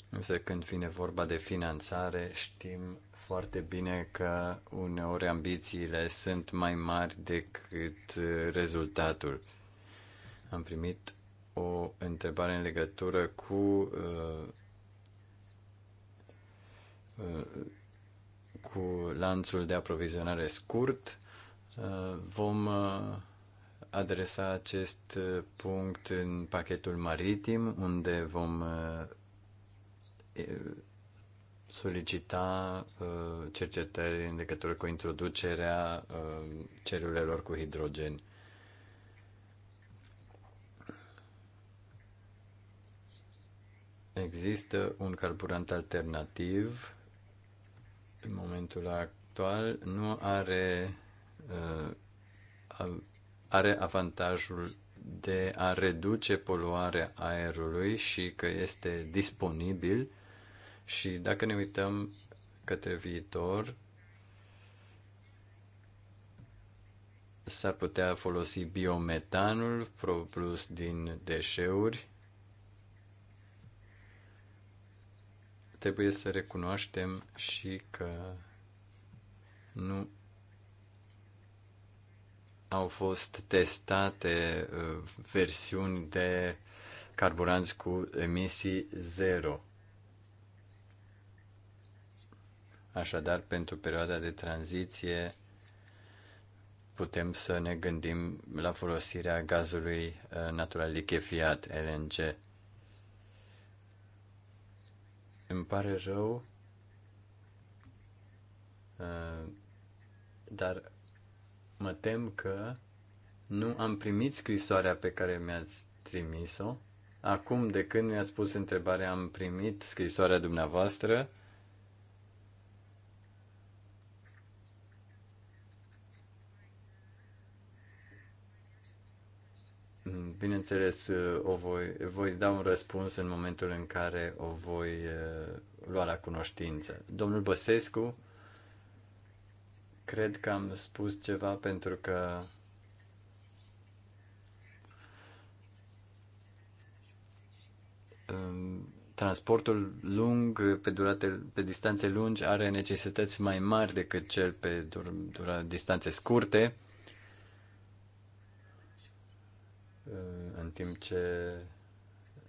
Speaker 4: Însă când vine vorba de finanțare, știm foarte bine că uneori ambițiile sunt mai mari decât uh, rezultatul. Am primit o întrebare în legătură cu uh, cu lanțul de aprovizionare scurt. vom adresa acest uh, punct în pachetul maritim, unde vom uh, solicita uh, cercetări în legătură cu introducerea celulelor cu hidrogen. Există un carburant alternativ în momentul actual nu are uh, are avantajul de a reduce poluarea aerului și că este disponibil și dacă ne uităm către viitor, s-ar putea folosi biometanul produs din deșeuri. Trebuie să recunoaștem și că nu au fost testate uh, versiuni de carburanți cu emisii zero. Așadar, pentru perioada de tranziție putem să ne gândim la folosirea gazului uh, natural lichefiat, LNG. Îmi pare rău, uh, dar Mă tem că nu am primit scrisoarea pe care mi-ați trimis-o. Acum, de când mi-ați pus întrebarea, am primit scrisoarea dumneavoastră. Bineînțeles, uh, o voi, voi da un răspuns în momentul în care o voi uh, lua la cunoștință. Domnul Băsescu, Cred că am spus ceva pentru că transportul lung pe, durate, pe distanțe lungi are necesități mai mari decât cel pe dur, dura, distanțe scurte, în timp ce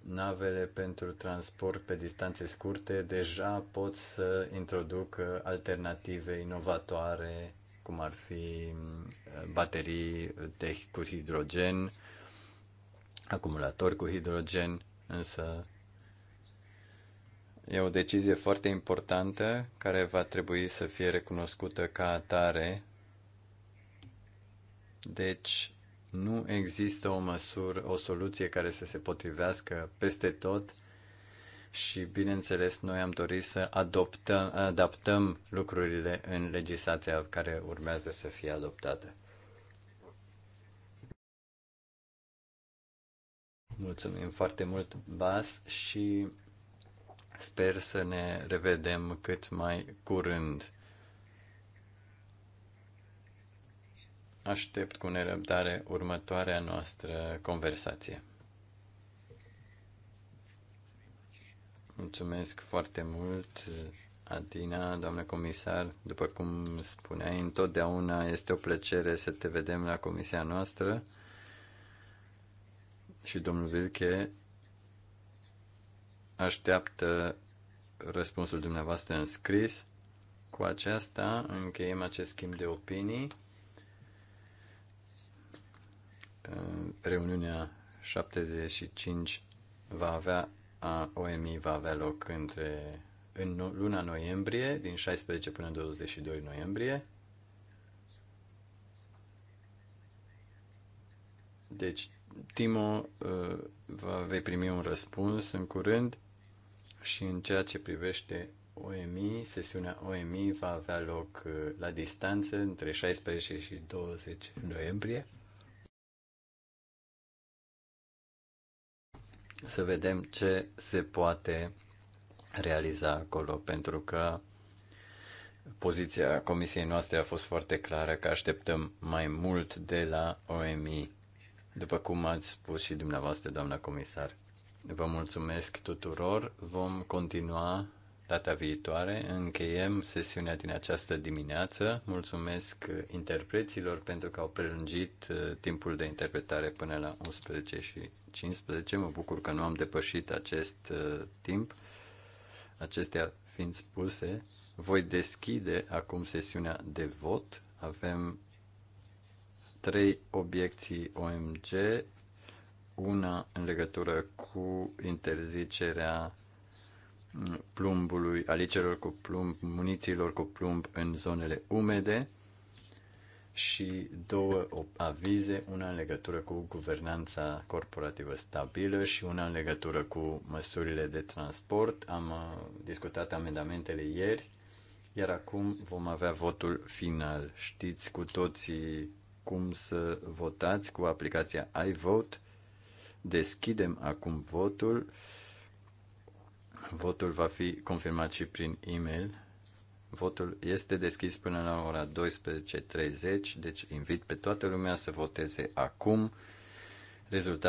Speaker 4: navele pentru transport pe distanțe scurte deja pot să introducă alternative inovatoare, cum ar fi mm, baterii de, cu hidrogen, acumulatori cu hidrogen, însă e o decizie foarte importantă care va trebui să fie recunoscută ca atare. Deci, nu există o măsură, o soluție care să se potrivească peste tot și, bineînțeles, noi am dorit să adoptăm, adaptăm lucrurile în legislația care urmează să fie adoptată. Mulțumim foarte mult, Bas, și sper să ne revedem cât mai curând. Aștept cu nerăbdare următoarea noastră conversație. Mulțumesc foarte mult, Adina, doamnă comisar. După cum spuneai, întotdeauna este o plăcere să te vedem la comisia noastră. Și domnul Vilche așteaptă răspunsul dumneavoastră în scris. Cu aceasta încheiem acest schimb de opinii reuniunea 75 va avea, a OMI va avea loc între în luna noiembrie, din 16 până 22 noiembrie. Deci, Timo, ă, va, vei primi un răspuns în curând și în ceea ce privește OMI, sesiunea OMI va avea loc ă, la distanță între 16 și 20 noiembrie. să vedem ce se poate realiza acolo, pentru că poziția comisiei noastre a fost foarte clară că așteptăm mai mult de la OMI, după cum ați spus și dumneavoastră, doamna comisar. Vă mulțumesc tuturor, vom continua data viitoare. Încheiem sesiunea din această dimineață. Mulțumesc interpreților pentru că au prelungit uh, timpul de interpretare până la 11 și 15. Mă bucur că nu am depășit acest uh, timp. Acestea fiind spuse, voi deschide acum sesiunea de vot. Avem trei obiecții OMG, una în legătură cu interzicerea plumbului, alicelor cu plumb, munițiilor cu plumb în zonele umede și două avize, una în legătură cu guvernanța corporativă stabilă și una în legătură cu măsurile de transport. Am uh, discutat amendamentele ieri, iar acum vom avea votul final. Știți cu toții cum să votați cu aplicația iVote. Deschidem acum votul. Votul va fi confirmat și prin e-mail. Votul este deschis până la ora 12.30, deci invit pe toată lumea să voteze acum. Rezultat